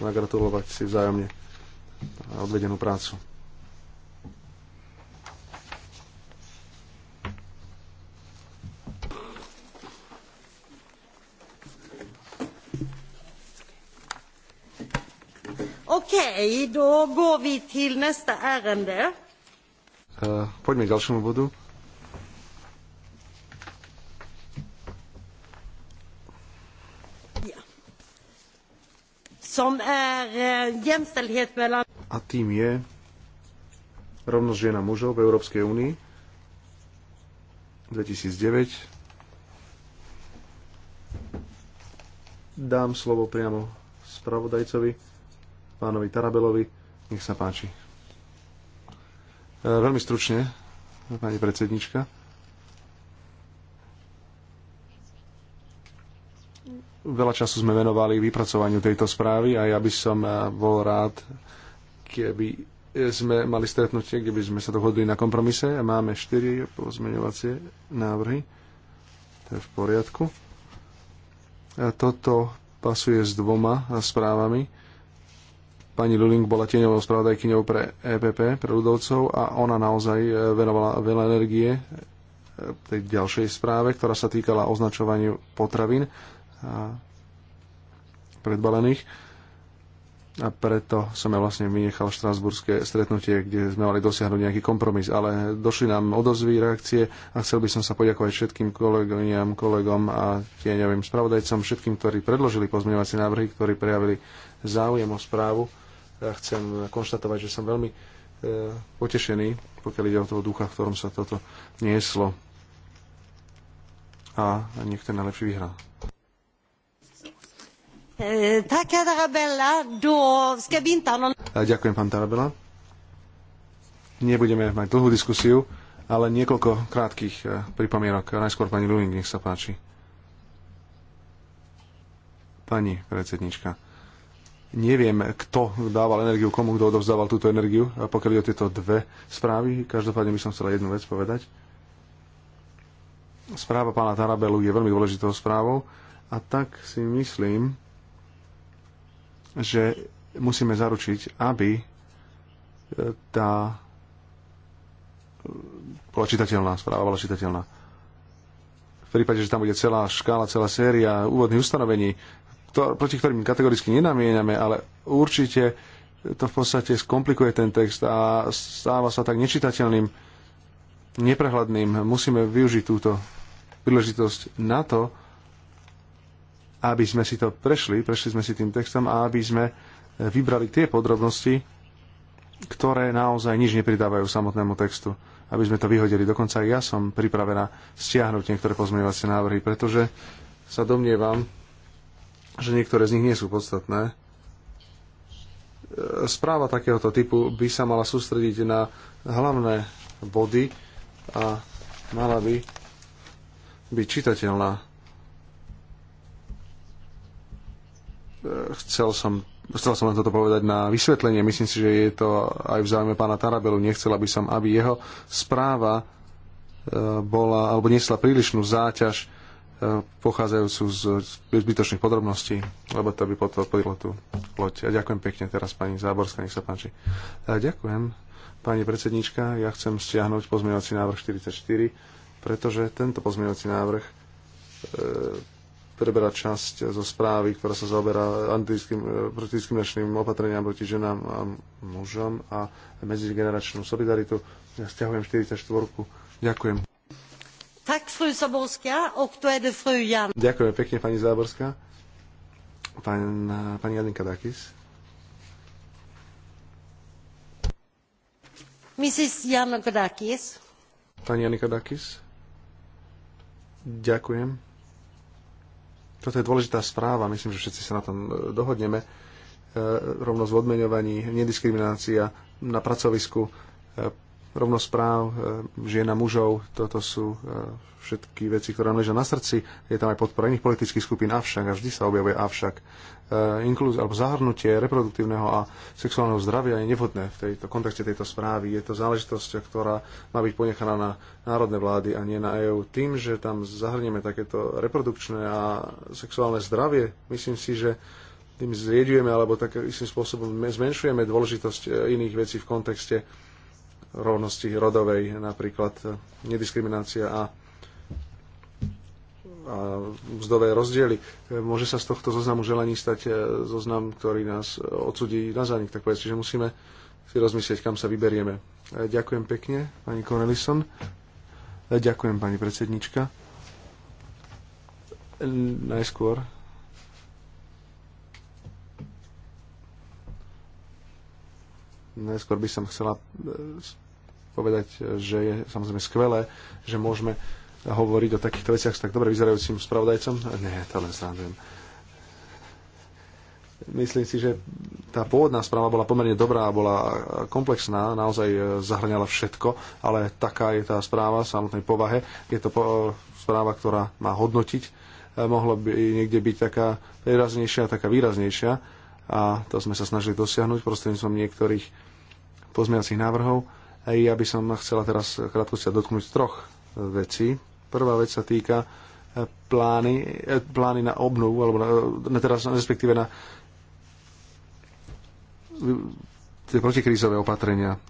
nagratulovať si vzájomne e, odvedenú prácu. Okej, okay, då går vi till nästa ärende. Uh, poďme k ďalšiemu bodu. som är eh, eh, jämställdhet mellan... A tým je rovnosť žien a mužov v Európskej únii 2009. Dám slovo priamo spravodajcovi, pánovi Tarabelovi. Nech sa páči. Eh, veľmi stručne, pani predsednička. Veľa času sme venovali vypracovaniu tejto správy a ja by som eh, bol rád, keby eh, sme mali stretnutie, kde by sme sa dohodli na kompromise. Máme 4 pozmeňovacie návrhy. To je v poriadku. A toto pasuje s dvoma správami. Pani Luling bola tieňovou spravodajkyňou pre EPP, pre ľudovcov a ona naozaj eh, venovala veľa energie tej ďalšej správe, ktorá sa týkala označovaniu potravín a predbalených. A preto som ja vlastne vynechal štrasburské stretnutie, kde sme mali dosiahnuť nejaký kompromis. Ale došli nám odozvy, reakcie a chcel by som sa poďakovať všetkým kolegyňam, kolegom a tieňovým spravodajcom, všetkým, ktorí predložili pozmeňovacie návrhy, ktorí prejavili záujem o správu. Ja chcem konštatovať, že som veľmi e, potešený, pokiaľ ide o toho ducha, v ktorom sa toto nieslo. A nech ten najlepší vyhral. Eh, eh, ďakujem, pán Tarabella. Nebudeme mať dlhú diskusiu, ale niekoľko krátkých eh, pripomienok. Najskôr pani Luling, nech sa páči. Pani predsednička. Neviem, kto dával energiu komu, kto odovzdával túto energiu, pokiaľ ide o tieto dve správy. Každopádne by som chcela jednu vec povedať. Správa pána Tarabelu je veľmi dôležitou správou a tak si myslím, že musíme zaručiť, aby e, tá e, bola čitateľná, správa bola čitateľná. V prípade, že tam bude celá škála, celá séria úvodných ustanovení, to, proti ktorým kategoricky nenamieňame, ale určite to v podstate skomplikuje ten text a stáva sa tak nečitateľným, neprehľadným. Musíme využiť túto príležitosť na to, aby sme si to prešli, prešli sme si tým textom a aby sme e, vybrali tie podrobnosti, ktoré naozaj nič nepridávajú samotnému textu, aby sme to vyhodili. Dokonca aj ja som pripravená stiahnuť niektoré pozmeňovacie návrhy, pretože sa domnievam, že niektoré z nich nie sú podstatné. E, správa takéhoto typu by sa mala sústrediť na hlavné body a mala by byť čitateľná Chcel som, chcel som len toto povedať na vysvetlenie. Myslím si, že je to aj v záujme pána Tarabelu. Nechcela by som, aby jeho správa e, bola alebo nesla prílišnú záťaž e, pochádzajúcu z zbytočných podrobností, lebo to by podporilo tú loď. A ďakujem pekne teraz pani Záborská, nech sa páči. A e, ďakujem, pani predsednička. Ja chcem stiahnuť pozmeňovací návrh 44, pretože tento pozmeňovací návrh e, preberať časť zo správy, ktorá sa zaoberá eh, protidiskriminačným opatreniam proti ženám a mužom a medzigeneračnú solidaritu. Ja stiahujem 44. Ďakujem. Tak, fru Zaborská, ok, to je de fru Jan. Ďakujem pekne, pani Záborská. Pán, pani Janinka Dakis. Mrs. Jan Kodakis. Pani Janika Dakis. Ďakujem toto je dôležitá správa, myslím, že všetci sa na tom e, dohodneme. E, rovnosť v odmeňovaní, nediskriminácia na pracovisku, e, rovnosť e, žien a mužov, toto sú e, všetky veci, ktoré nám ležia na srdci. Je tam aj podpora iných politických skupín, avšak, a vždy sa objavuje avšak. E, Inkluz, alebo zahrnutie reproduktívneho a sexuálneho zdravia je nevhodné v tejto, kontexte tejto správy. Je to záležitosť, ktorá má byť ponechaná na národné vlády a nie na EÚ. Tým, že tam zahrnieme takéto reprodukčné a sexuálne zdravie, myslím si, že tým zriedujeme, alebo takým spôsobom zmenšujeme dôležitosť iných vecí v kontexte rovnosti rodovej, napríklad e, nediskriminácia a, a mzdové rozdiely. E, môže sa z tohto zoznamu želaní stať e, zoznam, ktorý nás odsudí na zánik, tak povedzte, že musíme si rozmyslieť, kam sa vyberieme. Ďakujem pekne, pani Cornelison. Ďakujem, pani predsednička. Najskôr Najskôr by som chcela eh, povedať, že je samozrejme skvelé, že môžeme hovoriť o takýchto veciach s tak dobre vyzerajúcim spravodajcom. Nie, to len srandujem. Myslím si, že tá pôvodná správa bola pomerne dobrá, bola komplexná, naozaj eh, zahrňala všetko, ale taká je tá správa v samotnej povahe. Je to eh, správa, ktorá má hodnotiť, mohla by niekde byť taká výraznejšia, taká výraznejšia a to sme sa snažili dosiahnuť prostredníctvom niektorých pozmeňacích návrhov. Ja by som chcela teraz krátko sa dotknúť troch e, vecí. Prvá vec sa týka e, plány, e, plány na obnovu, alebo na, na teraz respektíve na tie protikrízové opatrenia.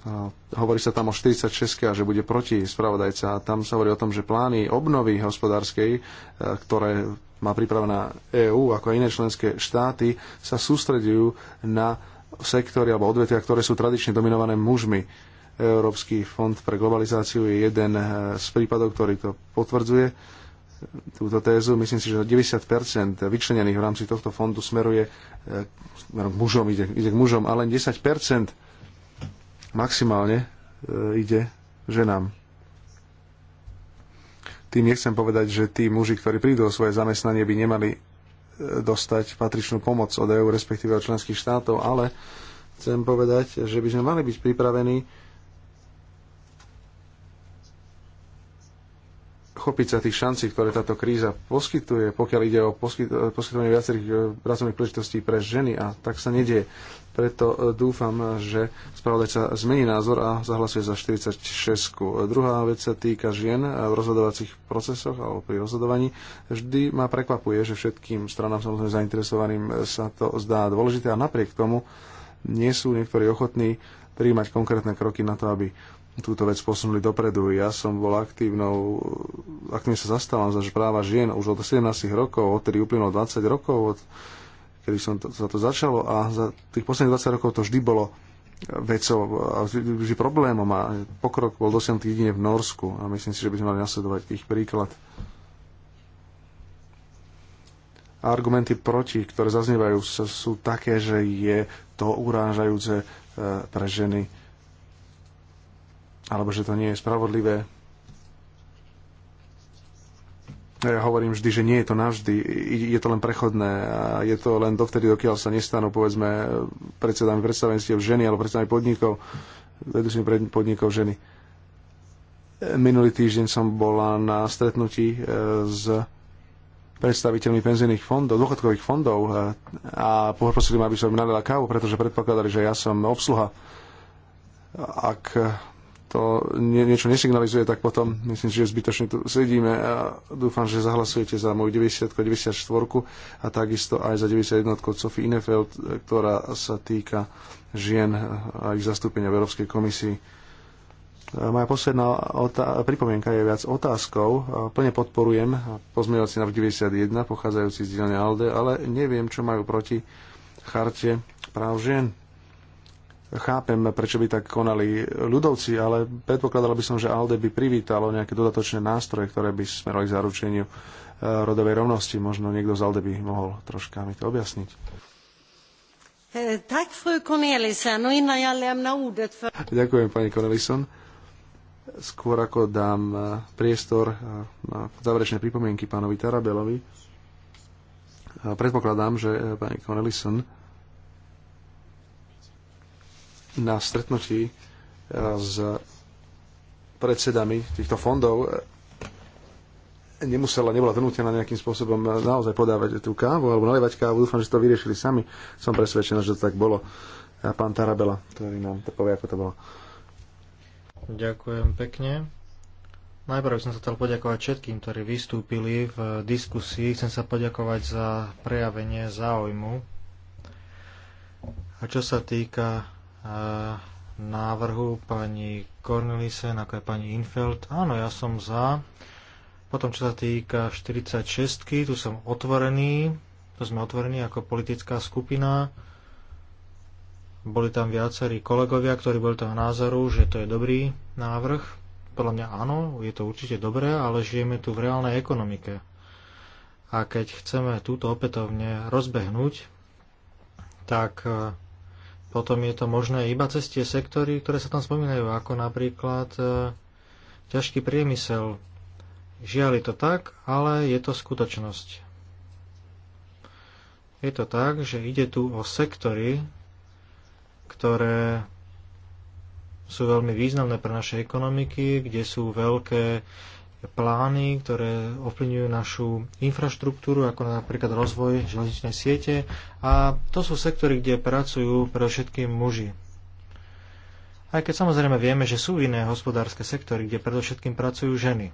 Hovorí sa tam o 46 a že bude proti spravodajca. Tam sa hovorí o tom, že plány obnovy hospodárskej, ktoré má pripravená EÚ ako aj iné členské štáty, sa sústredujú na sektory alebo odvetvia, ktoré sú tradične dominované mužmi. Európsky fond pre globalizáciu je jeden eh, z prípadov, ktorý to potvrdzuje túto tézu. Myslím si, že 90% vyčlenených v rámci tohto fondu smeruje eh, k mužom, ide, ide k mužom, ale len 10% maximálne eh, ide ženám. Tým nechcem povedať, že tí muži, ktorí prídu o svoje zamestnanie, by nemali dostať patričnú pomoc od EU, respektíve od členských štátov, ale chcem povedať, že by sme mali byť pripravení chopiť sa tých šancí, ktoré táto kríza poskytuje, pokiaľ ide o poskytovanie viacerých eh, pracovných príležitostí pre ženy a tak sa nedieje. Preto e, dúfam, že spravodajca zmení názor a zahlasuje za 46. Druhá vec sa týka žien v rozhodovacích procesoch alebo pri rozhodovaní. Vždy ma prekvapuje, že všetkým stranám samozrejme zainteresovaným sa to zdá dôležité a napriek tomu nie sú niektorí ochotní príjmať konkrétne kroky na to, aby túto vec posunuli dopredu. Ja som bol aktívnou, aktívne sa zastávam za práva žien už od 17 rokov, odtedy uplynulo 20 rokov od kedy som to, sa to začalo a za tých posledných 20 rokov to vždy bolo vecou a vždy, problémom a pokrok bol dosiahnutý jedine v Norsku a myslím si, že by sme mali nasledovať ich príklad. A argumenty proti, ktoré zaznievajú, sú také, že je to urážajúce eh, pre ženy alebo že to nie je spravodlivé ja hovorím vždy, že nie je to navždy, je to len prechodné a je to len dovtedy, dokiaľ sa nestanú, povedzme, predsedami predstavenstiev ženy alebo predsedami podnikov, vedúcimi podnikov ženy. Minulý týždeň som bola na stretnutí e, s predstaviteľmi penzijných fondov, dôchodkových fondov e, a poprosili ma, aby som nalila kávu, pretože predpokladali, že ja som obsluha. Ak to nie, niečo nesignalizuje, tak potom myslím si, že zbytočne tu sedíme a dúfam, že zahlasujete za moju 90 94 a takisto aj za 91 Sophie Inefeld, ktorá sa týka žien a ich zastúpenia v Európskej komisii. Moja posledná pripomienka je viac otázkou. Plne podporujem pozmeňovací návrh 91, pochádzajúci z dielne ALDE, ale neviem, čo majú proti charte práv žien chápem, prečo by tak konali ľudovci, ale predpokladal by som, že ALDE by privítalo nejaké dodatočné nástroje, ktoré by smerovali k zaručeniu e, rodovej rovnosti. Možno niekto z ALDE by mohol troška mi to objasniť. E, no Ďakujem, pani Cornelison. Skôr ako dám e, priestor na záverečné pripomienky pánovi Tarabelovi, predpokladám, že pani Konelison na stretnutí e, s predsedami týchto fondov e, nemusela, nebola donútená nejakým spôsobom naozaj podávať tú kávu alebo nalievať kávu. Dúfam, že to vyriešili sami. Som presvedčená, že to tak bolo. A pán Tarabela, ktorý nám to povie, ako to bolo. Ďakujem pekne. Najprv som sa chcel poďakovať všetkým, ktorí vystúpili v diskusii. Chcem sa poďakovať za prejavenie záujmu. A čo sa týka návrhu pani Cornelisen, ako aj pani Infeld. Áno, ja som za. Potom, čo sa týka 46 tu som otvorený. To sme otvorení ako politická skupina. Boli tam viacerí kolegovia, ktorí boli toho názoru, že to je dobrý návrh. Podľa mňa áno, je to určite dobré, ale žijeme tu v reálnej ekonomike. A keď chceme túto opätovne rozbehnúť, tak potom je to možné iba cez tie sektory, ktoré sa tam spomínajú, ako napríklad e, ťažký priemysel. Žiaľ je to tak, ale je to skutočnosť. Je to tak, že ide tu o sektory, ktoré sú veľmi významné pre naše ekonomiky, kde sú veľké plány, ktoré ovplyvňujú našu infraštruktúru, ako napríklad rozvoj železničnej siete. A to sú sektory, kde pracujú predovšetkým muži. Aj keď samozrejme vieme, že sú iné hospodárske sektory, kde predovšetkým pracujú ženy.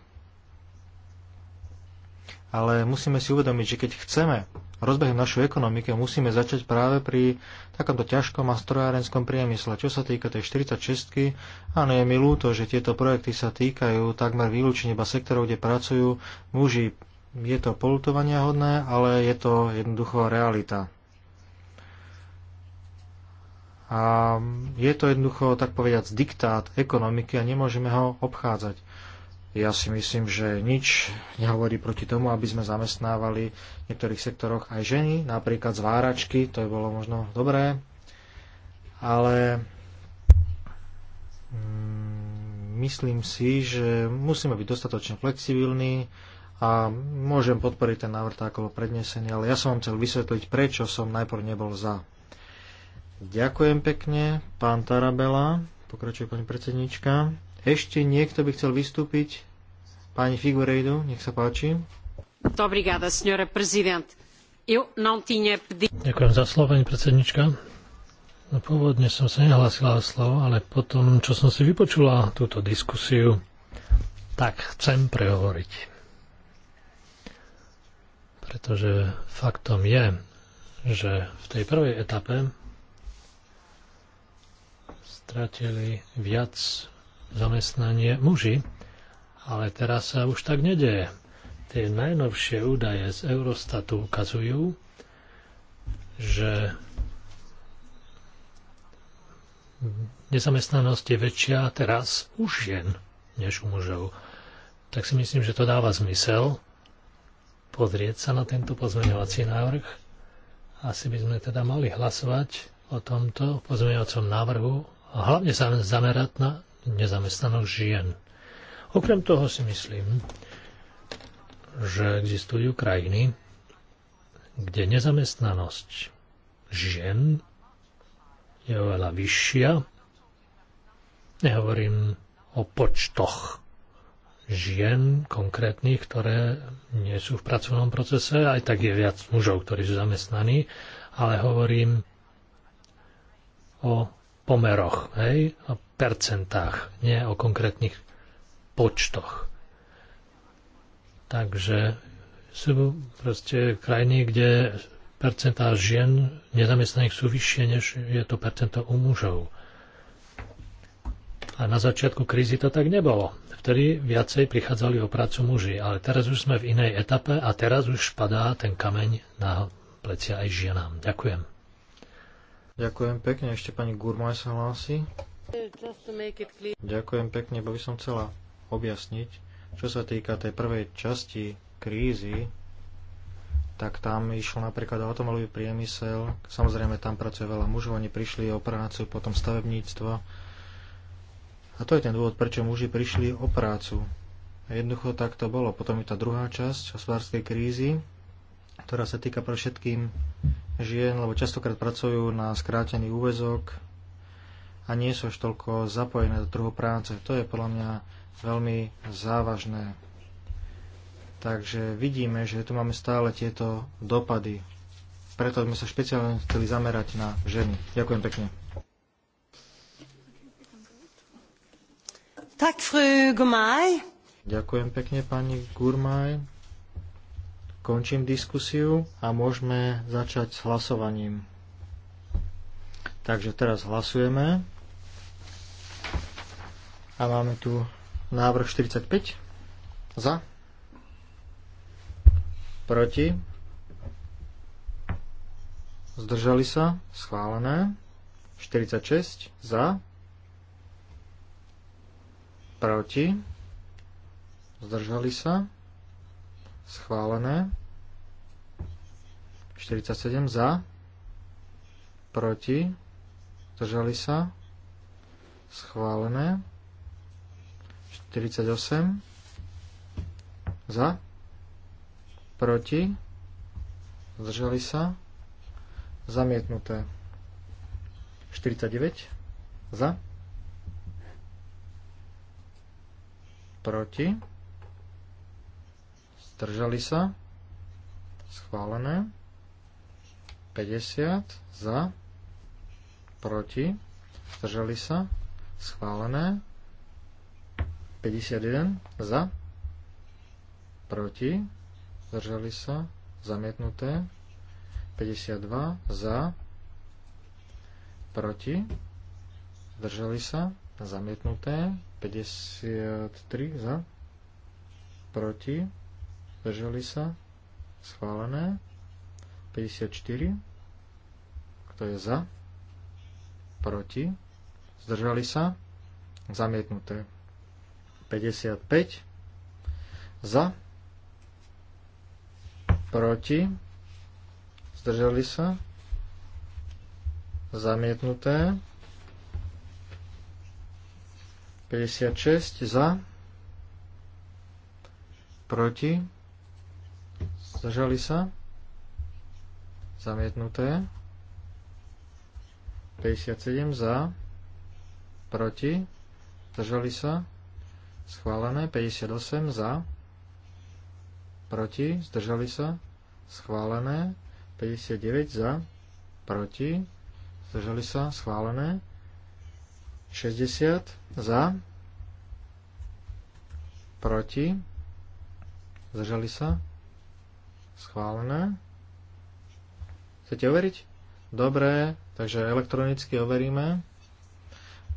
Ale musíme si uvedomiť, že keď chceme rozbehnúť našu ekonomiku, musíme začať práve pri takomto ťažkom a strojárenskom priemysle. Čo sa týka tej 46 áno, je mi ľúto, že tieto projekty sa týkajú takmer výlučne iba sektorov, kde pracujú muži. Je to polutovania hodné, ale je to jednoducho realita. A je to jednoducho, tak povediať, diktát ekonomiky a nemôžeme ho obchádzať. Ja si myslím, že nič nehovorí proti tomu, aby sme zamestnávali v niektorých sektoroch aj ženy, napríklad zváračky, to je bolo možno dobré, ale mm, myslím si, že musíme byť dostatočne flexibilní a môžem podporiť ten návrh tak, ako prednesený, ale ja som vám chcel vysvetliť, prečo som najprv nebol za. Ďakujem pekne, pán Tarabela, pokračuje pani predsednička. Ešte niekto by chcel vystúpiť? Pani Figurejdu, nech sa páči. Obrigada, Eu não tinha Ďakujem za slovo, pani predsednička. No, pôvodne som sa nehlasila slovo, ale potom, čo som si vypočula túto diskusiu, tak chcem prehovoriť. Pretože faktom je, že v tej prvej etape stratili viac zamestnanie muži, ale teraz sa už tak nedeje. Tie najnovšie údaje z Eurostatu ukazujú, že nezamestnanosť je väčšia teraz u žien než u mužov. Tak si myslím, že to dáva zmysel pozrieť sa na tento pozmeňovací návrh. Asi by sme teda mali hlasovať o tomto pozmeňovacom návrhu a hlavne sa zamerať na nezamestnanosť žien. Okrem toho si myslím, že existujú krajiny, kde nezamestnanosť žien je oveľa vyššia. Nehovorím o počtoch žien konkrétnych, ktoré nie sú v pracovnom procese, aj tak je viac mužov, ktorí sú zamestnaní, ale hovorím o pomeroch hej, o percentách, nie o konkrétnych počtoch. Takže sú proste krajiny, kde percentá žien nezamestnaných sú vyššie, než je to percento u mužov. A na začiatku krízy to tak nebolo. Vtedy viacej prichádzali o prácu muži, ale teraz už sme v inej etape a teraz už padá ten kameň na plecia aj ženám. Ďakujem. Ďakujem pekne, ešte pani Gurmaj sa hlási. Ďakujem pekne, bo by som chcela objasniť, čo sa týka tej prvej časti krízy, tak tam išlo napríklad o automobilový priemysel, samozrejme tam pracuje veľa mužov, oni prišli o prácu, potom stavebníctvo. A to je ten dôvod, prečo muži prišli o prácu. A jednoducho tak to bolo. Potom je tá druhá časť hospodárskej krízy, ktorá sa týka pre všetkým žien, lebo častokrát pracujú na skrátený úvezok, a nie sú až toľko zapojené do trhu práce. To je podľa mňa veľmi závažné. Takže vidíme, že tu máme stále tieto dopady. Preto sme sa špeciálne chceli zamerať na ženy. Ďakujem pekne. Tak, fru Gumaj. Ďakujem pekne, pani Gurmaj. Končím diskusiu a môžeme začať s hlasovaním. Takže teraz hlasujeme. A máme tu návrh 45. Za. Proti. Zdržali sa. Schválené. 46. Za. Proti. Zdržali sa. Schválené. 47 za. Proti. Zdržali sa? Schválené. 48. Za? Proti? Zdržali sa? Zamietnuté. 49. Za? Proti? Zdržali sa? Schválené. 50. Za? proti, zdržali sa, schválené. 51 za, proti, zdržali sa, zamietnuté. 52 za, proti, zdržali sa, zamietnuté. 53 za, proti, zdržali sa, schválené. 54, kto je za, proti, zdržali sa, zamietnuté. 55 za, proti, zdržali sa, zamietnuté. 56 za, proti, zdržali sa, zamietnuté. 57 za, proti, zdržali sa, schválené. 58 za, proti, zdržali sa, schválené. 59 za, proti, zdržali sa, schválené. 60 za, proti, zdržali sa, schválené. Chcete overiť? Dobre, Takže elektronicky overíme.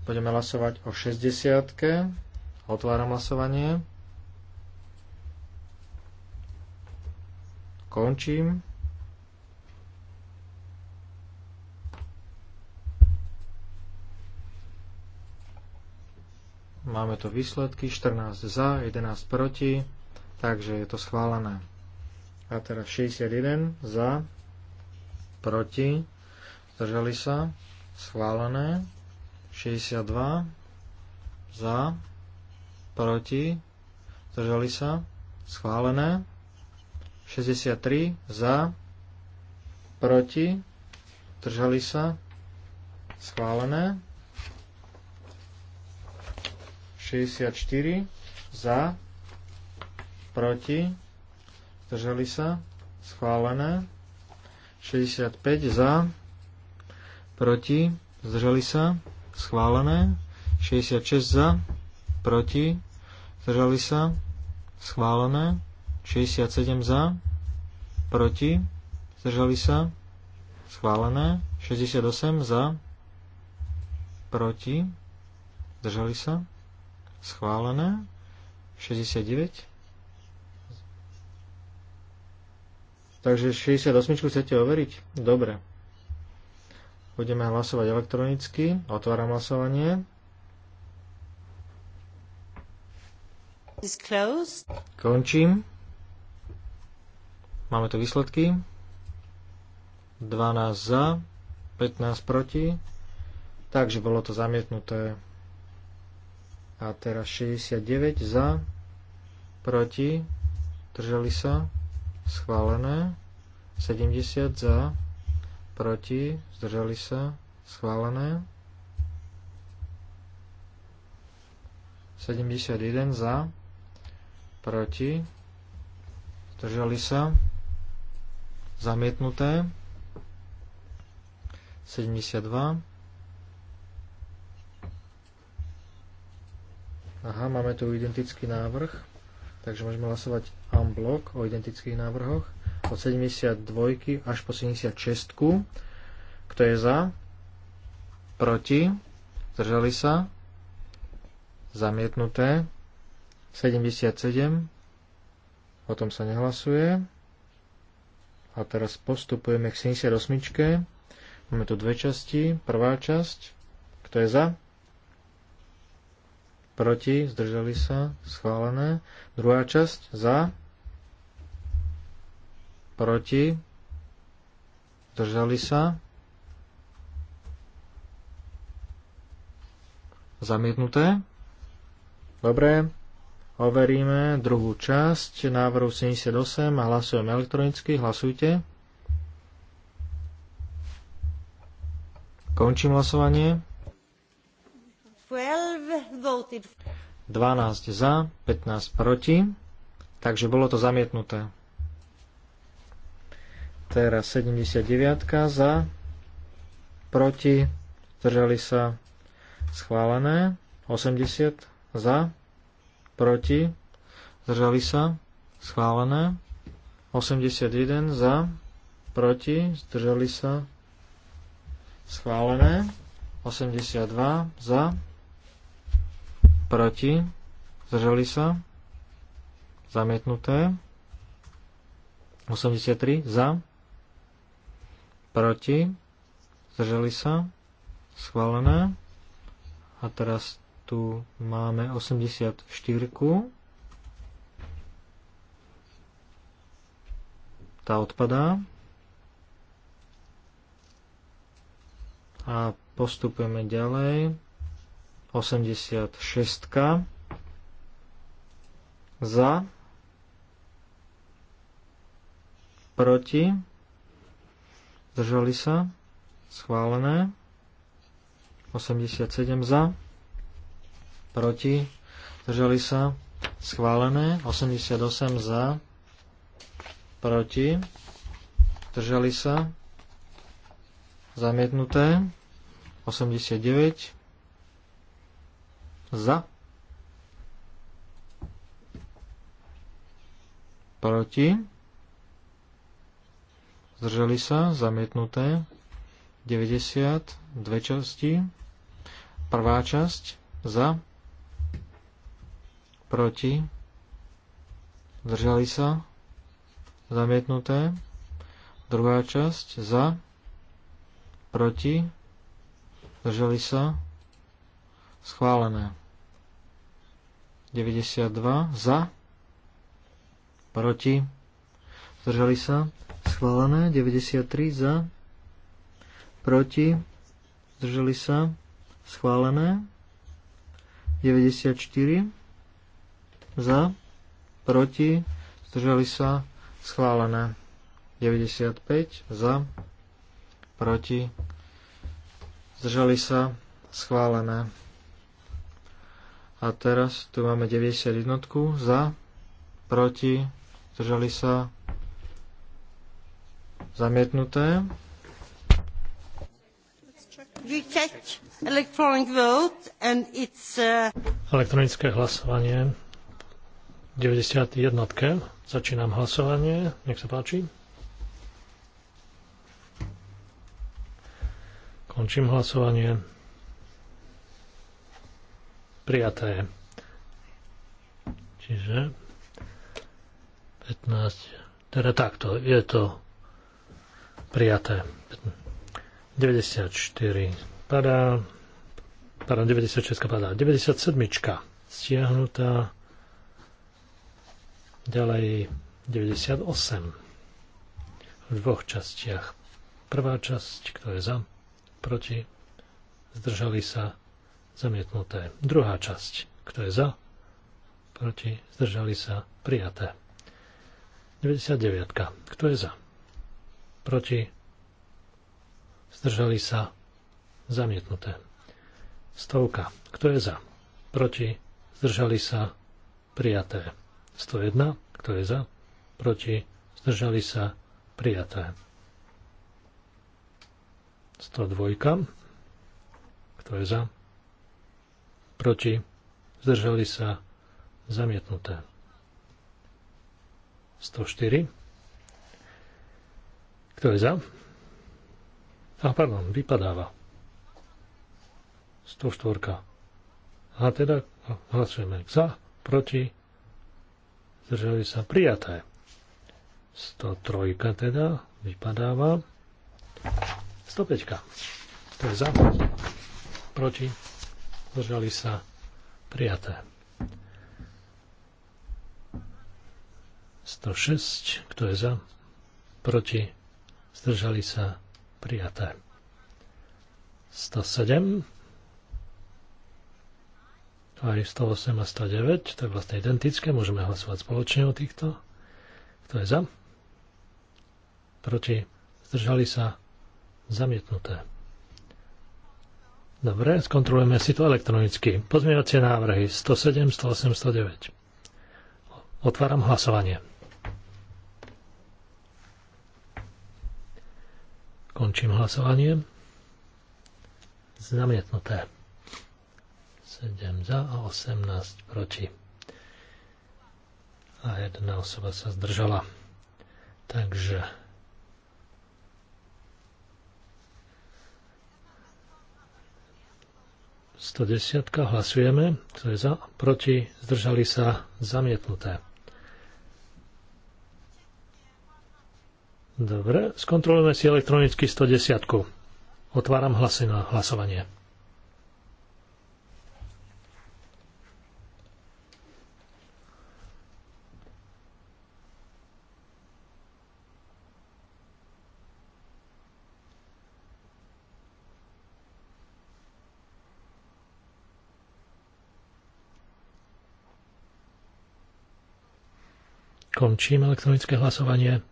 Budeme hlasovať o 60. Otváram hlasovanie. Končím. Máme tu výsledky 14 za, 11 proti, takže je to schválené. A teraz 61 za, proti, zdržali sa, schválené, 62, za, proti, zdržali sa, schválené, 63, za, proti, zdržali sa, schválené, 64, za, proti, zdržali sa, schválené, 65 za, proti, zdržali sa, schválené. 66 za, proti, zdržali sa, schválené. 67 za, proti, zdržali sa, schválené. 68 za, proti, zdržali sa, schválené. 69. Takže 68 chcete overiť? Dobre. Budeme hlasovať elektronicky. Otváram hlasovanie. Končím. Máme tu výsledky. 12 za, 15 proti. Takže bolo to zamietnuté. A teraz 69 za, proti, držali sa, schválené. 70 za, proti, zdržali sa, schválené. 71 za, proti, zdržali sa, zamietnuté. 72. Aha, máme tu identický návrh, takže môžeme hlasovať unblock blok o identických návrhoch od 72 až po 76. Kto je za? Proti? Zdržali sa? Zamietnuté. 77. O tom sa nehlasuje. A teraz postupujeme k 78. Máme tu dve časti. Prvá časť. Kto je za? Proti? Zdržali sa? Schválené. Druhá časť. Za? proti, Držali sa, zamietnuté. Dobre, overíme druhú časť návrhu 78 a hlasujeme elektronicky, hlasujte. Končím hlasovanie. 12 za, 15 proti, takže bolo to zamietnuté. Teraz 79 za, proti, zdržali sa schválené. 80 za, proti, zdržali sa schválené. 81 za, proti, zdržali sa schválené. 82 za, proti, zdržali sa, zamietnuté, 83 za, proti, zdrželi sa, schválené. A teraz tu máme 84. Tá odpadá. A postupujeme ďalej. 86. Za. Proti zdržali sa, schválené, 87 za, proti, zdržali sa, schválené, 88 za, proti, zdržali sa, zamietnuté, 89 za, proti, zdržali sa, zamietnuté. 90, dve časti. Prvá časť za, proti, zdržali sa, zamietnuté. Druhá časť za, proti, zdržali sa, schválené. 92 za, proti, zdržali sa, schválené, 93 za, proti, zdržali sa, schválené, 94 za, proti, zdržali sa, schválené, 95 za, proti, zdržali sa, schválené. A teraz tu máme 91 za, proti, zdržali sa, Zamietnuté. Uh, Elektronické hlasovanie. 91. Začínam hlasovanie. Nech sa páči. Končím hlasovanie. Prijaté. Čiže 15. Teda takto. Je to prijaté. 94 padá, pardon, 96 padá, 97 stiahnutá, ďalej 98 v dvoch častiach. Prvá časť, kto je za, proti, zdržali sa, zamietnuté. Druhá časť, kto je za, proti, zdržali sa, prijaté. 99. Kto je za? proti, zdržali sa, zamietnuté. Stovka, kto je za, proti, zdržali sa, prijaté. 101, kto je za, proti, zdržali sa, prijaté. 102, kto je za, proti, zdržali sa, zamietnuté. 104, kto je za? A pardon, vypadáva. 104. A teda no, hlasujeme za, proti, zdržali sa prijaté. 103 teda vypadáva. 105. To je za, proti, zdržali sa prijaté. 106. Kto je za? Proti? zdržali sa prijaté. 107 aj 108 a 109, to je vlastne identické, môžeme hlasovať spoločne o týchto. Kto je za? Proti? Zdržali sa? Zamietnuté. Dobre, skontrolujeme si to elektronicky. Pozmeňovacie návrhy 107, 108, 109. Otváram hlasovanie. Končím hlasovanie. Zamietnuté. 7 za a 18 proti. A jedna osoba sa zdržala. Takže Sto hlasujeme, kto je za, proti, zdržali sa, zamietnuté. Dobre, skontrolujeme si elektronicky 110. Otváram hlasy na hlasovanie. Končím elektronické hlasovanie.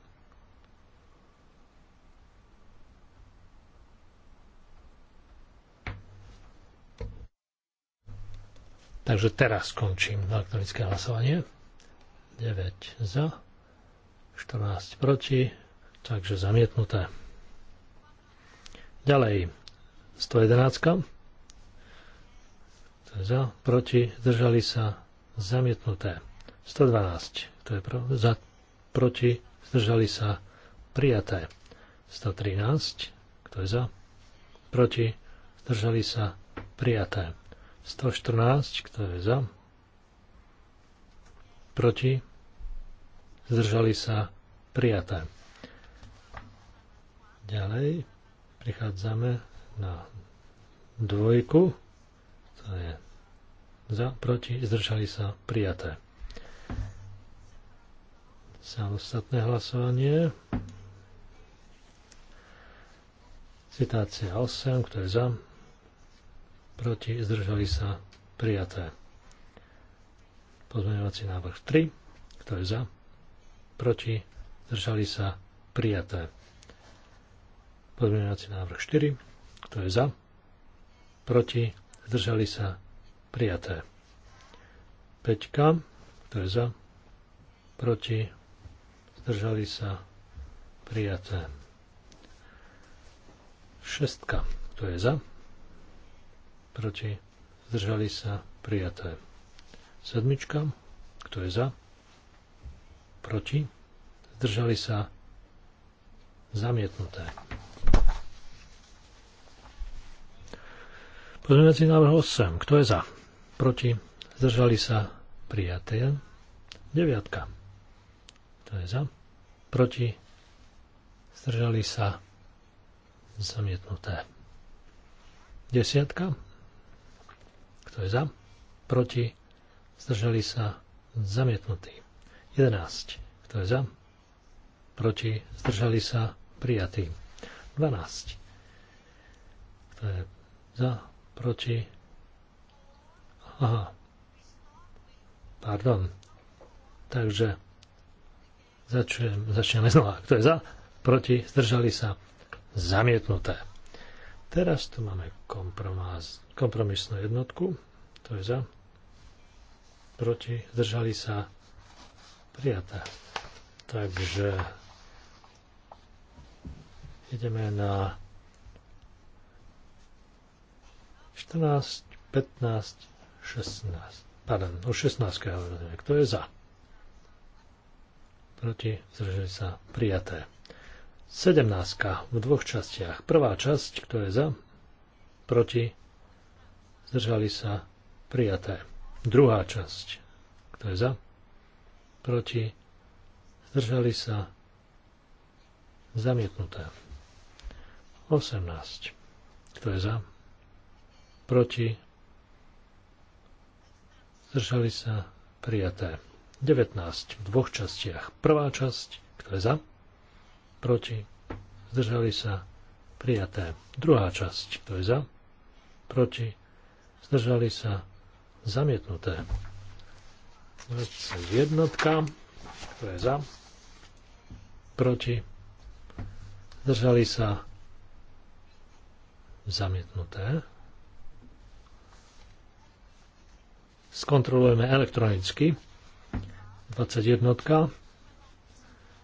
Takže teraz skončím elektronické hlasovanie. 9 za, 14 proti, takže zamietnuté. Ďalej, 111. To je za, proti, zdržali sa, zamietnuté. 112. To je pro, za, proti, zdržali sa, prijaté. 113. to je za? Proti, zdržali sa, prijaté. 114, kto je za? Proti? Zdržali sa prijaté. Ďalej prichádzame na dvojku. To je za, proti, zdržali sa prijaté. Samostatné hlasovanie. Citácia 8, kto je za, proti, zdržali sa, prijaté. Pozmeňovací návrh 3, kto je za, proti, zdržali sa, prijaté. Pozmeňovací návrh 4, kto je za, proti, zdržali sa, prijaté. 5, kto je za, proti, zdržali sa, prijaté. 6, kto je za, proti, zdržali sa, prijaté. Sedmička, kto je za, proti, zdržali sa, zamietnuté. Pozmeňovací návrh 8. Kto je za? Proti? Zdržali sa? Prijaté. 9. Kto je za? Proti? Zdržali sa? Zamietnuté. Desiatka. Kto je za? Proti? Zdržali sa? Zamietnutý. 11. Kto je za? Proti? Zdržali sa? Prijatý. 12. Kto je za? Proti? Aha. Pardon. Takže začneme znova. Kto je za? Proti? Zdržali sa? Zamietnuté. Teraz tu máme kompromisnú jednotku. To je za. Proti. Zdržali sa. Prijaté. Takže ideme na 14, 15, 16. Pardon, už no 16. Kto je za? Proti. Zdržali sa. Prijaté. 17 v dvoch častiach. Prvá časť, kto je za, proti, zdržali sa, prijaté. Druhá časť, kto je za, proti, zdržali sa, zamietnuté. 18. Kto je za? Proti? Zdržali sa? Prijaté. 19. V dvoch častiach. Prvá časť. Kto je za? proti, zdržali sa, prijaté. Druhá časť, kto je za, proti, zdržali sa, zamietnuté. Jednotka, kto je za, proti, zdržali sa, zamietnuté. Skontrolujeme elektronicky. 21.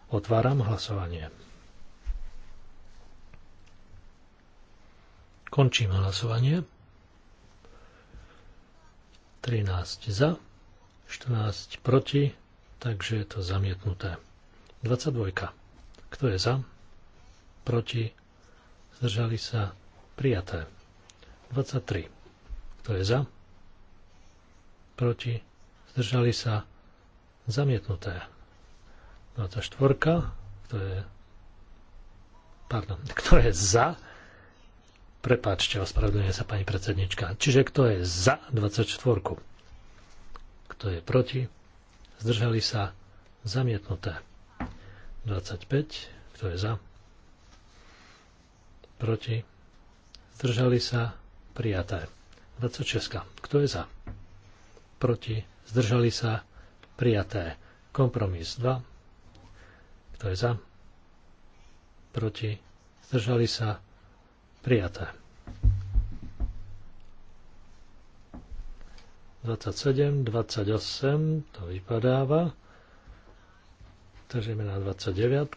Otváram hlasovanie. Končím hlasovanie. 13 za, 14 proti, takže je to zamietnuté. 22. Kto je za? Proti? Zdržali sa? Prijaté. 23. Kto je za? Proti? Zdržali sa? Zamietnuté. 24. Kto je... Pardon. Kto je za? Prepáčte, ospravedlňuje sa pani predsednička. Čiže kto je za 24? Kto je proti? Zdržali sa? Zamietnuté. 25. Kto je za? Proti? Zdržali sa? Prijaté. 26. Kto je za? Proti? Zdržali sa? Prijaté. Kompromis 2. Kto je za? Proti? Zdržali sa? Prijaté. 27, 28, to vypadáva. Takže ideme na 29.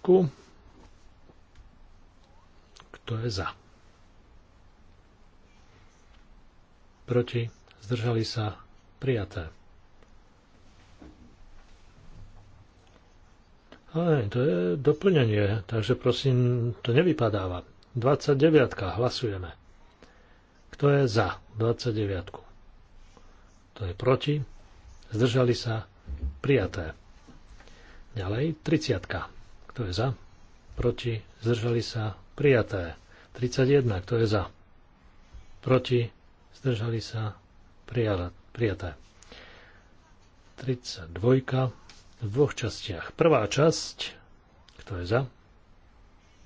Kto je za? Proti? Zdržali sa? Prijaté. Ale to je doplnenie, takže prosím, to nevypadáva. 29. Hlasujeme. Kto je za 29? Kto je proti? Zdržali sa? Prijaté. Ďalej 30. Kto je za? Proti? Zdržali sa? Prijaté. 31. Kto je za? Proti? Zdržali sa? Prijaté. 32. V dvoch častiach. Prvá časť. Kto je za?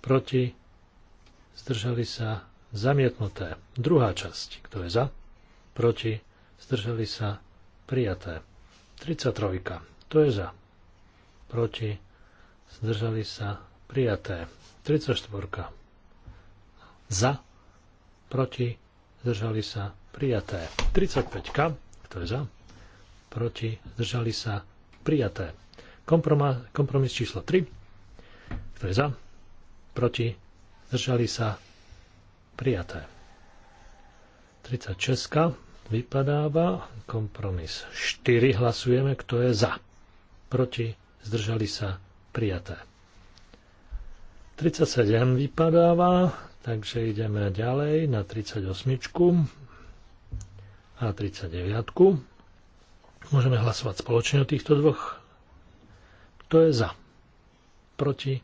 Proti? zdržali sa zamietnuté. Druhá časť, kto je za, proti, zdržali sa prijaté. 33, kto je za, proti, zdržali sa prijaté. 34, za, proti, zdržali sa prijaté. 35, kto je za, proti, zdržali sa prijaté. Kompromis, číslo 3, kto je za, proti, Držali sa prijaté. 36 vypadáva, kompromis 4 hlasujeme, kto je za, proti, zdržali sa prijaté. 37 vypadáva, takže ideme ďalej na 38 a 39. Môžeme hlasovať spoločne o týchto dvoch. Kto je za? Proti?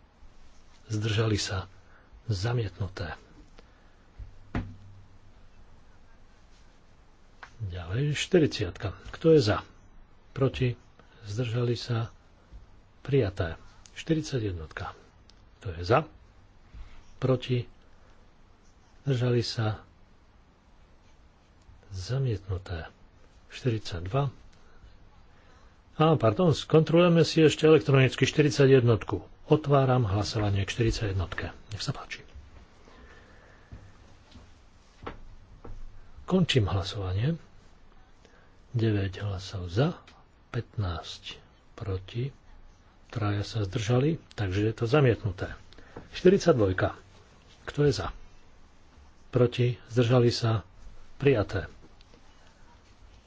Zdržali sa Zamietnuté. Ďalej 40. Kto je za? Proti? Zdržali sa? Prijaté. 41. Kto je za? Proti? Zdržali sa? Zamietnuté. 42. A, pardon, skontrolujeme si ešte elektronicky 41. Otváram hlasovanie k 41. Nech sa páči. Končím hlasovanie. 9 hlasov za, 15 proti, traja sa zdržali, takže je to zamietnuté. 42. Kto je za? Proti, zdržali sa, prijaté.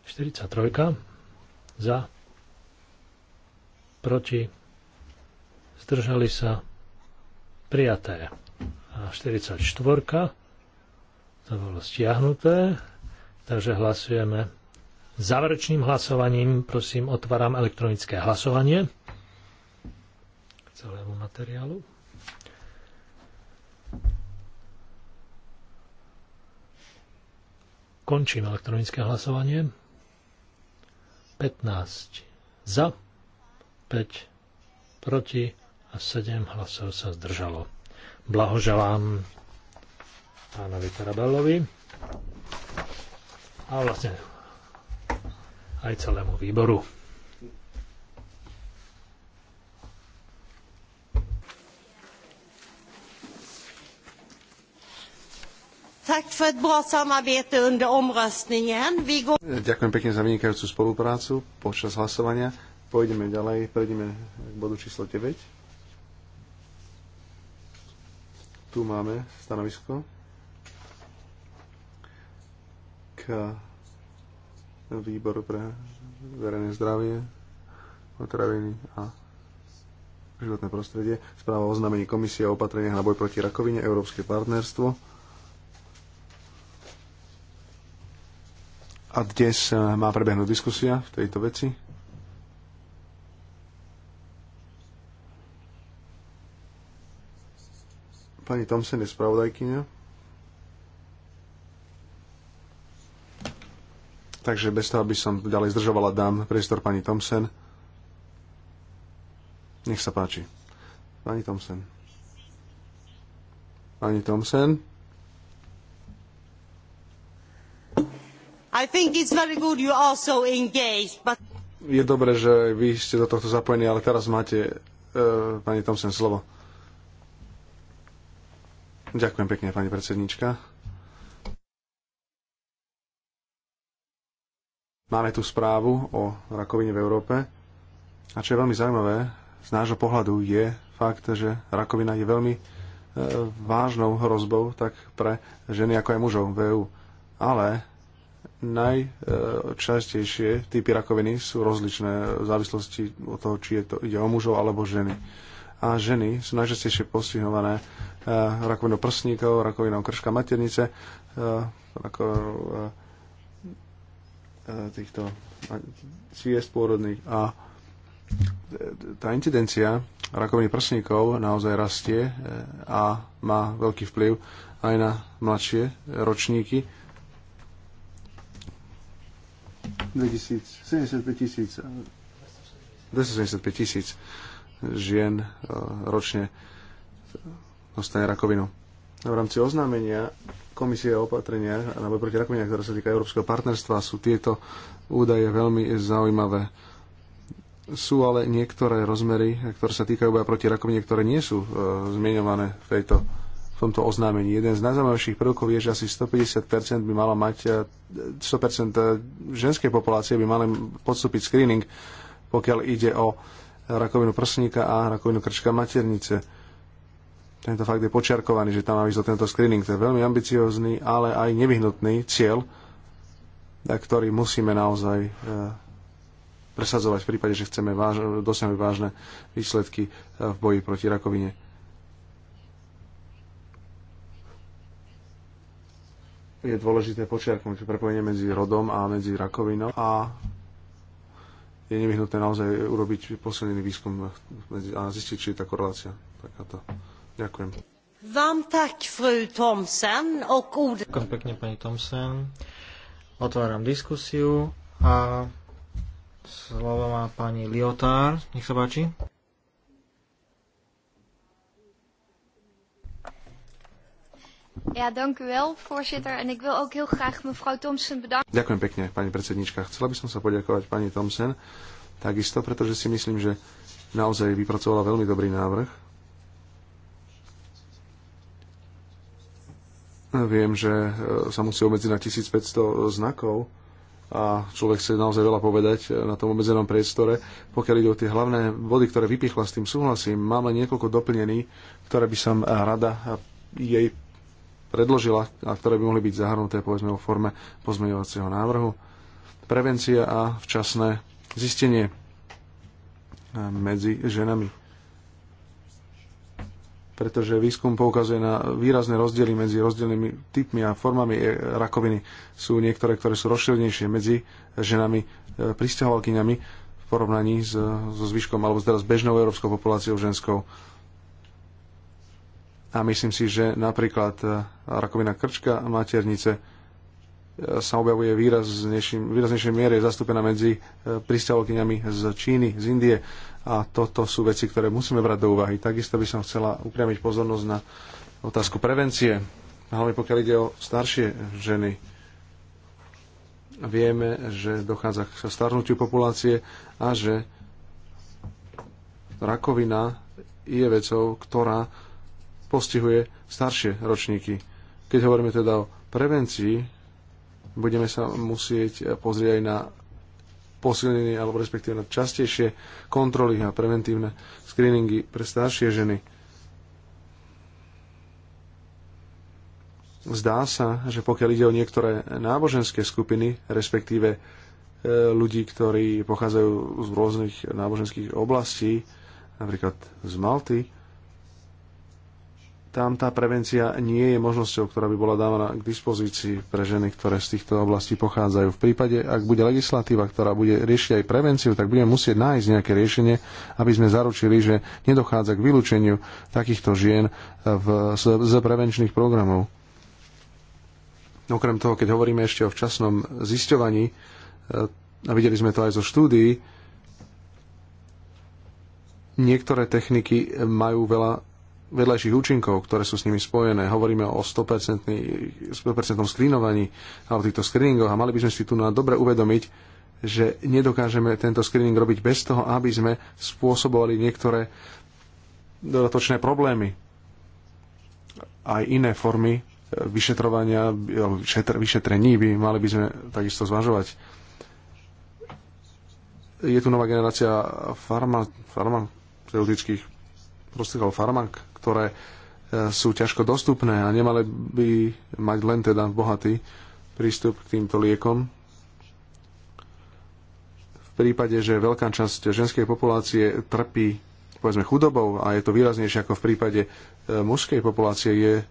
43. Za, proti, zdržali sa prijaté. A 44 to bolo stiahnuté, takže hlasujeme záverečným hlasovaním. Prosím, otváram elektronické hlasovanie k celému materiálu. Končím elektronické hlasovanie. 15 za, 5 proti a 7 hlasov sa zdržalo. Blahoželám pánovi Tarabellovi a vlastne aj celému výboru. Ďakujem pekne za vynikajúcu spoluprácu počas hlasovania. Pôjdeme ďalej, prejdeme k bodu číslo 9. tu máme stanovisko k výboru pre verejné zdravie, potraviny a životné prostredie. Správa o oznámení komisie o opatreniach na boj proti rakovine, Európske partnerstvo. A dnes má prebehnúť diskusia v tejto veci. Pani Tomsen je spravodajkynia. Takže bez toho, aby som ďalej zdržovala, dám priestor pani Tomsen. Nech sa páči. Pani Tomsen. Pani Tomsen. I think it's very good you are so engaged, but... Je dobre, že vy ste do tohto zapojení, ale teraz máte, uh, pani Tomsen, slovo. Ďakujem pekne, pani predsednička. Máme tu správu o rakovine v Európe. A čo je veľmi zaujímavé, z nášho pohľadu je fakt, že rakovina je veľmi e, vážnou hrozbou tak pre ženy ako aj mužov v EU. Ale najčastejšie typy rakoviny sú rozličné v závislosti od toho, či je to, ide o mužov alebo ženy a ženy sú najčastejšie postihované e, rakovinou prsníkov, rakovinou krška maternice, rakovinou e, e, týchto ciest pôrodných a tá incidencia rakoviny prsníkov naozaj rastie a má veľký vplyv aj na mladšie ročníky. 2000, 75 tisíc 275 tisíc žien e, ročne dostane rakovinu. V rámci oznámenia Komisie o opatrenia na boj proti rakovine, ktoré sa týka Európskeho partnerstva, sú tieto údaje veľmi zaujímavé. Sú ale niektoré rozmery, ktoré sa týkajú boja proti rakovine, ktoré nie sú e, zmienované v, tejto, v tomto oznámení. Jeden z najzaujímavejších prvkov je, že asi 150% by mala mať, 100% e, e, ženskej populácie by mali podstúpiť screening, pokiaľ ide o rakovinu prsníka a rakovinu krčka maternice. Tento fakt je počiarkovaný, že tam má ísť tento screening. To je veľmi ambiciózny, ale aj nevyhnutný cieľ, ktorý musíme naozaj e, presadzovať v prípade, že chceme váž- dosiahnuť vážne výsledky e, v boji proti rakovine. Je dôležité počiarknúť prepojenie medzi rodom a medzi rakovinou a je nevyhnutné naozaj urobiť posledný výskum a zistiť, či je tá korelácia takáto. Ďakujem. Vám tak, fru Thomsen. Ďakujem pekne, pani Thomsen. Otváram diskusiu a slovo má pani Liotár. Nech sa páči. Ja, dank u wel, voorzitter. En ik wil ook heel graag mevrouw bedanken. Ďakujem pekne, pani predsednička. Chcela by som sa poďakovať pani Thompson takisto, pretože si myslím, že naozaj vypracovala veľmi dobrý návrh. Viem, že e, sa musí obmedziť na 1500 znakov a človek chce naozaj veľa povedať e, na tom obmedzenom priestore. Pokiaľ ide o tie hlavné body, ktoré vypichla, s tým súhlasím. máme niekoľko doplnení, ktoré by som e, rada jej predložila a ktoré by mohli byť zahrnuté povedzme vo forme pozmeňovacieho návrhu. Prevencia a včasné zistenie e, medzi ženami. Pretože výskum poukazuje na výrazné rozdiely medzi rozdielnymi typmi a formami e, rakoviny. Sú niektoré, ktoré sú rozšírenejšie medzi ženami, e, pristahovalkyňami v porovnaní so, so zvyškom alebo teraz bežnou európskou populáciou ženskou a myslím si, že napríklad eh, rakovina krčka maternice eh, sa objavuje výraznejším, výraznejšej miere, je zastúpená medzi eh, pristavokyňami z Číny, z Indie. A toto sú veci, ktoré musíme brať do úvahy. Takisto by som chcela upriamiť pozornosť na otázku prevencie, hlavne pokiaľ ide o staršie ženy. Vieme, že dochádza k starnutiu populácie a že rakovina je vecou, ktorá postihuje staršie ročníky. Keď hovoríme teda o prevencii, budeme sa musieť pozrieť aj na posilnenie alebo respektíve na častejšie kontroly a preventívne screeningy pre staršie ženy. Zdá sa, že pokiaľ ide o niektoré náboženské skupiny, respektíve e, ľudí, ktorí pochádzajú z rôznych náboženských oblastí, napríklad z Malty, tam tá prevencia nie je možnosťou, ktorá by bola dávaná k dispozícii pre ženy, ktoré z týchto oblastí pochádzajú. V prípade, ak bude legislatíva, ktorá bude riešiť aj prevenciu, tak budeme musieť nájsť nejaké riešenie, aby sme zaručili, že nedochádza k vylúčeniu takýchto žien v, z, z prevenčných programov. Okrem toho, keď hovoríme ešte o včasnom zisťovaní, e, a videli sme to aj zo štúdií, niektoré techniky majú veľa vedľajších účinkov, ktoré sú s nimi spojené. Hovoríme o 100%, 100% screenovaní alebo týchto screeningoch a mali by sme si tu na dobre uvedomiť, že nedokážeme tento screening robiť bez toho, aby sme spôsobovali niektoré dodatočné problémy. Aj iné formy e, vyšetrovania, vyšetrení by mali by sme takisto zvažovať. Je tu nová generácia farma, farmaceutických prostriedkov farmak, ktoré e, sú ťažko dostupné a nemali by mať len teda bohatý prístup k týmto liekom. V prípade, že veľká časť ženskej populácie trpí povedzme chudobou a je to výraznejšie ako v prípade e, mužskej populácie, je e,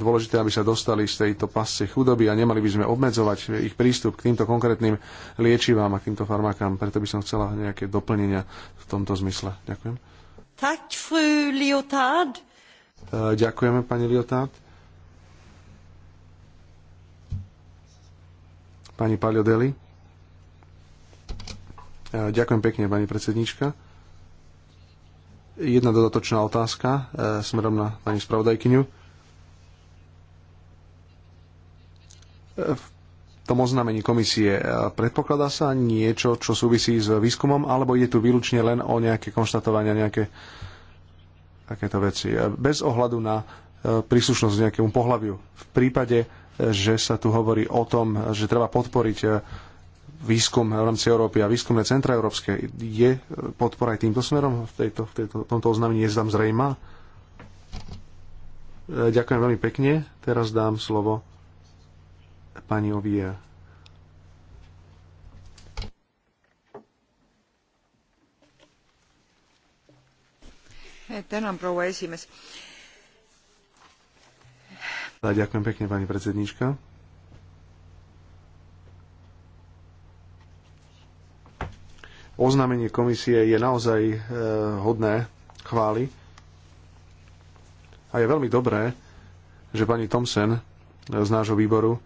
dôležité, aby sa dostali z tejto pasce chudoby a nemali by sme obmedzovať ich prístup k týmto konkrétnym liečivám a k týmto farmakám. Preto by som chcela nejaké doplnenia v tomto zmysle. Ďakujem. Tak, fru eh, Ďakujeme, pani Pani Paliodeli. Eh, ďakujem pekne, pani predsednička. Jedna dodatočná otázka eh, smerom na pani spravodajkyňu. V tom oznámení komisie. E, predpokladá sa niečo, čo súvisí s výskumom, alebo je tu výlučne len o nejaké konštatovania, nejaké takéto veci, e, bez ohľadu na e, príslušnosť nejakému pohľaviu. V prípade, že sa tu hovorí o tom, že treba podporiť výskum v rámci Európy a výskumné centra európske, je podpora aj týmto smerom v, tejto, v tejto, tomto oznámení je tam zrejma? Ďakujem veľmi pekne. Teraz dám slovo pani Ovia. Ďakujem pekne, pani predsedníčka. Oznámenie komisie je naozaj e, hodné chvály. A je veľmi dobré, že pani Thompson z nášho výboru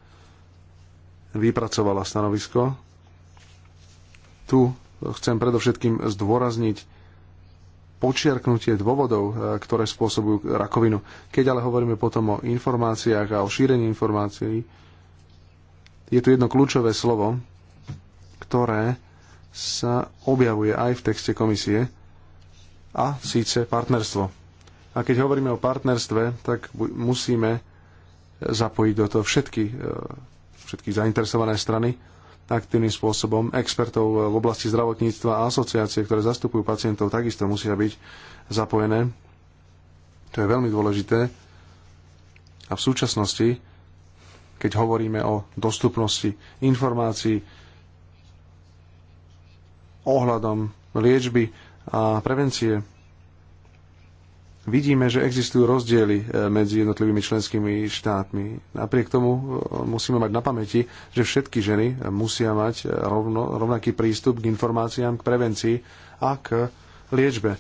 vypracovala stanovisko. Tu chcem predovšetkým zdôrazniť počiarknutie dôvodov, e, ktoré spôsobujú rakovinu. Keď ale hovoríme potom o informáciách a o šírení informácií, je tu jedno kľúčové slovo, ktoré sa objavuje aj v texte komisie, a síce partnerstvo. A keď hovoríme o partnerstve, tak musíme zapojiť do toho všetky e, všetky zainteresované strany aktívnym spôsobom. Expertov v oblasti zdravotníctva a asociácie, ktoré zastupujú pacientov, takisto musia byť zapojené. To je veľmi dôležité. A v súčasnosti, keď hovoríme o dostupnosti informácií ohľadom liečby a prevencie vidíme, že existujú rozdiely e, medzi jednotlivými členskými štátmi. Napriek tomu e, musíme mať na pamäti, že všetky ženy musia mať e, rovno, rovnaký prístup k informáciám, k prevencii a k liečbe.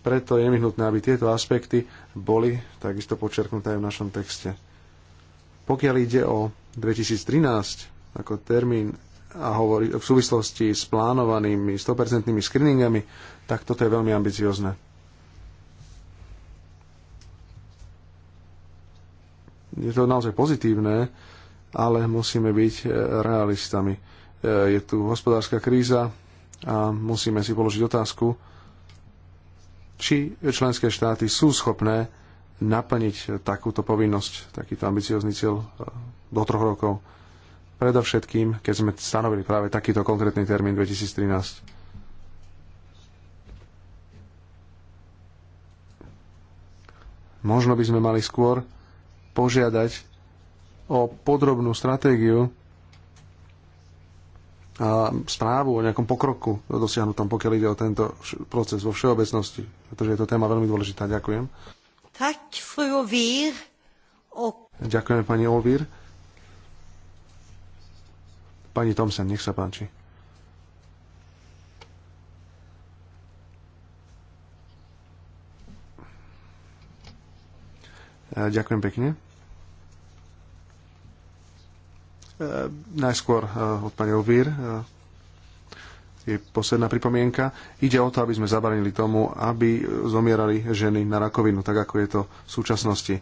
Preto je nevyhnutné, aby tieto aspekty boli takisto počerknuté aj v našom texte. Pokiaľ ide o 2013 ako termín a hovorí v súvislosti s plánovanými 100% screeningami, tak toto je veľmi ambiciozne je to naozaj pozitívne, ale musíme byť e, realistami. E, je tu hospodárska kríza a musíme si položiť otázku, či členské štáty sú schopné naplniť takúto povinnosť, takýto ambiciozný cieľ e, do troch rokov. Predovšetkým, keď sme stanovili práve takýto konkrétny termín 2013. Možno by sme mali skôr požiadať o podrobnú stratégiu a správu o nejakom pokroku dosiahnutom, pokiaľ ide o tento proces vo všeobecnosti, pretože je to téma veľmi dôležitá. Ďakujem. Tak, Ovír. Ďakujem, pani Olvír. Pani Tomsen, nech sa páči. E, ďakujem pekne. E, najskôr e, od pani Elvír je posledná pripomienka. Ide o to, aby sme zabranili tomu, aby zomierali ženy na rakovinu, tak ako je to v súčasnosti.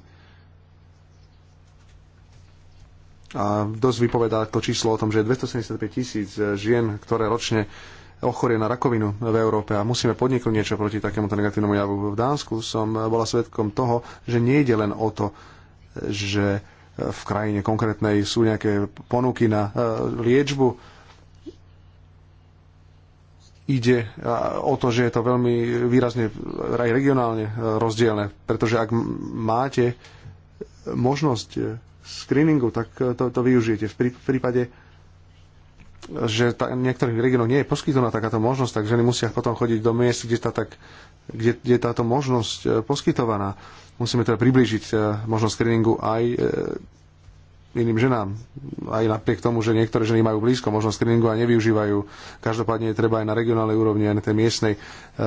A dosť vypovedá to číslo o tom, že 275 tisíc žien, ktoré ročne ochorie na rakovinu v Európe a musíme podniknúť niečo proti takémuto negatívnemu javu. V Dánsku som bola svetkom toho, že nejde len o to, že v krajine konkrétnej sú nejaké ponuky na e, liečbu. Ide e, o to, že je to veľmi výrazne aj regionálne e, rozdielne, pretože ak máte možnosť screeningu, tak to, to využijete. V prípade že tá, niektorých regiónoch nie je poskytnutá takáto možnosť, tak ženy musia potom chodiť do miest, kde, tá, tak, kde, kde je táto možnosť e, poskytovaná. Musíme teda priblížiť e, možnosť screeningu aj e, iným ženám. Aj napriek tomu, že niektoré ženy majú blízko možnosť screeningu a nevyužívajú. Každopádne je treba aj na regionálnej úrovni, aj na tej miestnej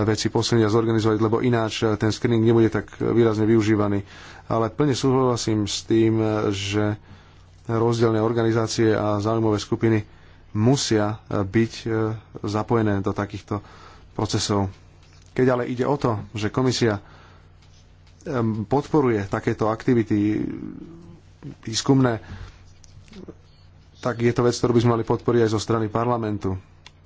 veci posilniť a zorganizovať, lebo ináč ten screening nebude tak výrazne využívaný. Ale plne súhlasím s tým, že rozdielne organizácie a záujmové skupiny musia e, byť e, zapojené do takýchto procesov. Keď ale ide o to, že komisia e, podporuje takéto aktivity výskumné, tak je to vec, ktorú by sme mali podporiť aj zo strany parlamentu.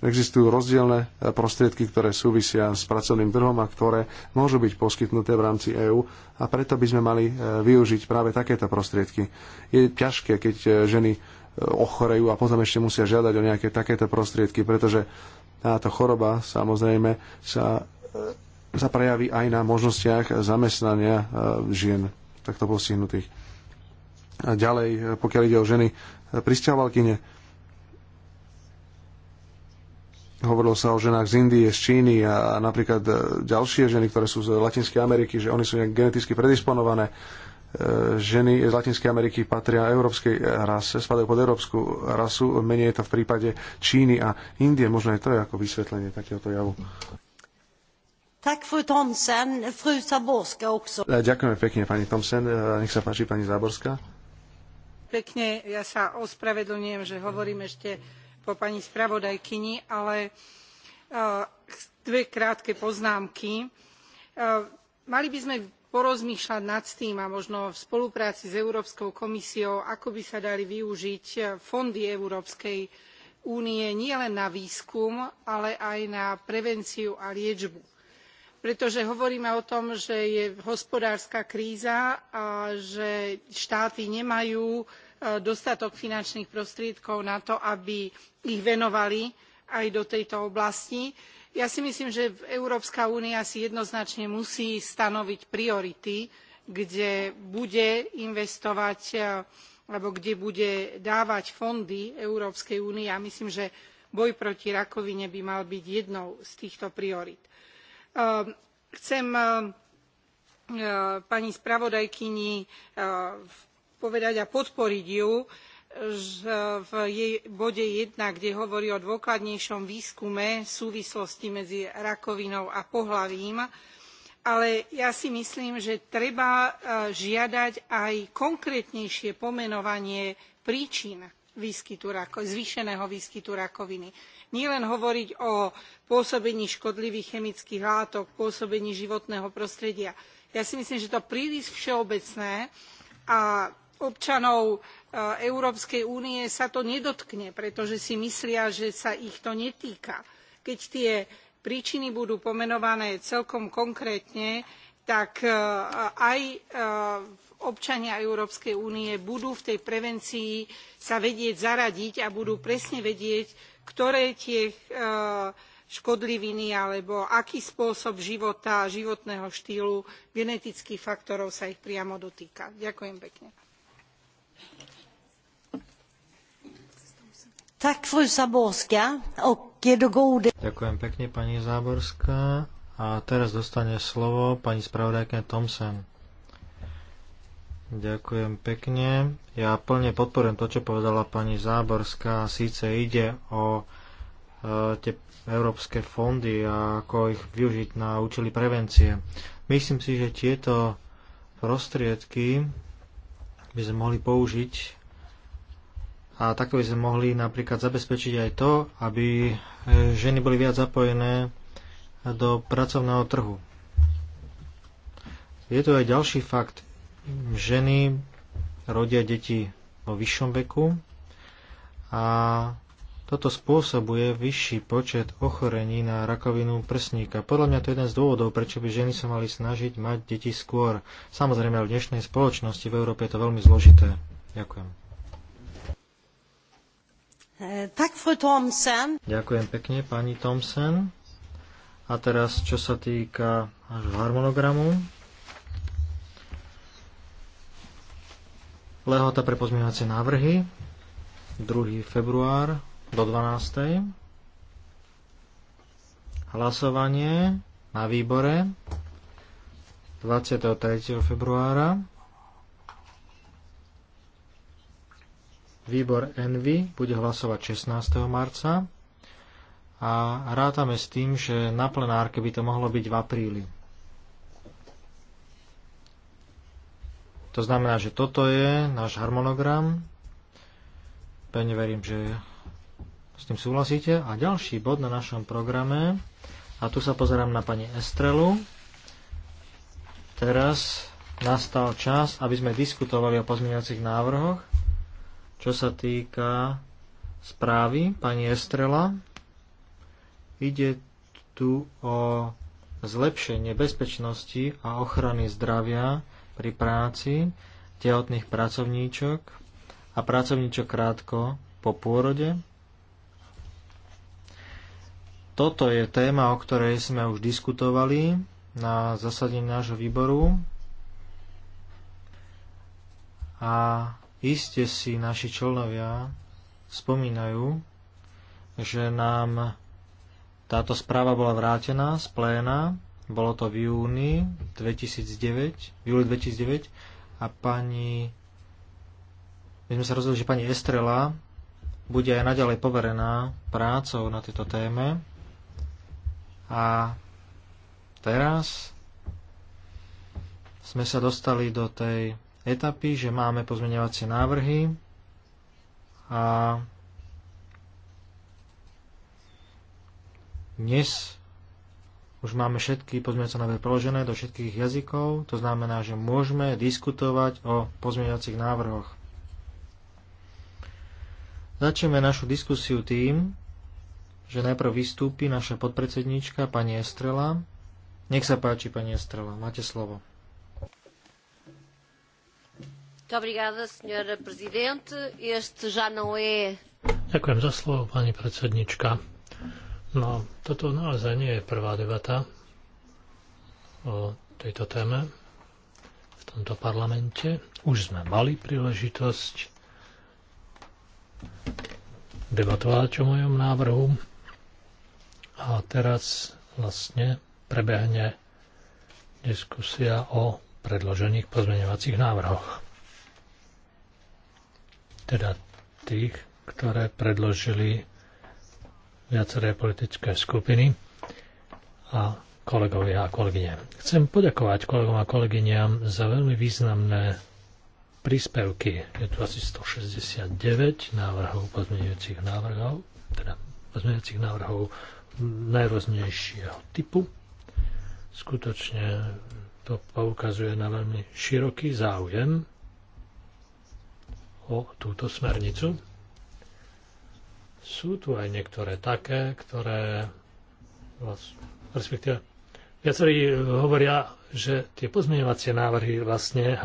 Existujú rozdielne prostriedky, ktoré súvisia s pracovným trhom a ktoré môžu byť poskytnuté v rámci EÚ a preto by sme mali využiť práve takéto prostriedky. Je ťažké, keď ženy ochorejú a potom ešte musia žiadať o nejaké takéto prostriedky, pretože táto choroba samozrejme sa, zaprejaví e, aj na možnostiach zamestnania e, žien takto postihnutých. A ďalej, e, pokiaľ ide o ženy pristiavalkyne. hovorilo sa o ženách z Indie, z Číny a napríklad ďalšie ženy, ktoré sú z Latinskej Ameriky, že oni sú nejak geneticky predisponované E, ženy z Latinskej Ameriky patria európskej rase, spadajú pod európsku rasu, menej je to v prípade Číny a Indie. Možno aj to je ako vysvetlenie takéhoto javu. Tak, fru Thomsen, fru Zaborska också. E, ďakujeme pekne, pani Thomsen. E, nech sa páči, pani Záborská. Pekne, ja sa ospravedlňujem, že hovorím ešte po pani spravodajkyni, ale dve krátke poznámky. Mali by sme porozmýšľať nad tým a možno v spolupráci s európskou komisiou ako by sa dali využiť fondy európskej únie nielen na výskum ale aj na prevenciu a liečbu pretože hovoríme o tom že je hospodárska kríza a že štáty nemajú e, dostatok finančných prostriedkov na to aby ich venovali aj do tejto oblasti ja si myslím že európska únia si jednoznačne musí stanoviť priority kde bude investovať e, alebo kde bude dávať fondy európskej únie a myslím že boj proti rakovine by mal byť jednou z týchto priorít. E, chcem e, pani spravodajkyni povedať a podporiť ju v jej bode one kde hovorí o dôkladnejšom výskume súvislosti medzi rakovinou a pohlavím ale ja si myslím že treba e, žiadať aj konkrétnejšie pomenovanie príčin zvýšeného výskytu rakoviny. nielen hovoriť o pôsobení škodlivých chemických látok pôsobení životného prostredia. ja si myslím že to príliš všeobecné a občanov Eh, európskej únie sa to nedotkne pretože si myslia že sa ich to netýka. keď tie príčiny budú pomenované celkom konkrétne tak eh, aj eh, občania európskej únie budú v tej prevencii sa vedieť zaradiť a budú presne vedieť ktoré tie škodliviny alebo aký spôsob života životného štýlu genetických faktorov sa ich priamo dotýka. ďakujem pekne. Eh, Ďakujem pekne, pani Záborská. A teraz dostane slovo pani spravodajka Thompson. Ďakujem pekne. Ja plne podporujem to, čo povedala pani Záborská. Síce ide o e, tie európske fondy a ako ich využiť na účely prevencie. Myslím si, že tieto prostriedky by sme mohli použiť a takto by sme mohli napríklad zabezpečiť aj to, aby e, ženy boli viac zapojené do pracovného trhu. Je tu aj ďalší fakt. Ženy rodia deti vo vyššom veku a toto spôsobuje vyšší počet ochorení na rakovinu prsníka. Podľa mňa to je jeden z dôvodov, prečo by ženy sa mali snažiť mať deti skôr. Samozrejme, v dnešnej spoločnosti v Európe je to veľmi zložité. Ďakujem. Eh, Ďakujem pekne, pani Thompson. A teraz, čo sa týka nášho harmonogramu. Lehota pre pozmeňovacie návrhy 2. február do 12. Hlasovanie na výbore 23. februára Výbor Envy bude hlasovať 16. marca a rátame s tým, že na plenárke by to mohlo byť v apríli. To znamená, že toto je náš harmonogram. Pevne verím, že s tým súhlasíte. A ďalší bod na našom programe, a tu sa pozerám na pani Estrelu, teraz nastal čas, aby sme diskutovali o pozmeňovacích návrhoch. Čo sa týka správy pani Estrela, ide tu o zlepšenie bezpečnosti a ochrany zdravia pri práci tehotných pracovníčok a pracovníčok krátko po pôrode. Toto je téma, o ktorej sme už diskutovali na zasadení nášho výboru a Iste si naši členovia spomínajú, že nám táto správa bola vrátená z pléna, bolo to v júni 2009, v júli 2009 a pani my sme sa rozhodli, že pani Estrela bude aj naďalej poverená prácou na tejto téme. A teraz sme sa dostali do tej etapy, že máme pozmeňovacie návrhy a dnes už máme všetky pozmeňovacie návrhy preložené do všetkých jazykov, to znamená, že môžeme diskutovať o pozmeňovacích návrhoch. Začneme našu diskusiu tým, že najprv vystúpi naša podpredsedníčka pani Estrela. Nech sa páči, pani Estrela, máte slovo. Ďakujem za slovo, pani predsednička. No, toto naozaj nie je prvá debata o tejto téme v tomto parlamente. Už sme mali príležitosť debatovať o mojom návrhu a teraz vlastne prebehne diskusia o predložených pozmeňovacích návrhoch teda tých, ktoré predložili viaceré politické skupiny a kolegovia a kolegyne. Chcem poďakovať kolegom a kolegyňam za veľmi významné príspevky. Je tu asi 169 návrhov, pozmeňujúcich návrhov, teda pozmeňujúcich návrhov najrôznejšieho typu. Skutočne to poukazuje na veľmi široký záujem o túto smernicu. Sú tu aj niektoré také, ktoré respektíve viacerí hovoria, že tie pozmeňovacie návrhy vlastne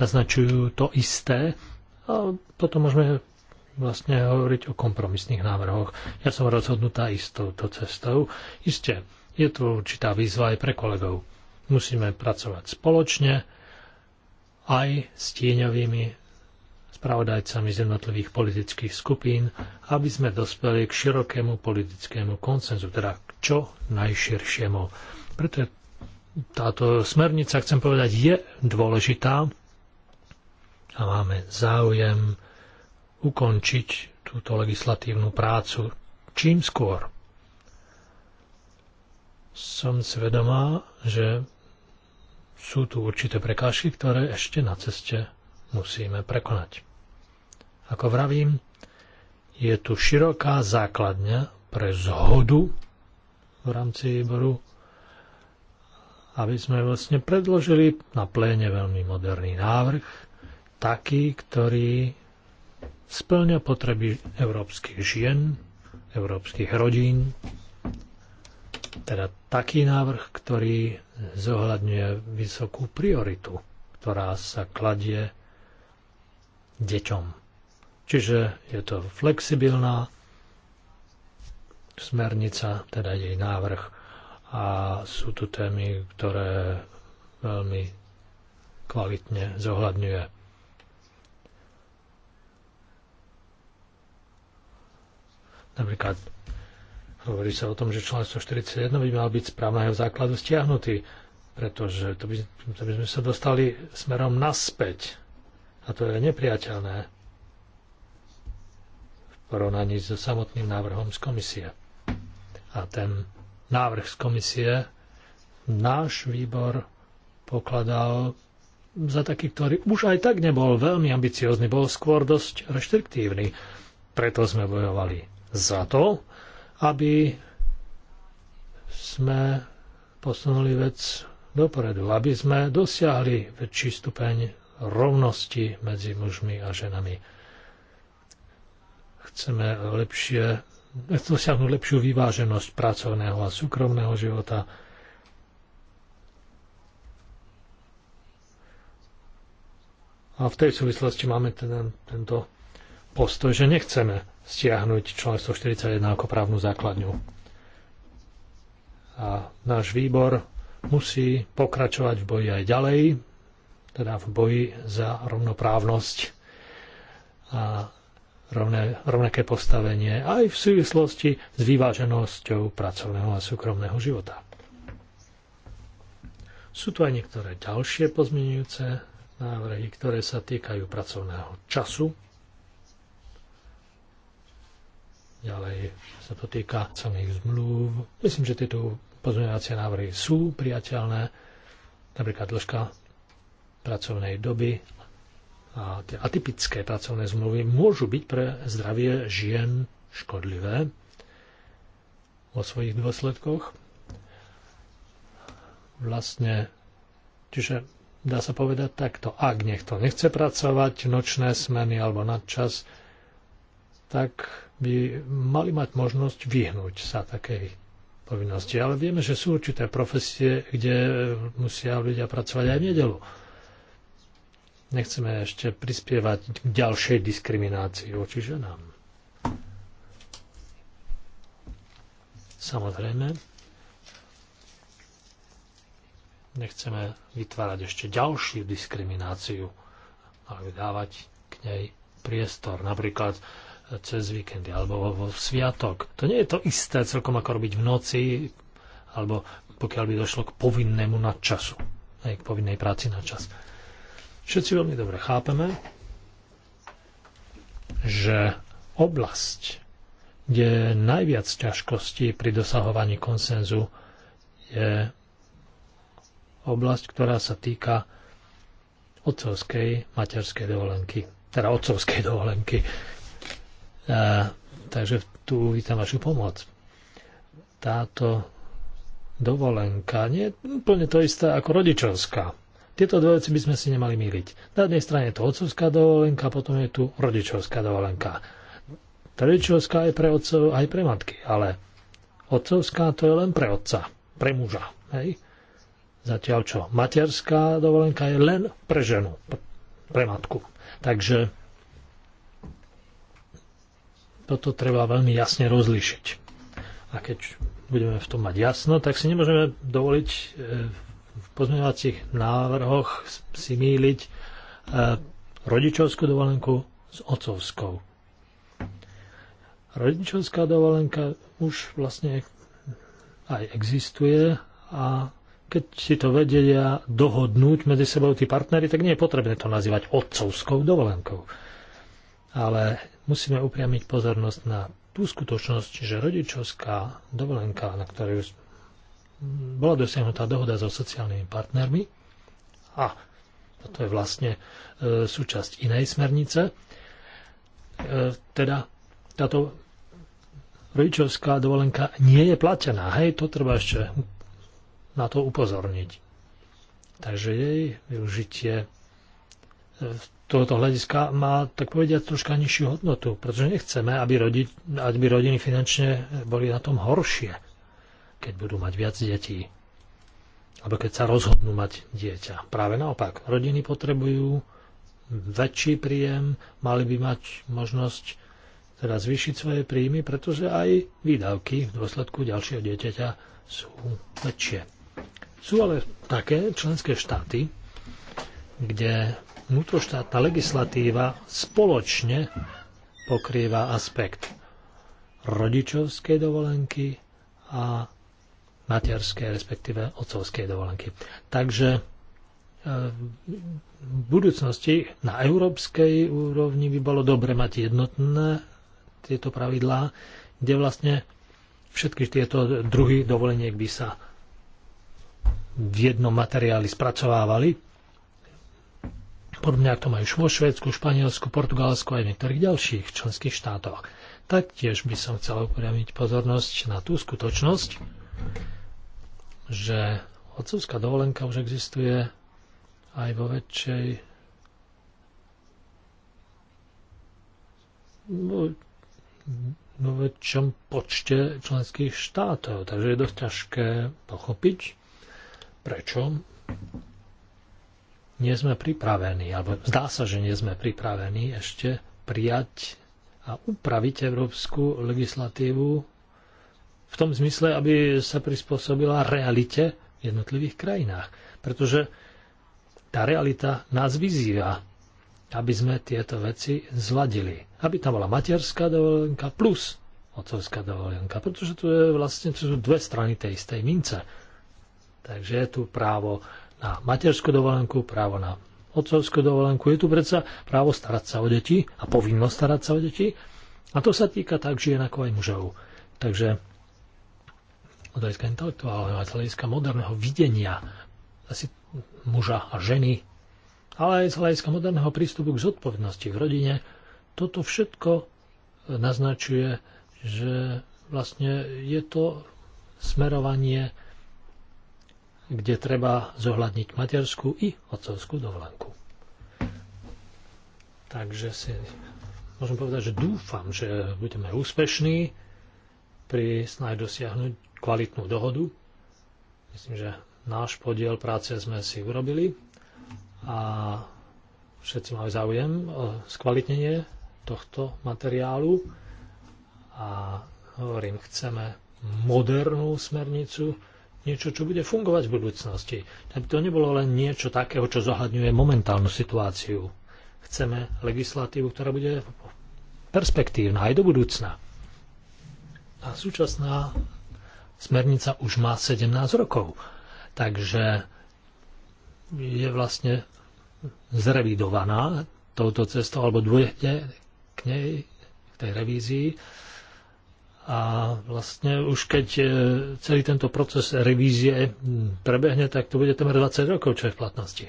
naznačujú to isté a potom môžeme vlastne hovoriť o kompromisných návrhoch. Ja som rozhodnutá istou to cestou. Isté, je to určitá výzva aj pre kolegov. Musíme pracovať spoločne aj s tieňovými spravodajcami z jednotlivých politických skupín, aby sme dospeli k širokému politickému koncenzu, teda k čo najširšiemu. Preto je táto smernica, chcem povedať, je dôležitá a máme záujem ukončiť túto legislatívnu prácu čím skôr. Som si vedomá, že sú tu určité prekážky, ktoré ešte na ceste musíme prekonať. Ako vravím, je tu široká základňa pre zhodu v rámci výboru, aby sme vlastne predložili na pléne veľmi moderný návrh, taký, ktorý splňa potreby európskych žien, európskych rodín, teda taký návrh, ktorý zohľadňuje vysokú prioritu, ktorá sa kladie deťom Čiže je to flexibilná smernica, teda jej návrh. A sú tu témy, ktoré veľmi kvalitne zohľadňuje. Napríklad hovorí sa o tom, že člen 141 by mal byť z právneho základu stiahnutý, pretože to by, to by sme sa dostali smerom naspäť. A to je nepriateľné porovnaní so samotným návrhom z komisie. A ten návrh z komisie náš výbor pokladal za taký, ktorý už aj tak nebol veľmi ambiciózny, bol skôr dosť reštriktívny. Preto sme bojovali za to, aby sme posunuli vec dopredu, aby sme dosiahli väčší stupeň rovnosti medzi mužmi a ženami. Chceme lepšie, dosiahnuť lepšiu vyváženosť pracovného a súkromného života. A v tej súvislosti máme ten, tento postoj, že nechceme stiahnuť člen 41 ako právnu základňu. A náš výbor musí pokračovať v boji aj ďalej, teda v boji za rovnoprávnosť. A rovné, rovnaké postavenie aj v súvislosti s vyváženosťou pracovného a súkromného života. Sú tu aj niektoré ďalšie pozmeňujúce návrhy, ktoré sa týkajú pracovného času. Ďalej sa to týka samých zmluv. Myslím, že tieto pozmeňovacie návrhy sú priateľné. Napríklad dĺžka pracovnej doby a tie atypické pracovné zmluvy môžu byť pre zdravie žien škodlivé vo svojich dôsledkoch. Vlastne, čiže dá sa povedať takto, ak niekto nechce pracovať nočné smeny alebo nadčas, tak by mali mať možnosť vyhnúť sa takej povinnosti. Ale vieme, že sú určité profesie, kde musia ľudia pracovať aj v nedelu nechceme ešte prispievať k ďalšej diskriminácii voči ženám. Samozrejme, nechceme vytvárať ešte ďalšiu diskrimináciu, ale dávať k nej priestor, napríklad cez víkendy alebo vo sviatok. To nie je to isté celkom ako robiť v noci, alebo pokiaľ by došlo k povinnému nadčasu, aj k povinnej práci na čas. Všetci veľmi dobre chápeme, že oblasť, kde je najviac ťažkostí pri dosahovaní konsenzu, je oblasť, ktorá sa týka otcovskej materskej dovolenky. Teda otcovskej dovolenky. E, takže tu vítam vašu pomoc. Táto dovolenka nie je úplne to isté ako rodičovská tieto dve veci by sme si nemali míriť. Na jednej strane je to otcovská dovolenka, potom je tu rodičovská dovolenka. Rodičovská je pre otcov aj pre matky, ale otcovská to je len pre otca, pre muža. Hej? Zatiaľ čo? Materská dovolenka je len pre ženu, pre matku. Takže toto treba veľmi jasne rozlišiť. A keď budeme v tom mať jasno, tak si nemôžeme dovoliť e, v pozmeňovacích návrhoch si míliť e, rodičovskú dovolenku s otcovskou. Rodičovská dovolenka už vlastne aj existuje a keď si to vedia dohodnúť medzi sebou tí partnery, tak nie je potrebné to nazývať otcovskou dovolenkou. Ale musíme upriamiť pozornosť na tú skutočnosť, že rodičovská dovolenka, na ktorej bola dosiahnutá dohoda so sociálnymi partnermi a toto je vlastne e, súčasť inej smernice. E, teda táto rodičovská dovolenka nie je platená. Hej, to treba ešte na to upozorniť. Takže jej využitie e, tohoto hľadiska má, tak povediať, troška nižšiu hodnotu, pretože nechceme, aby, rodi, aby rodiny finančne boli na tom horšie keď budú mať viac detí. Alebo keď sa rozhodnú mať dieťa. Práve naopak, rodiny potrebujú väčší príjem, mali by mať možnosť teda zvýšiť svoje príjmy, pretože aj výdavky v dôsledku ďalšieho dieťaťa sú väčšie. Sú ale také členské štáty, kde vnútroštátna legislatíva spoločne pokrýva aspekt rodičovskej dovolenky a materskej, respektíve otcovskej dovolenky. Takže e, v budúcnosti na európskej úrovni by bolo dobre mať jednotné tieto pravidlá, kde vlastne všetky tieto druhy dovoleniek by sa v jednom materiáli spracovávali. Podobne ako to majú vo Švedsku, Španielsku, Portugalsku a aj v niektorých ďalších členských štátoch. Taktiež by som chcel upriamiť pozornosť na tú skutočnosť, že otcovská dovolenka už existuje aj vo väčšej vo väčšom počte členských štátov. Takže je dosť ťažké pochopiť, prečo nie sme pripravení, alebo zdá sa, že nie sme pripravení ešte prijať a upraviť európsku legislatívu v tom zmysle, aby sa prispôsobila realite v jednotlivých krajinách. Pretože tá realita nás vyzýva, aby sme tieto veci zladili. Aby tam bola materská dovolenka plus otcovská dovolenka, pretože tu je vlastne tu sú dve strany tej istej mince. Takže je tu právo na materskú dovolenku, právo na otcovskú dovolenku. Je tu predsa právo starať sa o deti a povinnosť starať sa o deti. A to sa týka tak žien ako aj mužov. Takže od hľadiska intelektuálneho a z hľadiska moderného videnia asi muža a ženy, ale aj z hľadiska moderného prístupu k zodpovednosti v rodine, toto všetko e, naznačuje, že vlastne je to smerovanie, kde treba zohľadniť materskú i otcovskú dovolenku. Takže si môžem povedať, že dúfam, že budeme úspešní pri snahe dosiahnuť kvalitnú dohodu. Myslím, že náš podiel práce sme si urobili a všetci majú záujem o skvalitnenie tohto materiálu a hovorím, chceme modernú smernicu, niečo, čo bude fungovať v budúcnosti. Aby to nebolo len niečo takého, čo zohľadňuje momentálnu situáciu. Chceme legislatívu, ktorá bude perspektívna aj do budúcna a súčasná smernica už má 17 rokov. Takže je vlastne zrevidovaná touto cestou, alebo dôjde k nej, k tej revízii. A vlastne už keď e, celý tento proces revízie prebehne, tak to bude temer 20 rokov, čo je v platnosti.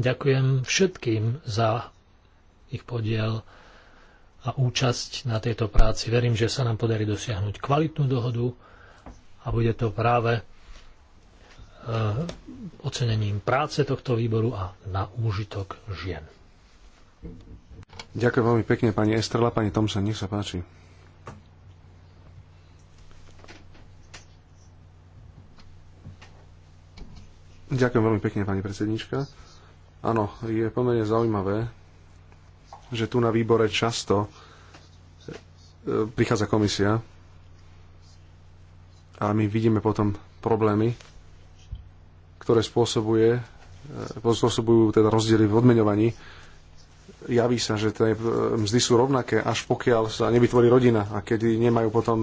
Ďakujem všetkým za ich podiel a účasť na tejto práci. Verím, že sa nám podarí dosiahnuť kvalitnú dohodu a bude to práve e, ocenením práce tohto výboru a na úžitok žien. Ďakujem veľmi pekne, pani Estrela, pani Tomsa, nech sa páči. Ďakujem veľmi pekne, pani predsednička. Áno, je pomerne zaujímavé, že tu na výbore často e, prichádza komisia a my vidíme potom problémy, ktoré spôsobuje, e, spôsobujú teda rozdiely v odmeňovaní. Javí sa, že tie e, mzdy sú rovnaké, až pokiaľ sa nevytvorí rodina a keď nemajú potom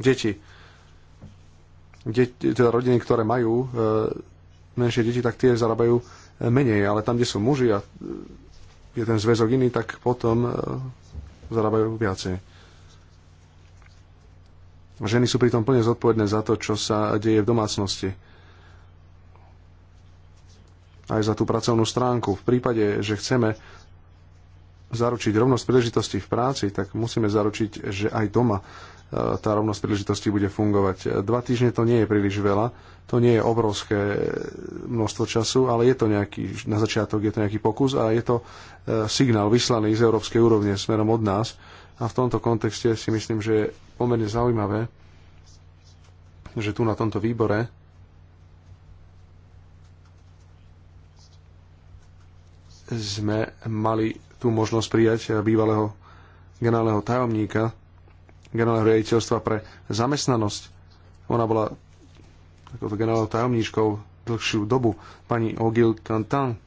deti. deti teda rodiny, ktoré majú menšie deti, tak tie zarábajú menej, ale tam, kde sú muži a je ten zväzok iný, tak potom e, zarábajú viacej. Ženy sú pritom plne zodpovedné za to, čo sa deje v domácnosti. Aj za tú pracovnú stránku. V prípade, že chceme zaručiť rovnosť príležitosti v práci, tak musíme zaručiť, že aj doma tá rovnosť príležitostí bude fungovať. Dva týždne to nie je príliš veľa, to nie je obrovské množstvo času, ale je to nejaký, na začiatok je to nejaký pokus a je to e, signál vyslaný z európskej úrovne smerom od nás. A v tomto kontexte si myslím, že je pomerne zaujímavé, že tu na tomto výbore sme mali tú možnosť prijať bývalého generálneho tajomníka generálneho riaditeľstva pre zamestnanosť. Ona bola takouto generálnou tajomníčkou dlhšiu dobu, pani Ogil Tantan.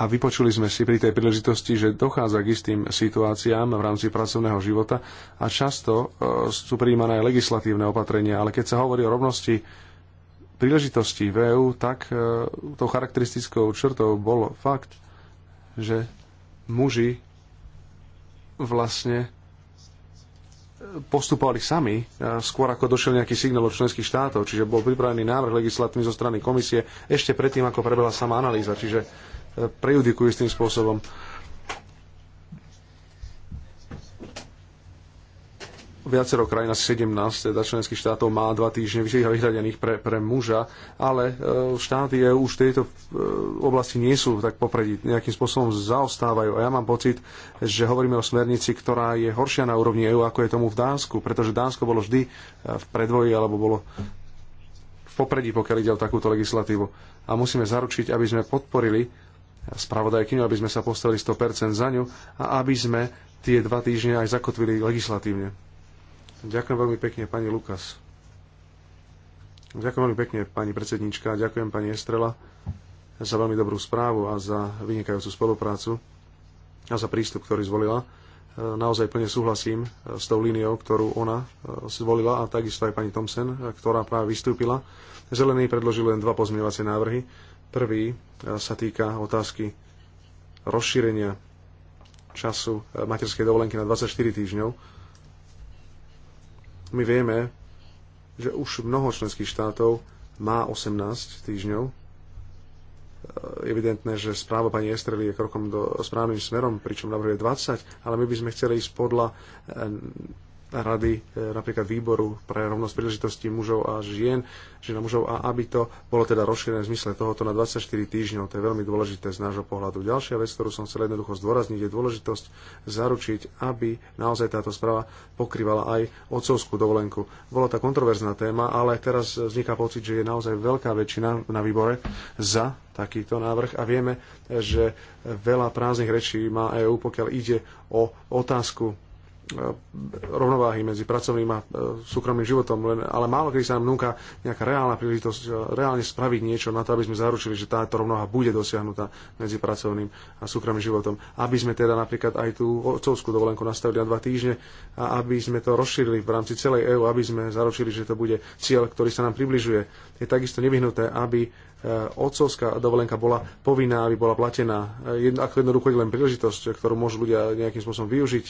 A vypočuli sme si pri tej príležitosti, že dochádza k istým situáciám v rámci pracovného života a často e, sú príjmané aj legislatívne opatrenia. Ale keď sa hovorí o rovnosti príležitosti v EU, tak e, tou charakteristickou črtou bol fakt, že muži vlastne postupovali sami, e, skôr ako došiel nejaký signál od členských štátov, čiže bol pripravený návrh legislatívny zo strany komisie ešte predtým, ako prebehla sama analýza, čiže e, prejudikujú s tým spôsobom viacero krajín, asi 17 teda členských štátov má dva týždne vyhradených pre, pre muža, ale e, štáty EU už v tejto e, oblasti nie sú tak popredí, nejakým spôsobom zaostávajú. A ja mám pocit, že hovoríme o smernici, ktorá je horšia na úrovni EU, ako je tomu v Dánsku, pretože Dánsko bolo vždy e, v predvoji alebo bolo v popredí, pokiaľ ide o takúto legislatívu. A musíme zaručiť, aby sme podporili spravodajkyňu, aby sme sa postavili 100% za ňu a aby sme tie dva týždne aj zakotvili legislatívne. Ďakujem veľmi pekne, pani Lukas. Ďakujem veľmi pekne, pani predsednička, ďakujem pani Estrela za veľmi dobrú správu a za vynikajúcu spoluprácu a za prístup, ktorý zvolila. E, naozaj plne súhlasím e, s tou líniou, ktorú ona e, zvolila a takisto aj pani Thompson, ktorá práve vystúpila. Zelený predložil len dva pozmievacie návrhy. Prvý sa týka otázky rozšírenia času materskej dovolenky na 24 týždňov my vieme, že už mnoho členských štátov má 18 týždňov. E, evidentné, že správa pani Estrely je krokom do správnym smerom, pričom navrhuje 20, ale my by sme chceli ísť podľa e, rady, e, napríklad výboru pre rovnosť príležitostí mužov a žien, žien a mužov, a aby to bolo teda rozšírené v zmysle tohoto na 24 týždňov. To je veľmi dôležité z nášho pohľadu. Ďalšia vec, ktorú som chcel jednoducho zdôrazniť, je dôležitosť zaručiť, aby naozaj táto správa pokrývala aj otcovskú dovolenku. Bola tá kontroverzná téma, ale teraz vzniká pocit, že je naozaj veľká väčšina na výbore za takýto návrh a vieme, že veľa prázdnych rečí má EÚ, pokiaľ ide o otázku E, rovnováhy medzi pracovným a e, súkromným životom, len, ale málo kedy sa nám núka nejaká reálna príležitosť e, reálne spraviť niečo na to, aby sme zaručili, že táto rovnováha bude dosiahnutá medzi pracovným a súkromným životom. Aby sme teda napríklad aj tú otcovskú dovolenku nastavili na dva týždne a aby sme to rozšírili v rámci celej EÚ, aby sme zaručili, že to bude cieľ, ktorý sa nám približuje. Je takisto nevyhnuté, aby E, otcovská dovolenka bola povinná, aby bola platená. E, jedno, ako jednoducho je len príležitosť, ktorú môžu ľudia nejakým spôsobom využiť.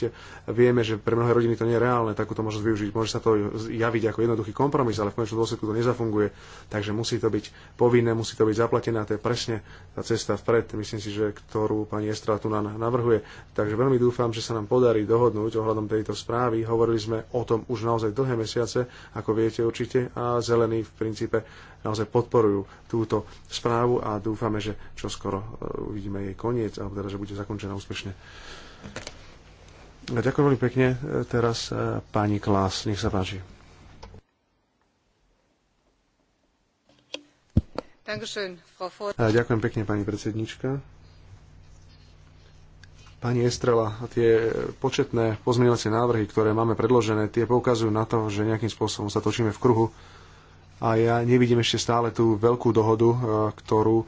Vieme, že pre mnohé rodiny to nie je reálne, takúto možnosť využiť. Môže sa to javiť ako jednoduchý kompromis, ale v konečnom dôsledku to nezafunguje. Takže musí to byť povinné, musí to byť zaplatené a to je presne tá cesta vpred, myslím si, že ktorú pani Estra tu nám navrhuje. Takže veľmi dúfam, že sa nám podarí dohodnúť ohľadom tejto správy. Hovorili sme o tom už naozaj dlhé mesiace, ako viete určite, a zelení v princípe naozaj podporujú túto správu a dúfame, že čo skoro e, uvidíme jej koniec, alebo teda, že bude zakončená úspešne. Ďakujem veľmi pekne. E, teraz e, pani Klás, nech sa páči. Ďakujem pekne, pani predsednička. Pani Estrela, tie početné pozmeňovacie návrhy, ktoré máme predložené, tie poukazujú na to, že nejakým spôsobom sa točíme v kruhu a ja nevidím ešte stále tú veľkú dohodu, e, ktorú e,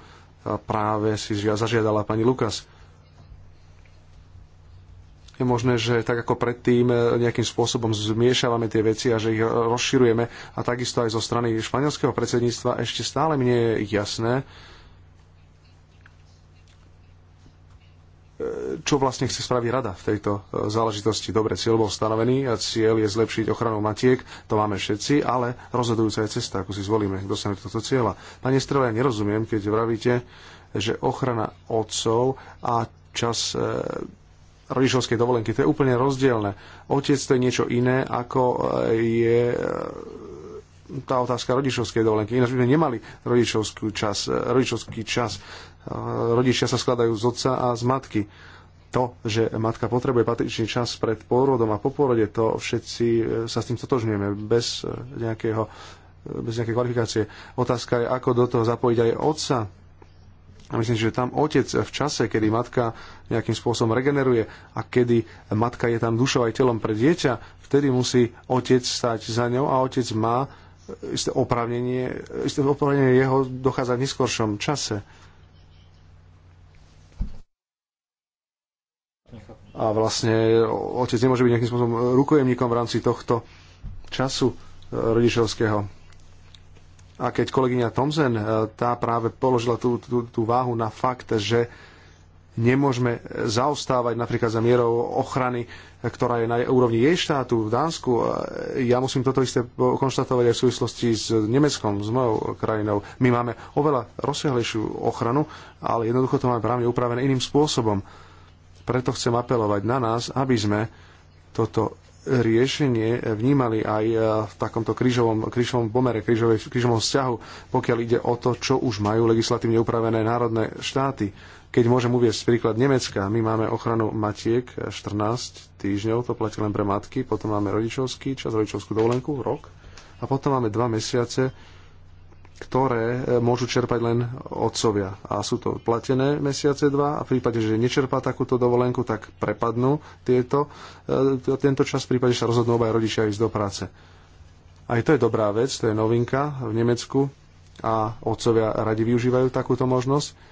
práve si zažiadala pani Lukas. Je možné, že tak ako predtým e, nejakým spôsobom zmiešavame tie veci a že ich rozširujeme a takisto aj zo strany španielského predsedníctva ešte stále mne je jasné, čo vlastne chce spraviť rada v tejto e, záležitosti. Dobre, cieľ bol stanovený a cieľ je zlepšiť ochranu matiek, to máme všetci, ale rozhodujúca je cesta, ako si zvolíme, kto sa toto cieľa. Pani Strela, ja nerozumiem, keď vravíte, že ochrana otcov a čas e, rodičovskej dovolenky, to je úplne rozdielne. Otec to je niečo iné, ako e, je tá otázka rodičovskej dovolenky. Ináč by sme nemali rodičovský čas. Rodičovský čas. Rodičia sa skladajú z otca a z matky to, že matka potrebuje patričný čas pred pôrodom a po pôrode, to všetci e, sa s tým totožňujeme bez e, nejakého e, bez nejakej kvalifikácie. Otázka je, ako do toho zapojiť aj otca. A myslím, že tam otec v čase, kedy matka nejakým spôsobom regeneruje a kedy matka je tam dušou aj telom pre dieťa, vtedy musí otec stať za ňou a otec má isté opravnenie, isté opravnenie jeho dochádza v neskoršom čase a vlastne otec nemôže byť nejakým spôsobom rukojemníkom v rámci tohto času eh, rodičovského. A keď kolegyňa Tomzen, eh, tá práve položila tú, tú, tú váhu na fakt, že nemôžeme zaostávať napríklad za mierou ochrany, eh, ktorá je na úrovni jej štátu v Dánsku. Ja musím toto isté konštatovať aj v súvislosti s Nemeckom, s mojou krajinou. My máme oveľa rozsiahlejšiu ochranu, ale jednoducho to máme právne upravené iným spôsobom. Preto chcem apelovať na nás, aby sme toto riešenie vnímali aj e, v takomto krížovom, krížovom bomere, krížovej, krížovom vzťahu, pokiaľ ide o to, čo už majú legislatívne upravené národné štáty. Keď môžem uvieť príklad Nemecka, my máme ochranu matiek 14 e, týždňov, to platí len pre matky, potom máme rodičovský čas, rodičovskú dovolenku, rok, a potom máme dva mesiace ktoré e, môžu čerpať len otcovia. A sú to platené mesiace dva a v prípade, že nečerpá takúto dovolenku, tak prepadnú tieto, e, tento čas v prípade, že sa rozhodnú obaj rodičia ísť do práce. Aj to je dobrá vec, to je novinka v Nemecku a otcovia radi využívajú takúto možnosť.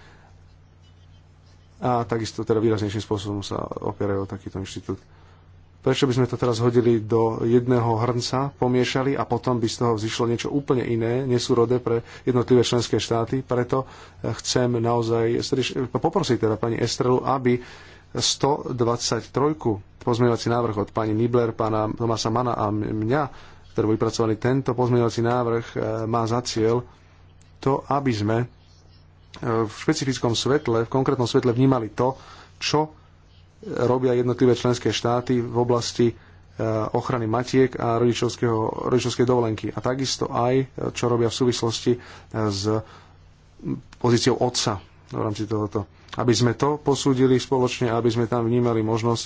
A takisto teda výraznejším spôsobom sa opierajú o takýto inštitút. Prečo by sme to teraz hodili do jedného hrnca, pomiešali a potom by z toho vzýšlo niečo úplne iné, nesúrode pre jednotlivé členské štáty? Preto eh, chcem naozaj poprosiť teda pani Estrelu, aby 123 pozmeňovací návrh od pani Nibler, pána Tomasa Mana a mňa, ktorý bol vypracovaný tento pozmeňovací návrh, eh, má za cieľ to, aby sme eh, v špecifickom svetle, v konkrétnom svetle vnímali to, čo robia jednotlivé členské štáty v oblasti e, ochrany matiek a rodičovskej dovolenky. A takisto aj, e, čo robia v súvislosti e, s pozíciou otca v rámci tohoto. Aby sme to posúdili spoločne, aby sme tam vnímali možnosť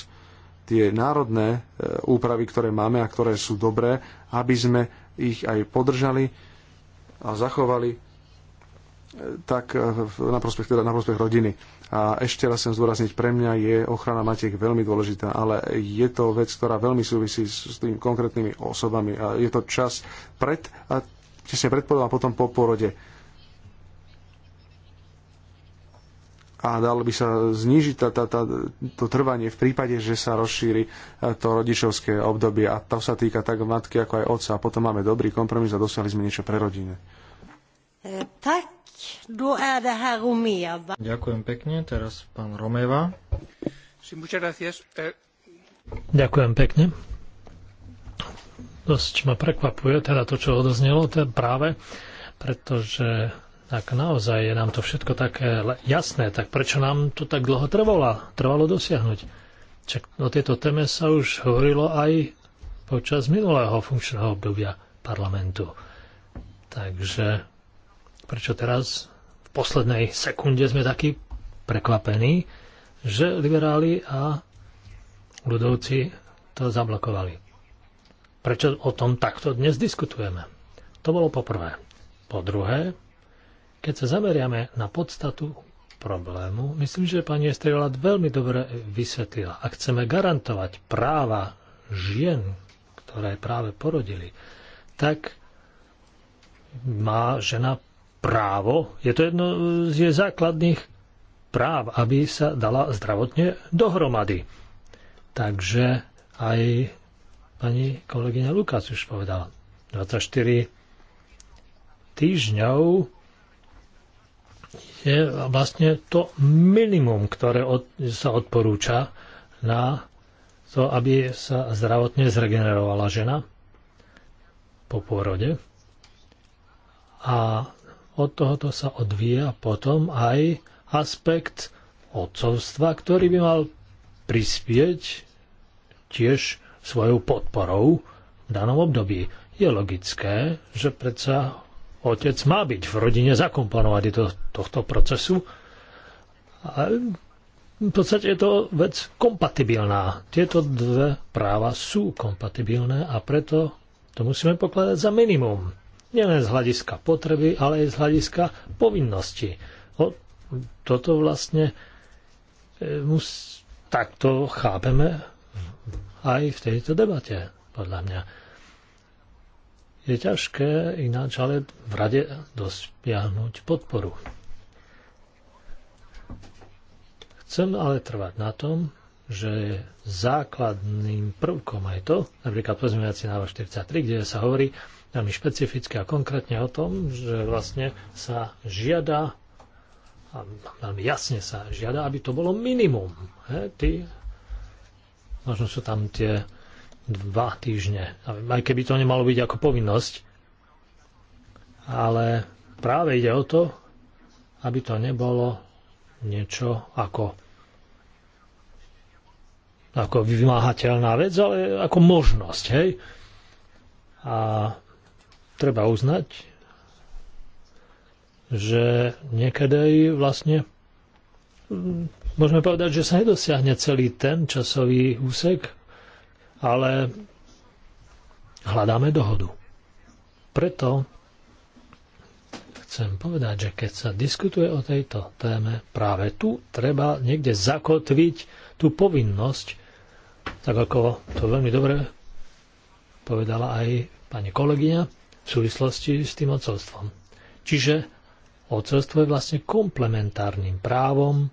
tie národné úpravy, ktoré máme a ktoré sú dobré, aby sme ich aj podržali a zachovali tak eh, na prospech, teda na prospech rodiny. A ešte raz chcem zdôrazniť, pre mňa je ochrana matiek veľmi dôležitá, ale je to vec, ktorá veľmi súvisí s tými konkrétnymi osobami. A je to čas pred, a tesne pred a potom po porode. a dalo by sa znížiť tá, tá, tá, to trvanie v prípade, že sa rozšíri eh, to rodičovské obdobie a to sa týka tak matky ako aj otca a potom máme dobrý kompromis a dosiahli sme niečo pre rodine. E, tak, Ďakujem pekne, teraz pán Romeva. Eh, Ďakujem pekne. Dosť ma prekvapuje teda to, čo odoznelo teda práve, pretože ak naozaj je nám to všetko také jasné, tak prečo nám to tak dlho trvalo, trvalo dosiahnuť? Čak o tejto téme sa už hovorilo aj počas minulého funkčného obdobia parlamentu. Takže prečo teraz poslednej sekunde sme takí prekvapení, že liberáli a ľudovci to zablokovali. Prečo o tom takto dnes diskutujeme? To bolo poprvé. Po druhé, keď sa zameriame na podstatu problému, myslím, že pani Estrela veľmi dobre vysvetlila. Ak chceme garantovať práva žien, ktoré práve porodili, tak má žena právo, je to jedno z základných práv, aby sa dala zdravotne dohromady. Takže aj pani kolegyňa Lukáš už povedala. 24 týždňov je vlastne to minimum, ktoré od, sa odporúča na to, aby sa zdravotne zregenerovala žena po pôrode. A od tohoto sa odvíja potom aj aspekt odcovstva, ktorý by mal prispieť tiež svojou podporou v danom období. Je logické, že predsa otec má byť v rodine zakomponovaný do tohto procesu. A v podstate je to vec kompatibilná. Tieto dve práva sú kompatibilné a preto to musíme pokladať za minimum nielen z hľadiska potreby, ale aj z hľadiska povinnosti. O, toto vlastne e, mus, takto chápeme aj v tejto debate, podľa mňa. Je ťažké ináč, ale v rade dosiahnuť podporu. Chcem ale trvať na tom, že základným prvkom aj to, napríklad pozmeňovací návrh 43, kde sa hovorí, veľmi špecifické a konkrétne o tom, že vlastne sa žiada a veľmi jasne sa žiada, aby to bolo minimum. He, ty, možno sú tam tie dva týždne, aj keby to nemalo byť ako povinnosť, ale práve ide o to, aby to nebolo niečo ako ako vymáhateľná vec, ale ako možnosť, hej. A treba uznať, že niekedy vlastne mm, môžeme povedať, že sa nedosiahne celý ten časový úsek, ale hľadáme dohodu. Preto chcem povedať, že keď sa diskutuje o tejto téme, práve tu treba niekde zakotviť tú povinnosť, tak ako to veľmi dobre povedala aj pani kolegyňa, v súvislosti s tým ocelstvom. Čiže ocelstvo je vlastne komplementárnym právom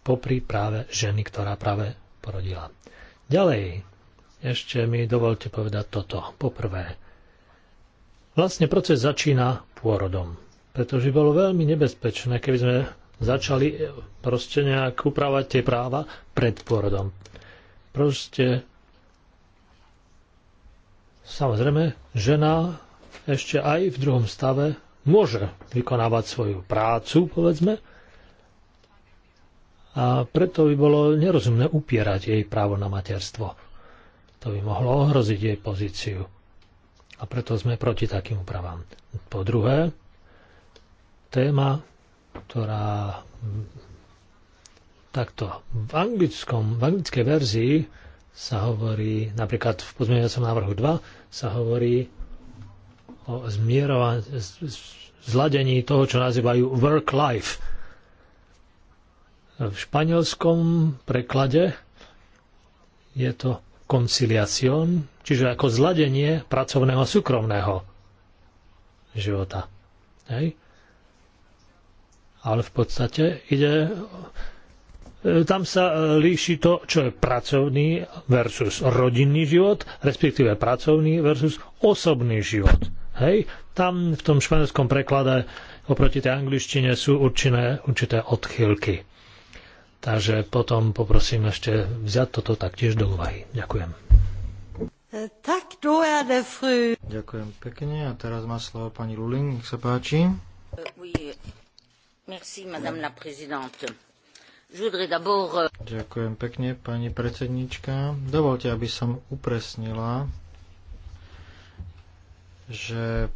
popri práve ženy, ktorá práve porodila. Ďalej, ešte mi dovolte povedať toto. Poprvé, vlastne proces začína pôrodom, pretože bolo veľmi nebezpečné, keby sme začali e, proste nejak upravať tie práva pred pôrodom. Proste samozrejme žena ešte aj v druhom stave môže vykonávať svoju prácu, povedzme, a preto by bolo nerozumné upierať jej právo na materstvo. To by mohlo ohroziť jej pozíciu. A preto sme proti takým úpravám. Po druhé, téma, ktorá takto v, anglickom, v anglickej verzii sa hovorí, napríklad v pozmeňovacom návrhu 2 sa hovorí o zladení toho, čo nazývajú work-life. V španielskom preklade je to konciliacion, čiže ako zladenie pracovného a súkromného života. Hej? Ale v podstate ide... E, tam sa e, líši to, čo je pracovný versus rodinný život, respektíve pracovný versus osobný život. Hej, tam v tom španielskom preklade oproti tej angličtine sú určené, určité odchylky. Takže potom poprosím ešte vziať toto taktiež do úvahy. Ďakujem. E, tak, Ďakujem pekne a teraz má slovo pani Luling, nech sa páči. E, euh- Ďakujem pekne, pani predsednička. Dovolte, aby som upresnila že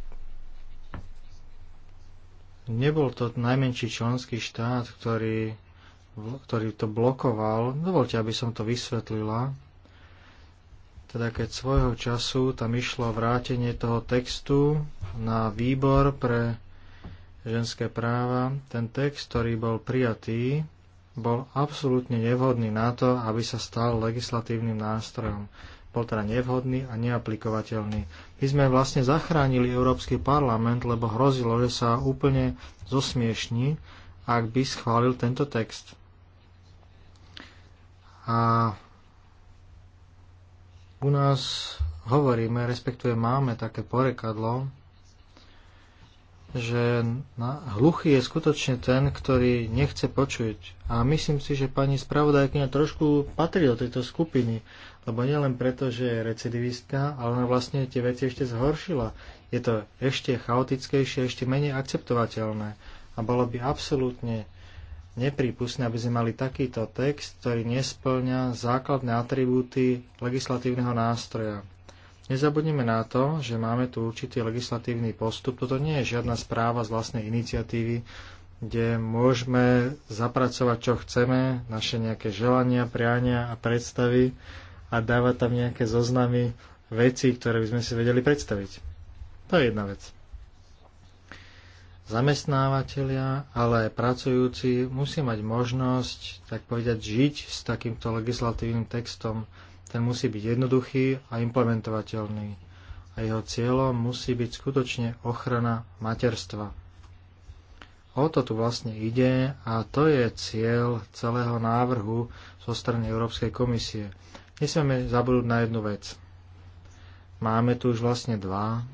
nebol to najmenší členský štát, ktorý, ktorý to blokoval. Dovolte, aby som to vysvetlila. Teda keď svojho času tam išlo vrátenie toho textu na výbor pre ženské práva, ten text, ktorý bol prijatý, bol absolútne nevhodný na to, aby sa stal legislatívnym nástrojom bol teda nevhodný a neaplikovateľný. My sme vlastne zachránili Európsky parlament, lebo hrozilo, že sa úplne zosmiešní, ak by schválil tento text. A u nás hovoríme, respektuje máme také porekadlo, že hluchý je skutočne ten, ktorý nechce počuť. A myslím si, že pani spravodajkyňa trošku patrí do tejto skupiny, lebo nielen preto, že je recidivistka, ale ona vlastne tie veci ešte zhoršila. Je to ešte chaotickejšie, ešte menej akceptovateľné. A bolo by absolútne neprípustné, aby sme mali takýto text, ktorý nesplňa základné atribúty legislatívneho nástroja. Nezabudnime na to, že máme tu určitý legislatívny postup. Toto nie je žiadna správa z vlastnej iniciatívy, kde môžeme zapracovať, čo chceme, naše nejaké želania, priania a predstavy a dávať tam nejaké zoznamy veci, ktoré by sme si vedeli predstaviť. To je jedna vec. Zamestnávateľia, ale aj pracujúci musí mať možnosť, tak povedať, žiť s takýmto legislatívnym textom ten musí byť jednoduchý a implementovateľný a jeho cieľom musí byť skutočne ochrana materstva. O to tu vlastne ide a to je cieľ celého návrhu zo strany Európskej komisie. Nesmieme zabudnúť na jednu vec. Máme tu už vlastne dva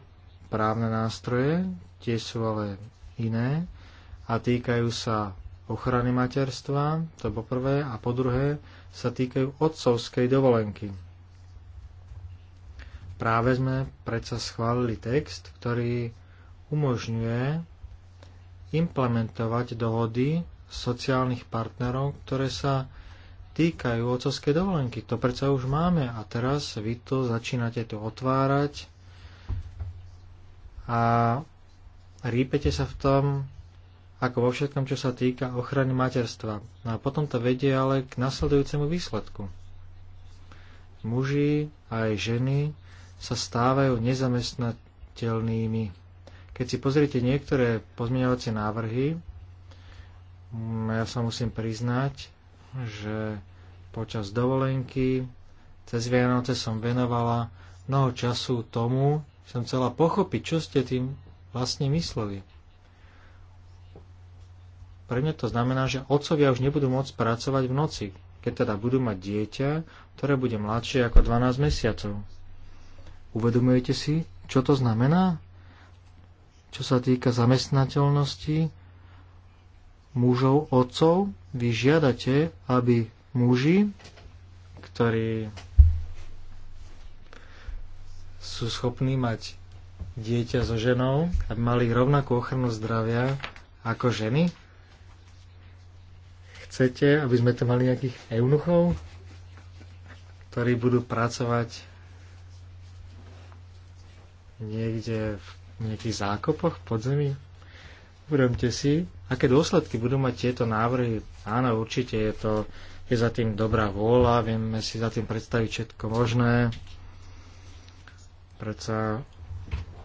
právne nástroje, tie sú ale iné a týkajú sa ochrany materstva, to po prvé, a po druhé sa týkajú otcovskej dovolenky. Práve sme predsa schválili text, ktorý umožňuje implementovať dohody sociálnych partnerov, ktoré sa týkajú otcovskej dovolenky. To predsa už máme a teraz vy to začínate tu otvárať a rýpete sa v tom, ako vo všetkom, čo sa týka ochrany materstva. No a potom to vedie ale k nasledujúcemu výsledku. Muži a aj ženy sa stávajú nezamestnateľnými. Keď si pozriete niektoré pozmeňovacie návrhy, mm, ja sa musím priznať, že počas dovolenky cez Vianoce som venovala mnoho času tomu, som chcela pochopiť, čo ste tým vlastne mysleli. Pre mňa to znamená, že otcovia už nebudú môcť pracovať v noci, keď teda budú mať dieťa, ktoré bude mladšie ako 12 mesiacov. Uvedomujete si, čo to znamená? Čo sa týka zamestnateľnosti mužov, otcov, vy žiadate, aby muži, ktorí sú schopní mať dieťa so ženou, aby mali rovnakú ochranu zdravia ako ženy, Chcete, aby sme tu mali nejakých eunuchov, ktorí budú pracovať niekde v nejakých zákopoch pod zemi? Uvedomte si, aké dôsledky budú mať tieto návrhy. Áno, určite je to je za tým dobrá vôľa, vieme si za tým predstaviť všetko možné. Preca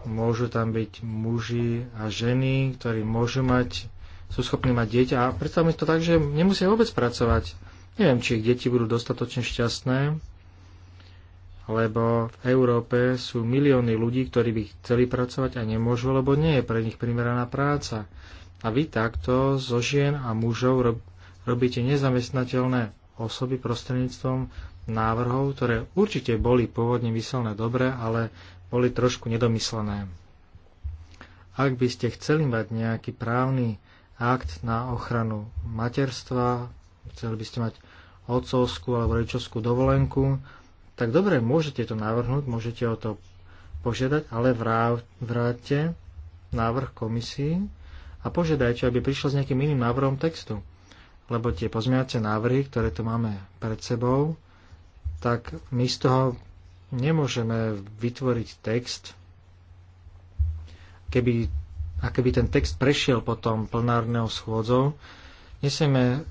môžu tam byť muži a ženy, ktorí môžu mať sú schopní mať dieťa. A predstavme to tak, že nemusia vôbec pracovať. Neviem, či ich deti budú dostatočne šťastné, lebo v Európe sú milióny ľudí, ktorí by chceli pracovať a nemôžu, lebo nie je pre nich primeraná práca. A vy takto zo žien a mužov rob, robíte nezamestnateľné osoby prostredníctvom návrhov, ktoré určite boli pôvodne vyselné dobre, ale boli trošku nedomyslené. Ak by ste chceli mať nejaký právny akt na ochranu materstva, chceli by ste mať otcovskú alebo rodičovskú dovolenku, tak dobre, môžete to navrhnúť, môžete o to požiadať, ale vráte návrh komisii a požiadajte, aby prišla s nejakým iným návrhom textu. Lebo tie pozmiace návrhy, ktoré tu máme pred sebou, tak my z toho nemôžeme vytvoriť text, keby a keby ten text prešiel potom plenárneho schôdzov, nesieme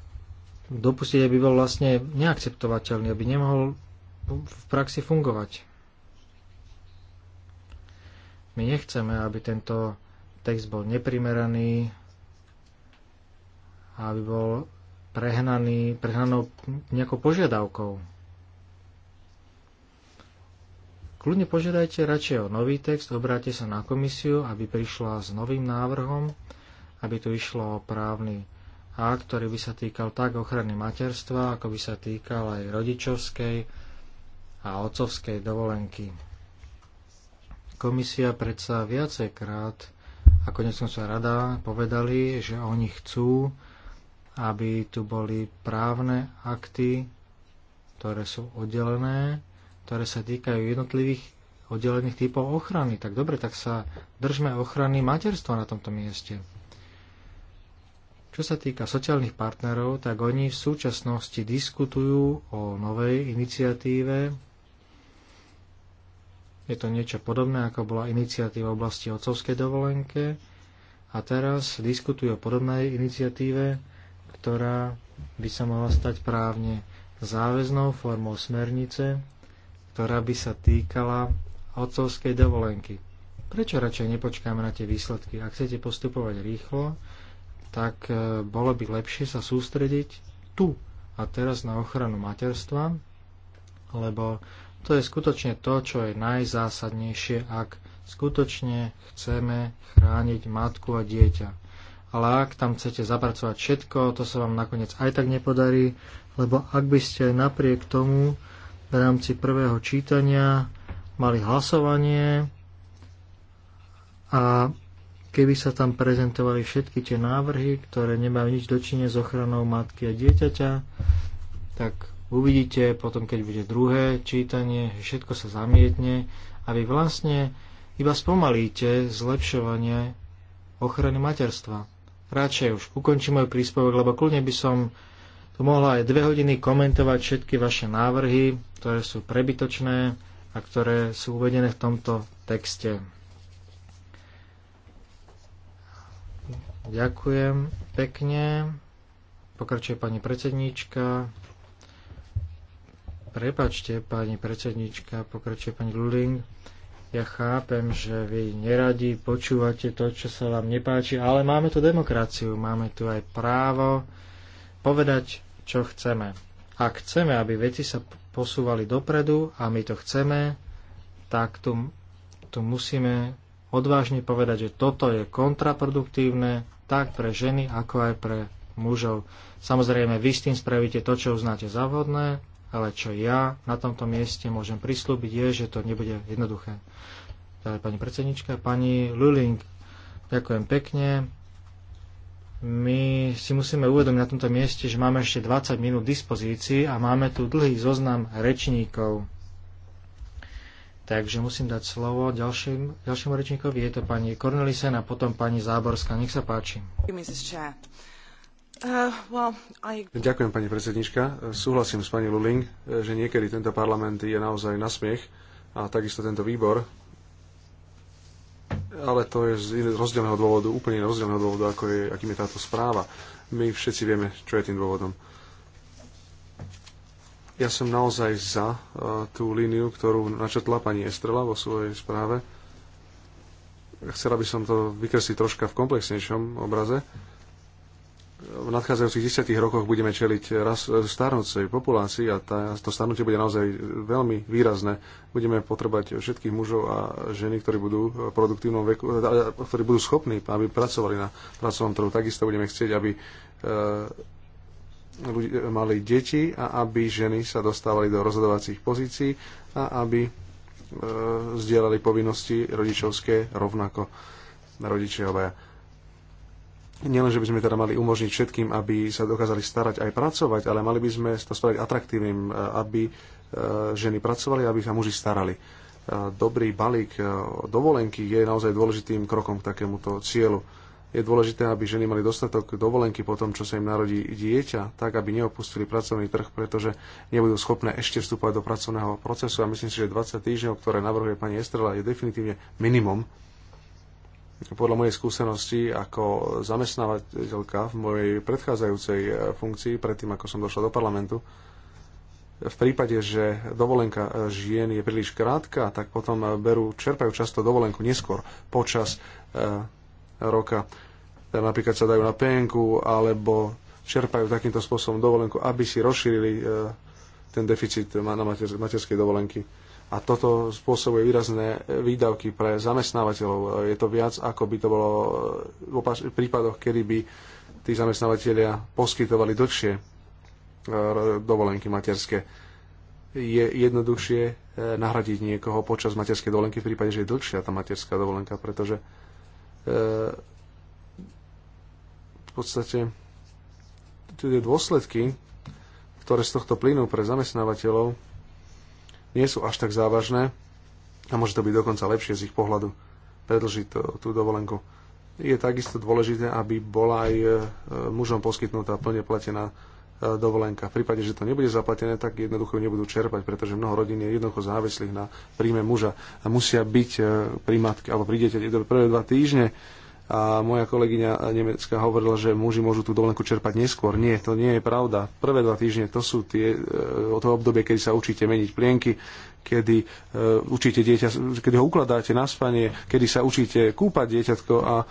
dopustiť, aby bol vlastne neakceptovateľný, aby nemohol v praxi fungovať. My nechceme, aby tento text bol neprimeraný, aby bol prehnaný, prehnanou nejakou požiadavkou. Kľudne požiadajte radšej o nový text, obráte sa na komisiu, aby prišla s novým návrhom, aby tu išlo o právny akt, ktorý by sa týkal tak ochrany materstva, ako by sa týkal aj rodičovskej a otcovskej dovolenky. Komisia predsa viacejkrát, ako dnes sa rada, povedali, že oni chcú, aby tu boli právne akty, ktoré sú oddelené ktoré sa týkajú jednotlivých oddelených typov ochrany. Tak dobre, tak sa držme ochrany materstva na tomto mieste. Čo sa týka sociálnych partnerov, tak oni v súčasnosti diskutujú o novej iniciatíve. Je to niečo podobné, ako bola iniciatíva v oblasti otcovskej dovolenke. A teraz diskutujú o podobnej iniciatíve, ktorá by sa mohla stať právne záväznou formou smernice ktorá by sa týkala otcovskej dovolenky. Prečo radšej nepočkáme na tie výsledky? Ak chcete postupovať rýchlo, tak e, bolo by lepšie sa sústrediť tu a teraz na ochranu materstva, lebo to je skutočne to, čo je najzásadnejšie, ak skutočne chceme chrániť matku a dieťa. Ale ak tam chcete zapracovať všetko, to sa vám nakoniec aj tak nepodarí, lebo ak by ste napriek tomu v rámci prvého čítania mali hlasovanie a keby sa tam prezentovali všetky tie návrhy, ktoré nemajú nič dočine s ochranou matky a dieťaťa, tak uvidíte potom, keď bude druhé čítanie, že všetko sa zamietne a vy vlastne iba spomalíte zlepšovanie ochrany materstva. Radšej už ukončím môj príspevok, lebo kľudne by som mohla aj dve hodiny komentovať všetky vaše návrhy, ktoré sú prebytočné a ktoré sú uvedené v tomto texte. Ďakujem pekne. Pokračuje pani predsedníčka. Prepačte, pani predsednička, pokračuje pani Luling. Ja chápem, že vy neradi počúvate to, čo sa vám nepáči, ale máme tu demokraciu, máme tu aj právo povedať čo chceme. Ak chceme, aby veci sa posúvali dopredu a my to chceme, tak tu, tu musíme odvážne povedať, že toto je kontraproduktívne tak pre ženy, ako aj pre mužov. Samozrejme, vy s tým spravíte to, čo uznáte za vhodné, ale čo ja na tomto mieste môžem prislúbiť, je, že to nebude jednoduché. Ďalej pani predsednička, pani Luling, ďakujem pekne my si musíme uvedomiť na tomto mieste, že máme ešte 20 minút dispozícii a máme tu dlhý zoznam rečníkov. Takže musím dať slovo ďalším, ďalšiemu rečníkovi. Je to pani Cornelisen a potom pani Záborská. Nech sa páči. Ďakujem, pani predsednička. Súhlasím s pani Luling, že niekedy tento parlament je naozaj na smiech a takisto tento výbor, ale to je z rozdielného dôvodu, úplne rozdielného dôvodu, ako je, akým je táto správa. My všetci vieme, čo je tým dôvodom. Ja som naozaj za e, tú líniu, ktorú načetla pani Estrela vo svojej správe. Chcela by som to vykresliť troška v komplexnejšom obraze v nadchádzajúcich desiatich rokoch budeme čeliť raz starnúcej populácii a tá, to starnutie bude naozaj veľmi výrazné. Budeme potrebať všetkých mužov a ženy, ktorí budú v produktívnom veku, teda, ktorí budú schopní, aby pracovali na pracovnom trhu. Takisto budeme chcieť, aby e, ľudí mali deti a aby ženy sa dostávali do rozhodovacích pozícií a aby e, zdieľali povinnosti rodičovské rovnako rodičia obaja Nielen, že by sme teda mali umožniť všetkým, aby sa dokázali starať aj pracovať, ale mali by sme to spraviť atraktívnym, e, aby e, ženy pracovali, aby sa muži starali. E, dobrý balík dovolenky je naozaj dôležitým krokom k takémuto cieľu. Je dôležité, aby ženy mali dostatok dovolenky po tom, čo sa im narodí dieťa, tak aby neopustili pracovný trh, pretože nebudú schopné ešte vstúpať do pracovného procesu. A myslím si, že 20 týždňov, ktoré navrhuje pani Estrela, je definitívne minimum podľa mojej skúsenosti ako zamestnávateľka v mojej predchádzajúcej e, funkcii, predtým ako som došla do parlamentu, v prípade, že dovolenka e, žien je príliš krátka, tak potom e, berú, čerpajú často dovolenku neskôr počas e, roka. Teda napríklad sa dajú na penku alebo čerpajú takýmto spôsobom dovolenku, aby si rozšírili e, ten deficit na materskej dovolenky a toto spôsobuje výrazné e, výdavky pre zamestnávateľov. E, je to viac, ako by to bolo e, v, prípadoch, kedy by tí zamestnávateľia poskytovali dlhšie dovolenky materské. Je jednoduchšie nahradiť niekoho počas materskej dovolenky v prípade, že je dlhšia tá materská dovolenka, pretože v podstate tie dôsledky, ktoré z tohto plynú pre zamestnávateľov, nie sú až tak závažné a môže to byť dokonca lepšie z ich pohľadu predlžiť to, tú dovolenku. Je takisto dôležité, aby bola aj e, mužom poskytnutá plne platená e, dovolenka. V prípade, že to nebude zaplatené, tak jednoducho nebudú čerpať, pretože mnoho rodín je jednoducho závislých na príjme muža a musia byť e, pri matke alebo pri dieťati prvé dva týždne a moja kolegyňa nemecká hovorila, že muži môžu tú dovolenku čerpať neskôr. Nie, to nie je pravda. Prvé dva týždne to sú tie, o e, to obdobie, kedy sa učíte meniť plienky, kedy e, učíte dieťa, kedy ho ukladáte na spanie, kedy sa učíte kúpať dieťatko a e,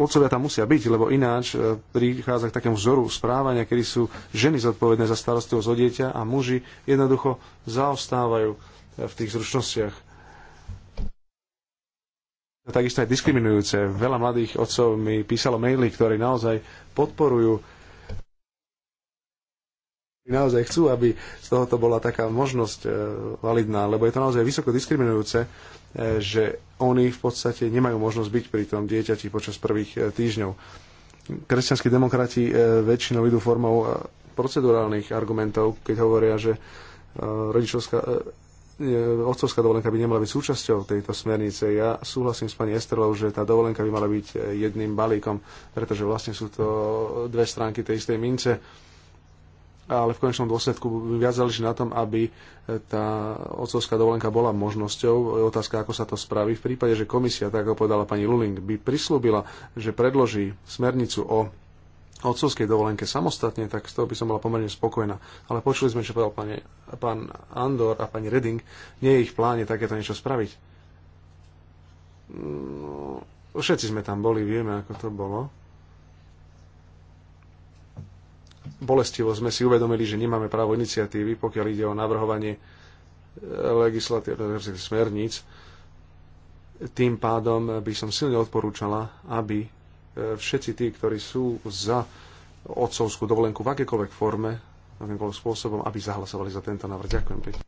otcovia tam musia byť, lebo ináč prichádza k takému vzoru správania, kedy sú ženy zodpovedné za starostlivosť o dieťa a muži jednoducho zaostávajú v tých zručnostiach takisto aj diskriminujúce. Veľa mladých otcov mi písalo maily, ktorí naozaj podporujú naozaj chcú, aby z tohoto bola taká možnosť e, validná, lebo je to naozaj vysoko diskriminujúce, e, že oni v podstate nemajú možnosť byť pri tom dieťati počas prvých e, týždňov. Kresťanskí demokrati väčšinou idú formou procedurálnych argumentov, keď hovoria, že rodičovská otcovská dovolenka by nemala byť súčasťou tejto smernice. Ja súhlasím s pani Estrelou, že tá dovolenka by mala byť jedným balíkom, pretože vlastne sú to dve stránky tej istej mince. Ale v konečnom dôsledku by viac záleží na tom, aby tá otcovská dovolenka bola možnosťou. Je otázka, ako sa to spraví. V prípade, že komisia, tak ako povedala pani Luling, by prislúbila, že predloží smernicu o otcovskej dovolenke samostatne, tak z toho by som bola pomerne spokojná. Ale počuli sme, čo povedal pani, pán Andor a pani Reding, nie je ich pláne takéto niečo spraviť. No, všetci sme tam boli, vieme, ako to bolo. Bolestivo sme si uvedomili, že nemáme právo iniciatívy, pokiaľ ide o navrhovanie e, legislatívnych smerníc. Tým pádom by som silne odporúčala, aby E, všetci tí, ktorí sú za otcovskú dovolenku v akékoľvek forme, akýmkoľvek spôsobom, aby zahlasovali za tento návrh. Ďakujem pekne.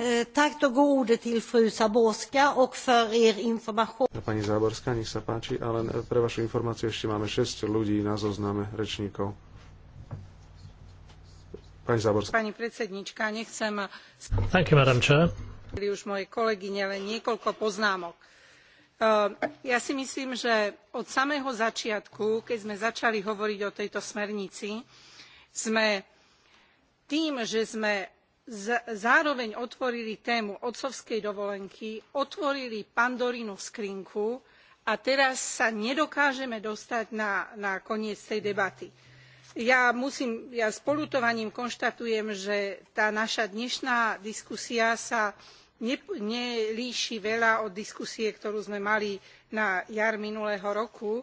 E, tak to går ordet till fru Zaborska ok för er information. E, pani Záborská, nech sa páči, ale pre vašu informáciu ešte máme 6 ľudí na zozname rečníkov. Pani Záborská. Pani predsednička, nechcem... Thank you, madam chair. ...už moje kolegyne, len niekoľko poznámok Ehm, ja si myslím že od samého začiatku keď sme začali hovoriť o tejto smernici sme tým že sme zároveň otvorili tému otcovskej dovolenky otvorili pandorinu skrinku a teraz sa nedokážeme dostať na, na koniec tej debaty. Ja, musím, ja s poľutovaním konštatujem že tá naša dnešná diskusia sa nelíši veľa od diskusie ktorú sme mali na jar minulého roku.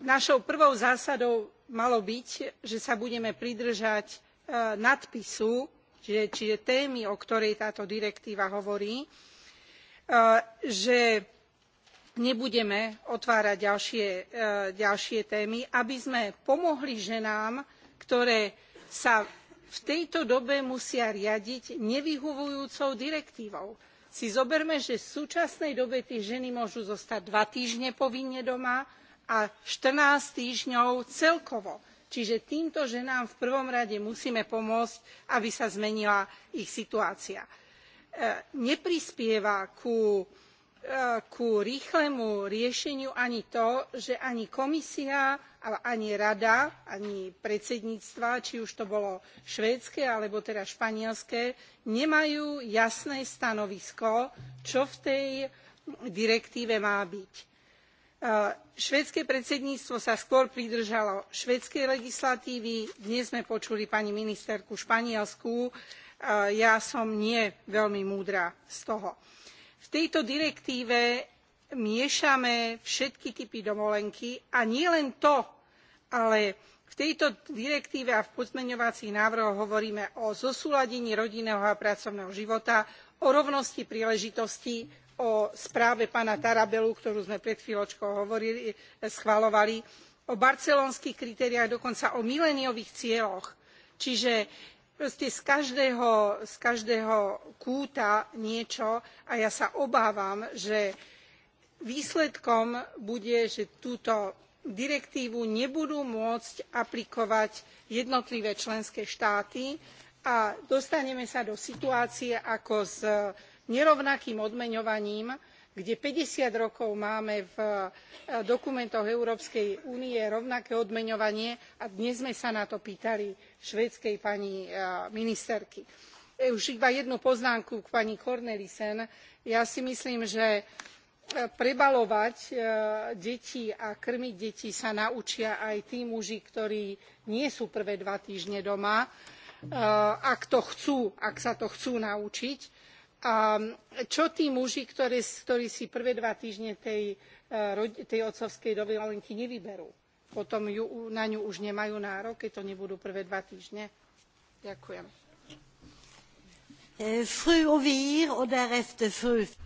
našou prvou zásadou malo byť že sa budeme pridržať e, nadpisu čiže, témy o ktorej táto direktíva hovorí e, že nebudeme otvárať ďalšie, e, ďalšie témy aby sme pomohli ženám ktoré sa v tejto dobe musia riadiť nevyhovujúcou direktívou. si zoberme že v súčasnej dobe tie ženy môžu zostať dva týždne povinne doma a fourteen týždňov celkovo čiže týmto ženám v prvom rade musíme pomôcť aby sa zmenila ich situácia. E, neprispieva ku, e, ku rýchlemu riešeniu ani to že ani komisia ani rada ani predsedníctva či už to bolo švédske alebo teraz španielske nemajú jasné stanovisko čo v tej direktíve má byť. E, švédske predsedníctvo sa skôr pridržalo švédskej legislatívy dnes sme počuli pani ministerku španielsku e, ja som nie veľmi múdra z toho. v tejto direktíve miešame všetky typy dovolenky a nielen to ale v tejto direktíve a v pozmeňovacích návrhoch hovoríme o zosúladení rodinného a pracovného života o rovnosti príležitostí o správe pána tarabellu ktorú sme pred chvíľočkou hovorili, schvaľovali o barcelonských kritériách dokonca o miléniových cieľoch čiže proste z každého, z každého kúta niečo a ja sa obávam že výsledkom bude že túto direktívu nebudú môcť aplikovať jednotlivé členské štáty a dostaneme sa do situácie ako s nerovnakým odmeňovaním kde fifty rokov máme v e, dokumentoch európskej únie rovnaké odmeňovanie a dnes sme sa na to pýtali švédskej pani e, ministerky. E, už iba jednu poznámku k pani cornelissen ja si myslím že prebalovať e, deti a krmiť deti sa naučia aj tí muži ktorí nie sú prvé dva týždne doma e, ak to chcú ak sa to chcú naučiť a čo tí muži ktorí, si prvé dva týždne tej, e, otcovskej dovolenky nevyberú potom na ňu už nemajú nárok keď to nebudú prvé dva týždne? ďakujem. Eh,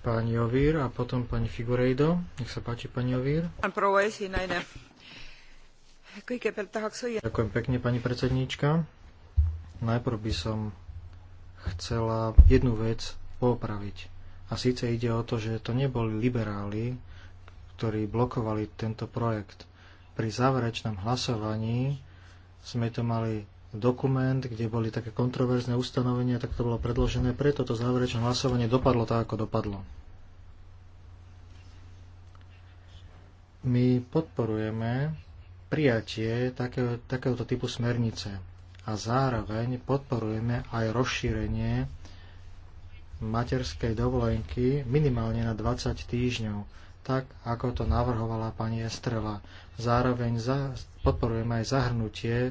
pani Ovír a potom pani Figurejdo. Nech sa páči, pani Ovír. Ďakujem pekne, pani predsedníčka. Najprv by som chcela jednu vec popraviť. A síce ide o to, že to neboli liberáli, ktorí blokovali tento projekt. Pri záverečnom hlasovaní sme to mali dokument, kde boli také kontroverzné ustanovenia, tak to bolo predložené, preto to záverečné hlasovanie dopadlo tak, ako dopadlo. My podporujeme prijatie takého, takéhoto typu smernice a zároveň podporujeme aj rozšírenie materskej dovolenky minimálne na 20 týždňov tak ako to navrhovala pani Estrela. Zároveň za, podporujem aj zahrnutie e,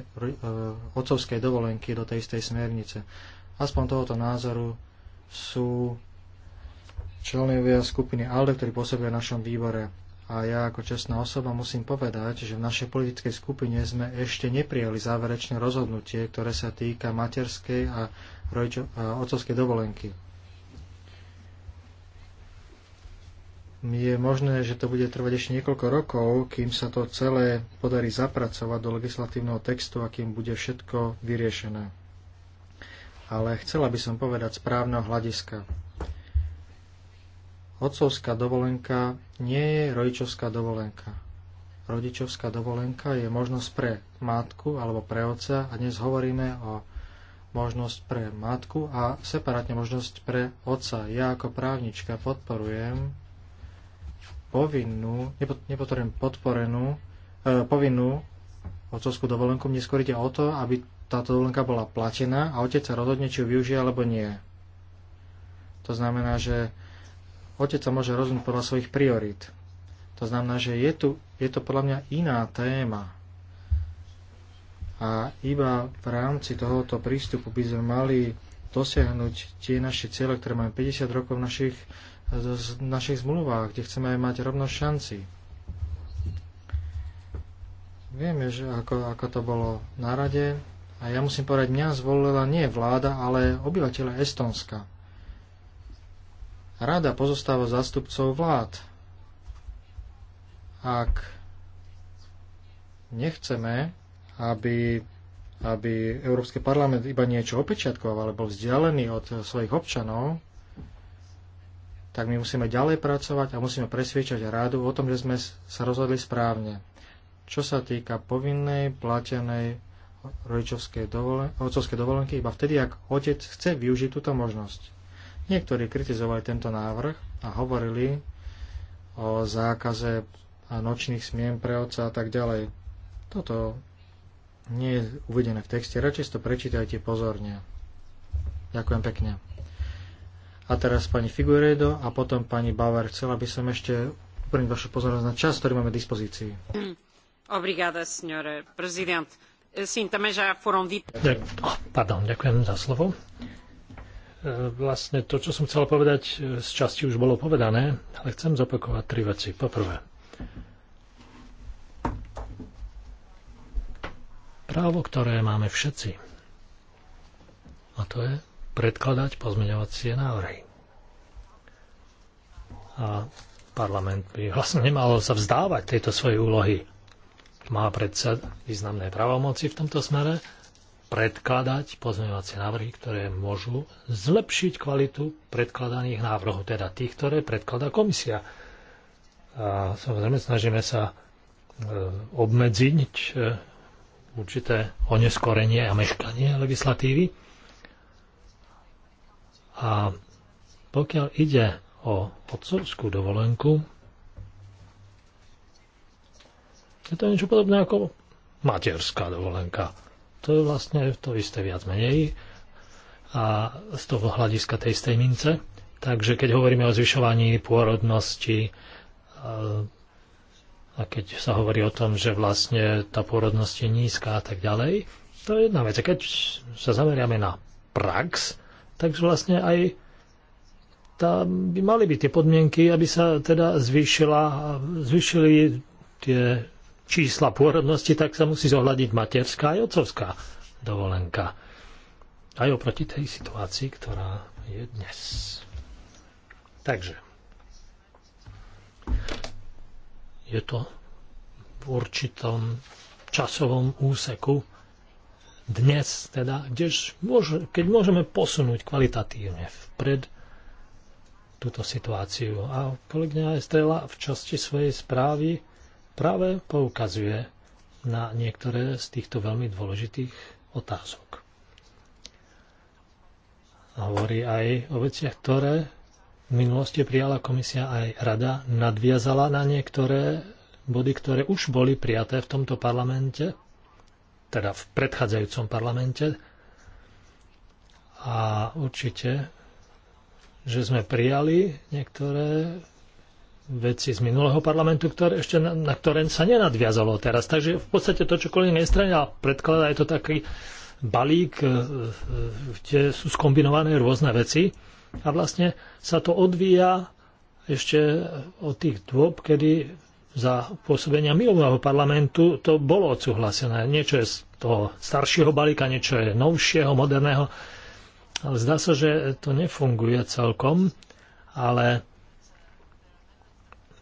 otcovskej dovolenky do tej istej smernice. Aspoň tohoto názoru sú členovia skupiny ALDE, ktorí pôsobia v našom výbore. A ja ako čestná osoba musím povedať, že v našej politickej skupine sme ešte neprijali záverečné rozhodnutie, ktoré sa týka materskej a, rodičo- a otcovskej dovolenky. je možné, že to bude trvať ešte niekoľko rokov, kým sa to celé podarí zapracovať do legislatívneho textu a kým bude všetko vyriešené. Ale chcela by som povedať správneho hľadiska. Otcovská dovolenka nie je rodičovská dovolenka. Rodičovská dovolenka je možnosť pre matku alebo pre otca a dnes hovoríme o možnosť pre matku a separátne možnosť pre otca. Ja ako právnička podporujem povinnú, nepotrebujem podporenú, e, povinnú otcovskú dovolenku, mne skôr ide o to, aby táto dovolenka bola platená a otec sa rozhodne, či ju využije alebo nie. To znamená, že otec sa môže rozhodnúť podľa svojich priorít. To znamená, že je, tu, je to podľa mňa iná téma. A iba v rámci tohoto prístupu by sme mali dosiahnuť tie naše ciele, ktoré máme 50 rokov v našich v našich zmluvách, kde chceme aj mať rovnosť šanci. Vieme, že ako, ako to bolo na rade, a ja musím povedať, mňa zvolila nie vláda, ale obyvateľe Estonska. Rada pozostáva zástupcov vlád. Ak nechceme, aby, aby Európsky parlament iba niečo opečiatkoval, ale bol vzdialený od svojich občanov, tak my musíme ďalej pracovať a musíme presviečať rádu o tom, že sme sa rozhodli správne. Čo sa týka povinnej, platenej rodičovskej dovolen- otcovskej dovolenky, iba vtedy, ak otec chce využiť túto možnosť. Niektorí kritizovali tento návrh a hovorili o zákaze nočných smien pre otca a tak ďalej. Toto nie je uvedené v texte, radšej si to prečítajte pozorne. Ďakujem pekne. A teraz pani Figueredo a potom pani Bauer. Chcela by som ešte uprniť vašu pozornosť na čas, ktorý máme v dispozícii. Mm, obrigada, prezident. Eh, pardon, ďakujem za slovo. Eh, vlastne to, čo som chcel povedať, eh, z časti už bolo povedané, ale chcem zopakovať tri veci. Poprvé, právo, ktoré máme všetci, a to je predkladať pozmeňovacie návrhy. A parlament by vlastne nemal sa vzdávať tejto svojej úlohy. Má predsa významné právomoci v tomto smere predkladať pozmeňovacie návrhy, ktoré môžu zlepšiť kvalitu predkladaných návrhov, teda tých, ktoré predkladá komisia. A samozrejme snažíme sa e, obmedziť e, určité oneskorenie a meškanie legislatívy. A pokiaľ ide o otcovskú dovolenku, je to niečo podobné ako materská dovolenka. To je vlastne to isté viac menej a z toho hľadiska tej istej mince. Takže keď hovoríme o zvyšovaní pôrodnosti e, a keď sa hovorí o tom, že vlastne tá pôrodnosť je nízka a tak ďalej, to je jedna vec. Keď sa zameriame na prax, Takže vlastne aj tá, by mali byť tie podmienky, aby sa teda zvýšila, zvýšili tie čísla pôrodnosti, tak sa musí zohľadiť materská aj otcovská dovolenka. Aj oproti tej situácii, ktorá je dnes. Takže. Je to v určitom časovom úseku dnes, teda, kdež môže, keď môžeme posunúť kvalitatívne vpred túto situáciu. A kolegyňa Estrela v časti svojej správy práve poukazuje na niektoré z týchto veľmi dôležitých otázok. A hovorí aj o veciach, ktoré v minulosti prijala komisia aj rada, nadviazala na niektoré body, ktoré už boli prijaté v tomto parlamente teda v predchádzajúcom parlamente. A určite, že sme prijali niektoré veci z minulého parlamentu, ktoré ešte na, na ktoré sa nenadviazalo teraz. Takže v podstate to, čo kolegyňa nestrania predkladá, je to taký balík, e, e, kde sú skombinované rôzne veci a vlastne sa to odvíja ešte od tých dôb, kedy za pôsobenia minulého parlamentu to bolo odsúhlasené. Niečo je z toho staršieho balíka, niečo je novšieho, moderného. Ale zdá sa, že to nefunguje celkom, ale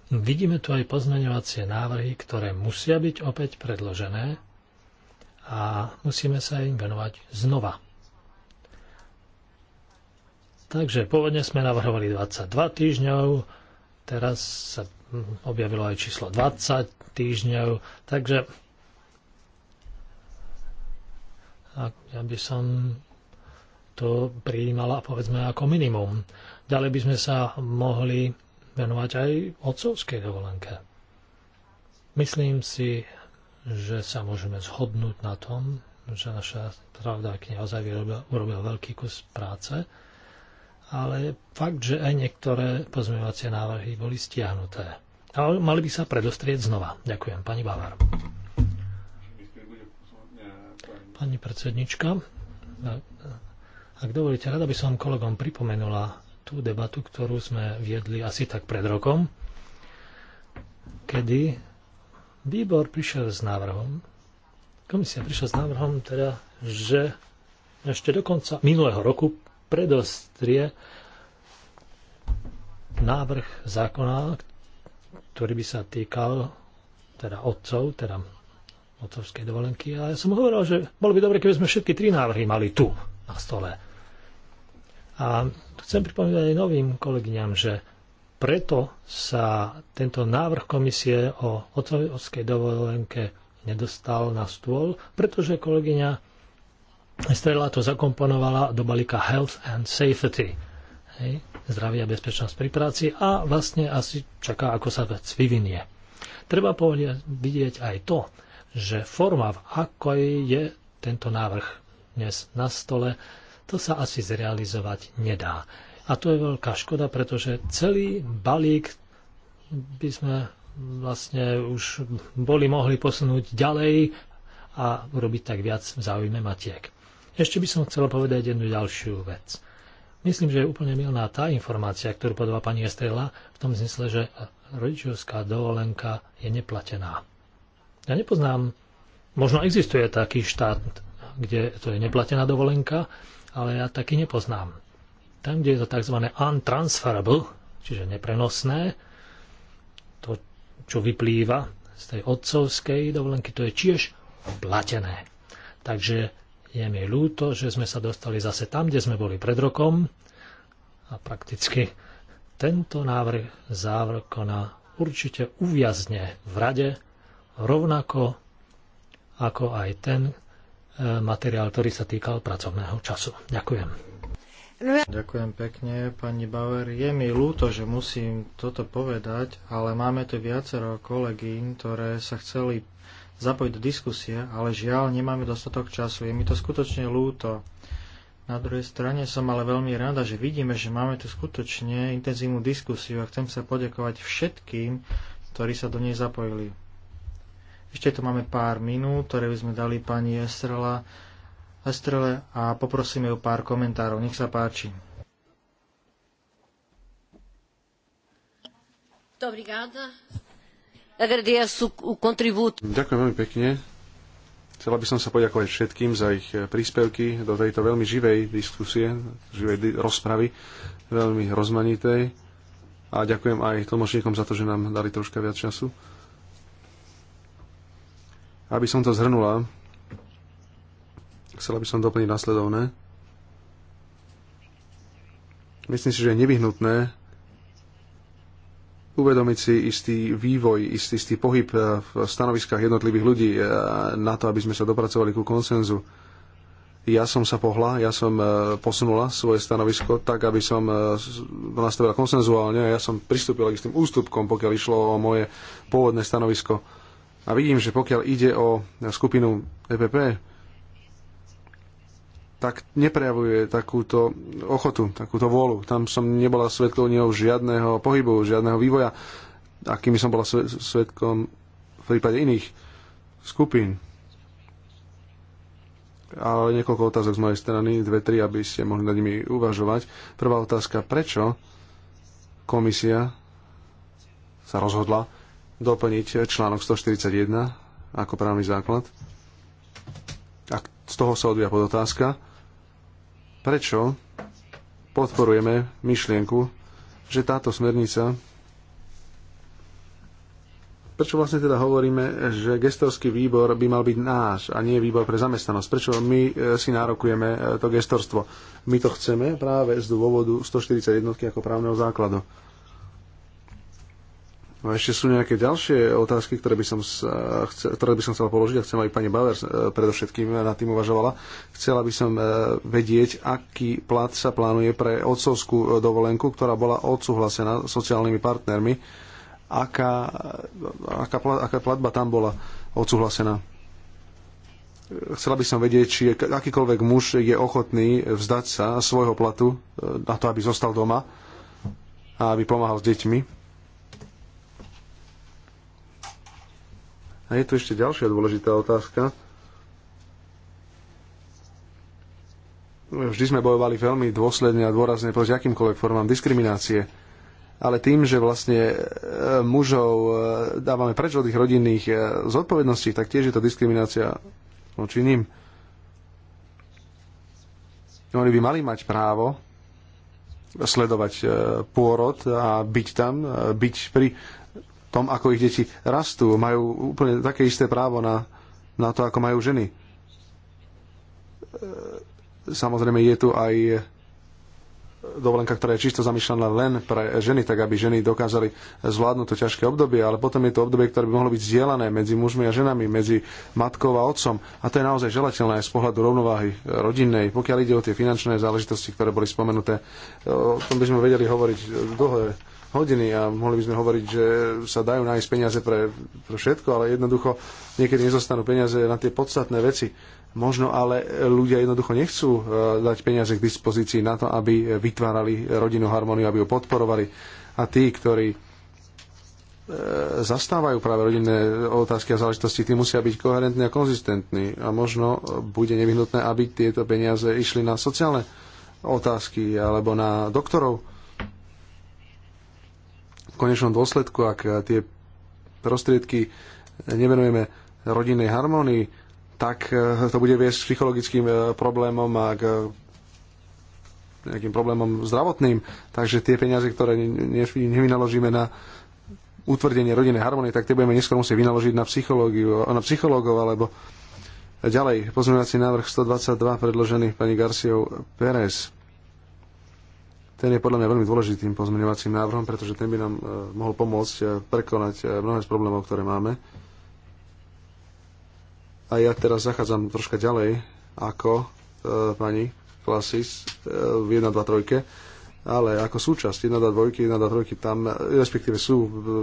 vidíme tu aj pozmeňovacie návrhy, ktoré musia byť opäť predložené a musíme sa im venovať znova. Takže pôvodne sme navrhovali 22 týždňov, teraz sa objavilo aj číslo 20 týždňov, takže ja by som to prijímala povedzme ako minimum. Ďalej by sme sa mohli venovať aj otcovskej dovolenke. Myslím si, že sa môžeme zhodnúť na tom, že naša pravda kniha naozaj urobil veľký kus práce ale fakt, že aj niektoré pozmeňovacie návrhy boli stiahnuté. Ale mali by sa predostrieť znova. Ďakujem, pani Bavar. Pani predsednička, ak dovolíte, rada by som kolegom pripomenula tú debatu, ktorú sme viedli asi tak pred rokom, kedy výbor prišiel s návrhom, komisia prišla s návrhom teda, že ešte do konca minulého roku predostrie návrh zákona, ktorý by sa týkal teda otcov, teda otcovskej dovolenky. A ja som hovoril, že bolo by dobre, keby sme všetky tri návrhy mali tu na stole. A chcem pripomínať aj novým kolegyňam, že preto sa tento návrh komisie o otcovskej dovolenke nedostal na stôl, pretože kolegyňa Estrela to zakomponovala do balíka Health and Safety. Hej, zdravie a bezpečnosť pri práci a vlastne asi čaká, ako sa vec vyvinie. Treba povedať, vidieť aj to, že forma, v akoj je tento návrh dnes na stole, to sa asi zrealizovať nedá. A to je veľká škoda, pretože celý balík by sme vlastne už boli mohli posunúť ďalej a urobiť tak viac v záujme matiek. Ešte by som chcela povedať jednu ďalšiu vec. Myslím, že je úplne milná tá informácia, ktorú podala pani Estrela, v tom zmysle, že rodičovská dovolenka je neplatená. Ja nepoznám, možno existuje taký štát, kde to je neplatená dovolenka, ale ja taký nepoznám. Tam, kde je to tzv. untransferable, čiže neprenosné, to, čo vyplýva z tej otcovskej dovolenky, to je tiež platené. Takže je mi ľúto, že sme sa dostali zase tam, kde sme boli pred rokom a prakticky tento návrh závrkona určite uviazne v rade rovnako ako aj ten e, materiál, ktorý sa týkal pracovného času. Ďakujem. Ďakujem pekne, pani Bauer. Je mi ľúto, že musím toto povedať, ale máme tu viacero kolegín, ktoré sa chceli zapojiť do diskusie, ale žiaľ nemáme dostatok času. Je mi to skutočne lúto. Na druhej strane som ale veľmi rada, že vidíme, že máme tu skutočne intenzívnu diskusiu a chcem sa poďakovať všetkým, ktorí sa do nej zapojili. Ešte tu máme pár minút, ktoré by sme dali pani Estrela, Estrele a poprosíme ju pár komentárov. Nech sa páči. Obrigada. Ďakujem veľmi pekne. Chcela by som sa poďakovať všetkým za ich príspevky do tejto veľmi živej diskusie, živej rozpravy, veľmi rozmanitej. A ďakujem aj tlmočníkom za to, že nám dali troška viac času. Aby som to zhrnula, chcela by som doplniť nasledovné. Myslím si, že je nevyhnutné uvedomiť si istý vývoj, istý, istý pohyb eh, v stanoviskách jednotlivých ľudí eh, na to, aby sme sa dopracovali ku konsenzu. Ja som sa pohla, ja som eh, posunula svoje stanovisko tak, aby som nastavila konsenzuálne a ja som pristúpil k istým ústupkom, pokiaľ išlo o moje pôvodné stanovisko. A vidím, že pokiaľ ide o skupinu EPP, tak neprejavuje takúto ochotu, takúto vôľu. Tam som nebola svetkou neho žiadneho pohybu, žiadneho vývoja, akými som bola svetkom v prípade iných skupín. Ale niekoľko otázok z mojej strany, dve, tri, aby ste mohli nad nimi uvažovať. Prvá otázka, prečo komisia sa rozhodla doplniť článok 141 ako právny základ? A z toho sa odvíja podotázka prečo podporujeme myšlienku, že táto smernica prečo vlastne teda hovoríme, že gestorský výbor by mal byť náš a nie výbor pre zamestnanosť? Prečo my e, si nárokujeme e, to gestorstvo? My to chceme práve z dôvodu 141 ako právneho základu. A ešte sú nejaké ďalšie otázky, ktoré by som, sa, ktoré by som chcela položiť a chcem, aby pani Baver eh, predovšetkým nad tým uvažovala. Chcela by som eh, vedieť, aký plat sa plánuje pre otcovskú eh, dovolenku, ktorá bola odsúhlasená sociálnymi partnermi. Aká, aká, aká platba tam bola odsúhlasená? Chcela by som vedieť, či je, akýkoľvek muž je ochotný vzdať sa svojho platu na to, aby zostal doma a aby pomáhal s deťmi A je tu ešte ďalšia dôležitá otázka. Vždy sme bojovali veľmi dôsledne a dôrazne proti akýmkoľvek formám diskriminácie. Ale tým, že vlastne e, mužov e, dávame preč od ich rodinných e, zodpovedností, tak tiež je to diskriminácia voči ním. Oni by mali mať právo sledovať pôrod a byť tam, byť pri tom, ako ich deti rastú. Majú úplne také isté právo na, na to, ako majú ženy. E, samozrejme je tu aj dovolenka, ktorá je čisto zamýšľaná len pre ženy, tak aby ženy dokázali zvládnuť to ťažké obdobie, ale potom je to obdobie, ktoré by mohlo byť zdieľané medzi mužmi a ženami, medzi matkou a otcom. A to je naozaj želateľné z pohľadu rovnováhy rodinnej. Pokiaľ ide o tie finančné záležitosti, ktoré boli spomenuté, o tom by sme vedeli hovoriť dlho hodiny a mohli by sme hovoriť, že sa dajú nájsť peniaze pre, pre všetko, ale jednoducho niekedy nezostanú peniaze na tie podstatné veci. Možno ale ľudia jednoducho nechcú e, dať peniaze k dispozícii na to, aby vytvárali rodinnú harmóniu, aby ju podporovali. A tí, ktorí e, zastávajú práve rodinné otázky a záležitosti, tí musia byť koherentní a konzistentní. A možno bude nevyhnutné, aby tieto peniaze išli na sociálne otázky alebo na doktorov konečnom dôsledku, ak eh, tie prostriedky nevenujeme rodinnej harmonii, tak eh, to bude viesť k psychologickým eh, problémom a k nejakým problémom zdravotným. Takže tie peniaze, ktoré nevynaložíme na utvrdenie rodinnej harmonie, tak tie budeme neskôr musieť vynaložiť na, psychológiu, na psychológov alebo ďalej. Pozmeňovací návrh 122 predložený pani Garciou Pérez. Ten je podľa mňa veľmi dôležitým pozmeňovacím návrhom, pretože ten by nám e, mohol pomôcť e, prekonať e, mnohé z problémov, ktoré máme. A ja teraz zachádzam troška ďalej ako e, pani Klasis e, v 1, 2, 3 ale ako súčasť 1, dvojky, 2, 1, 2, 3, tam respektíve sú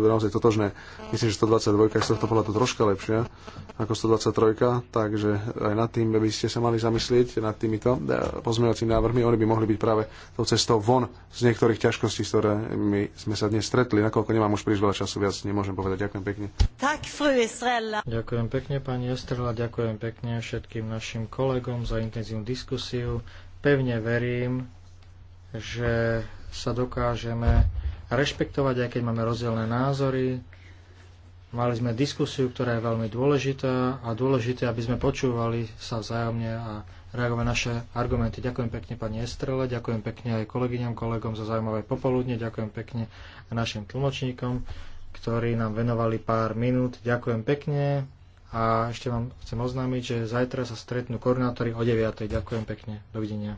naozaj totožné. Myslím, že 122 je z tohto pohľadu troška lepšia ako 123, takže aj nad tým by ste sa mali zamyslieť, nad týmito e, pozmeňovacími návrhmi. Oni by mohli byť práve tou cestou von z niektorých ťažkostí, s ktorými sme sa dnes stretli. Nakoľko nemám už príliš veľa času, viac nemôžem povedať. Ďakujem pekne. Tak, Ďakujem pekne, pani Estrela, ďakujem pekne všetkým našim kolegom za intenzívnu diskusiu. Pevne verím, že sa dokážeme rešpektovať, aj keď máme rozdielne názory. Mali sme diskusiu, ktorá je veľmi dôležitá a dôležité, aby sme počúvali sa vzájomne a reagovať naše argumenty. Ďakujem pekne pani Estrele, ďakujem pekne aj kolegyňam, kolegom za zaujímavé popoludne, ďakujem pekne našim tlmočníkom, ktorí nám venovali pár minút. Ďakujem pekne a ešte vám chcem oznámiť, že zajtra sa stretnú koordinátori o 9. Ďakujem pekne. Dovidenia.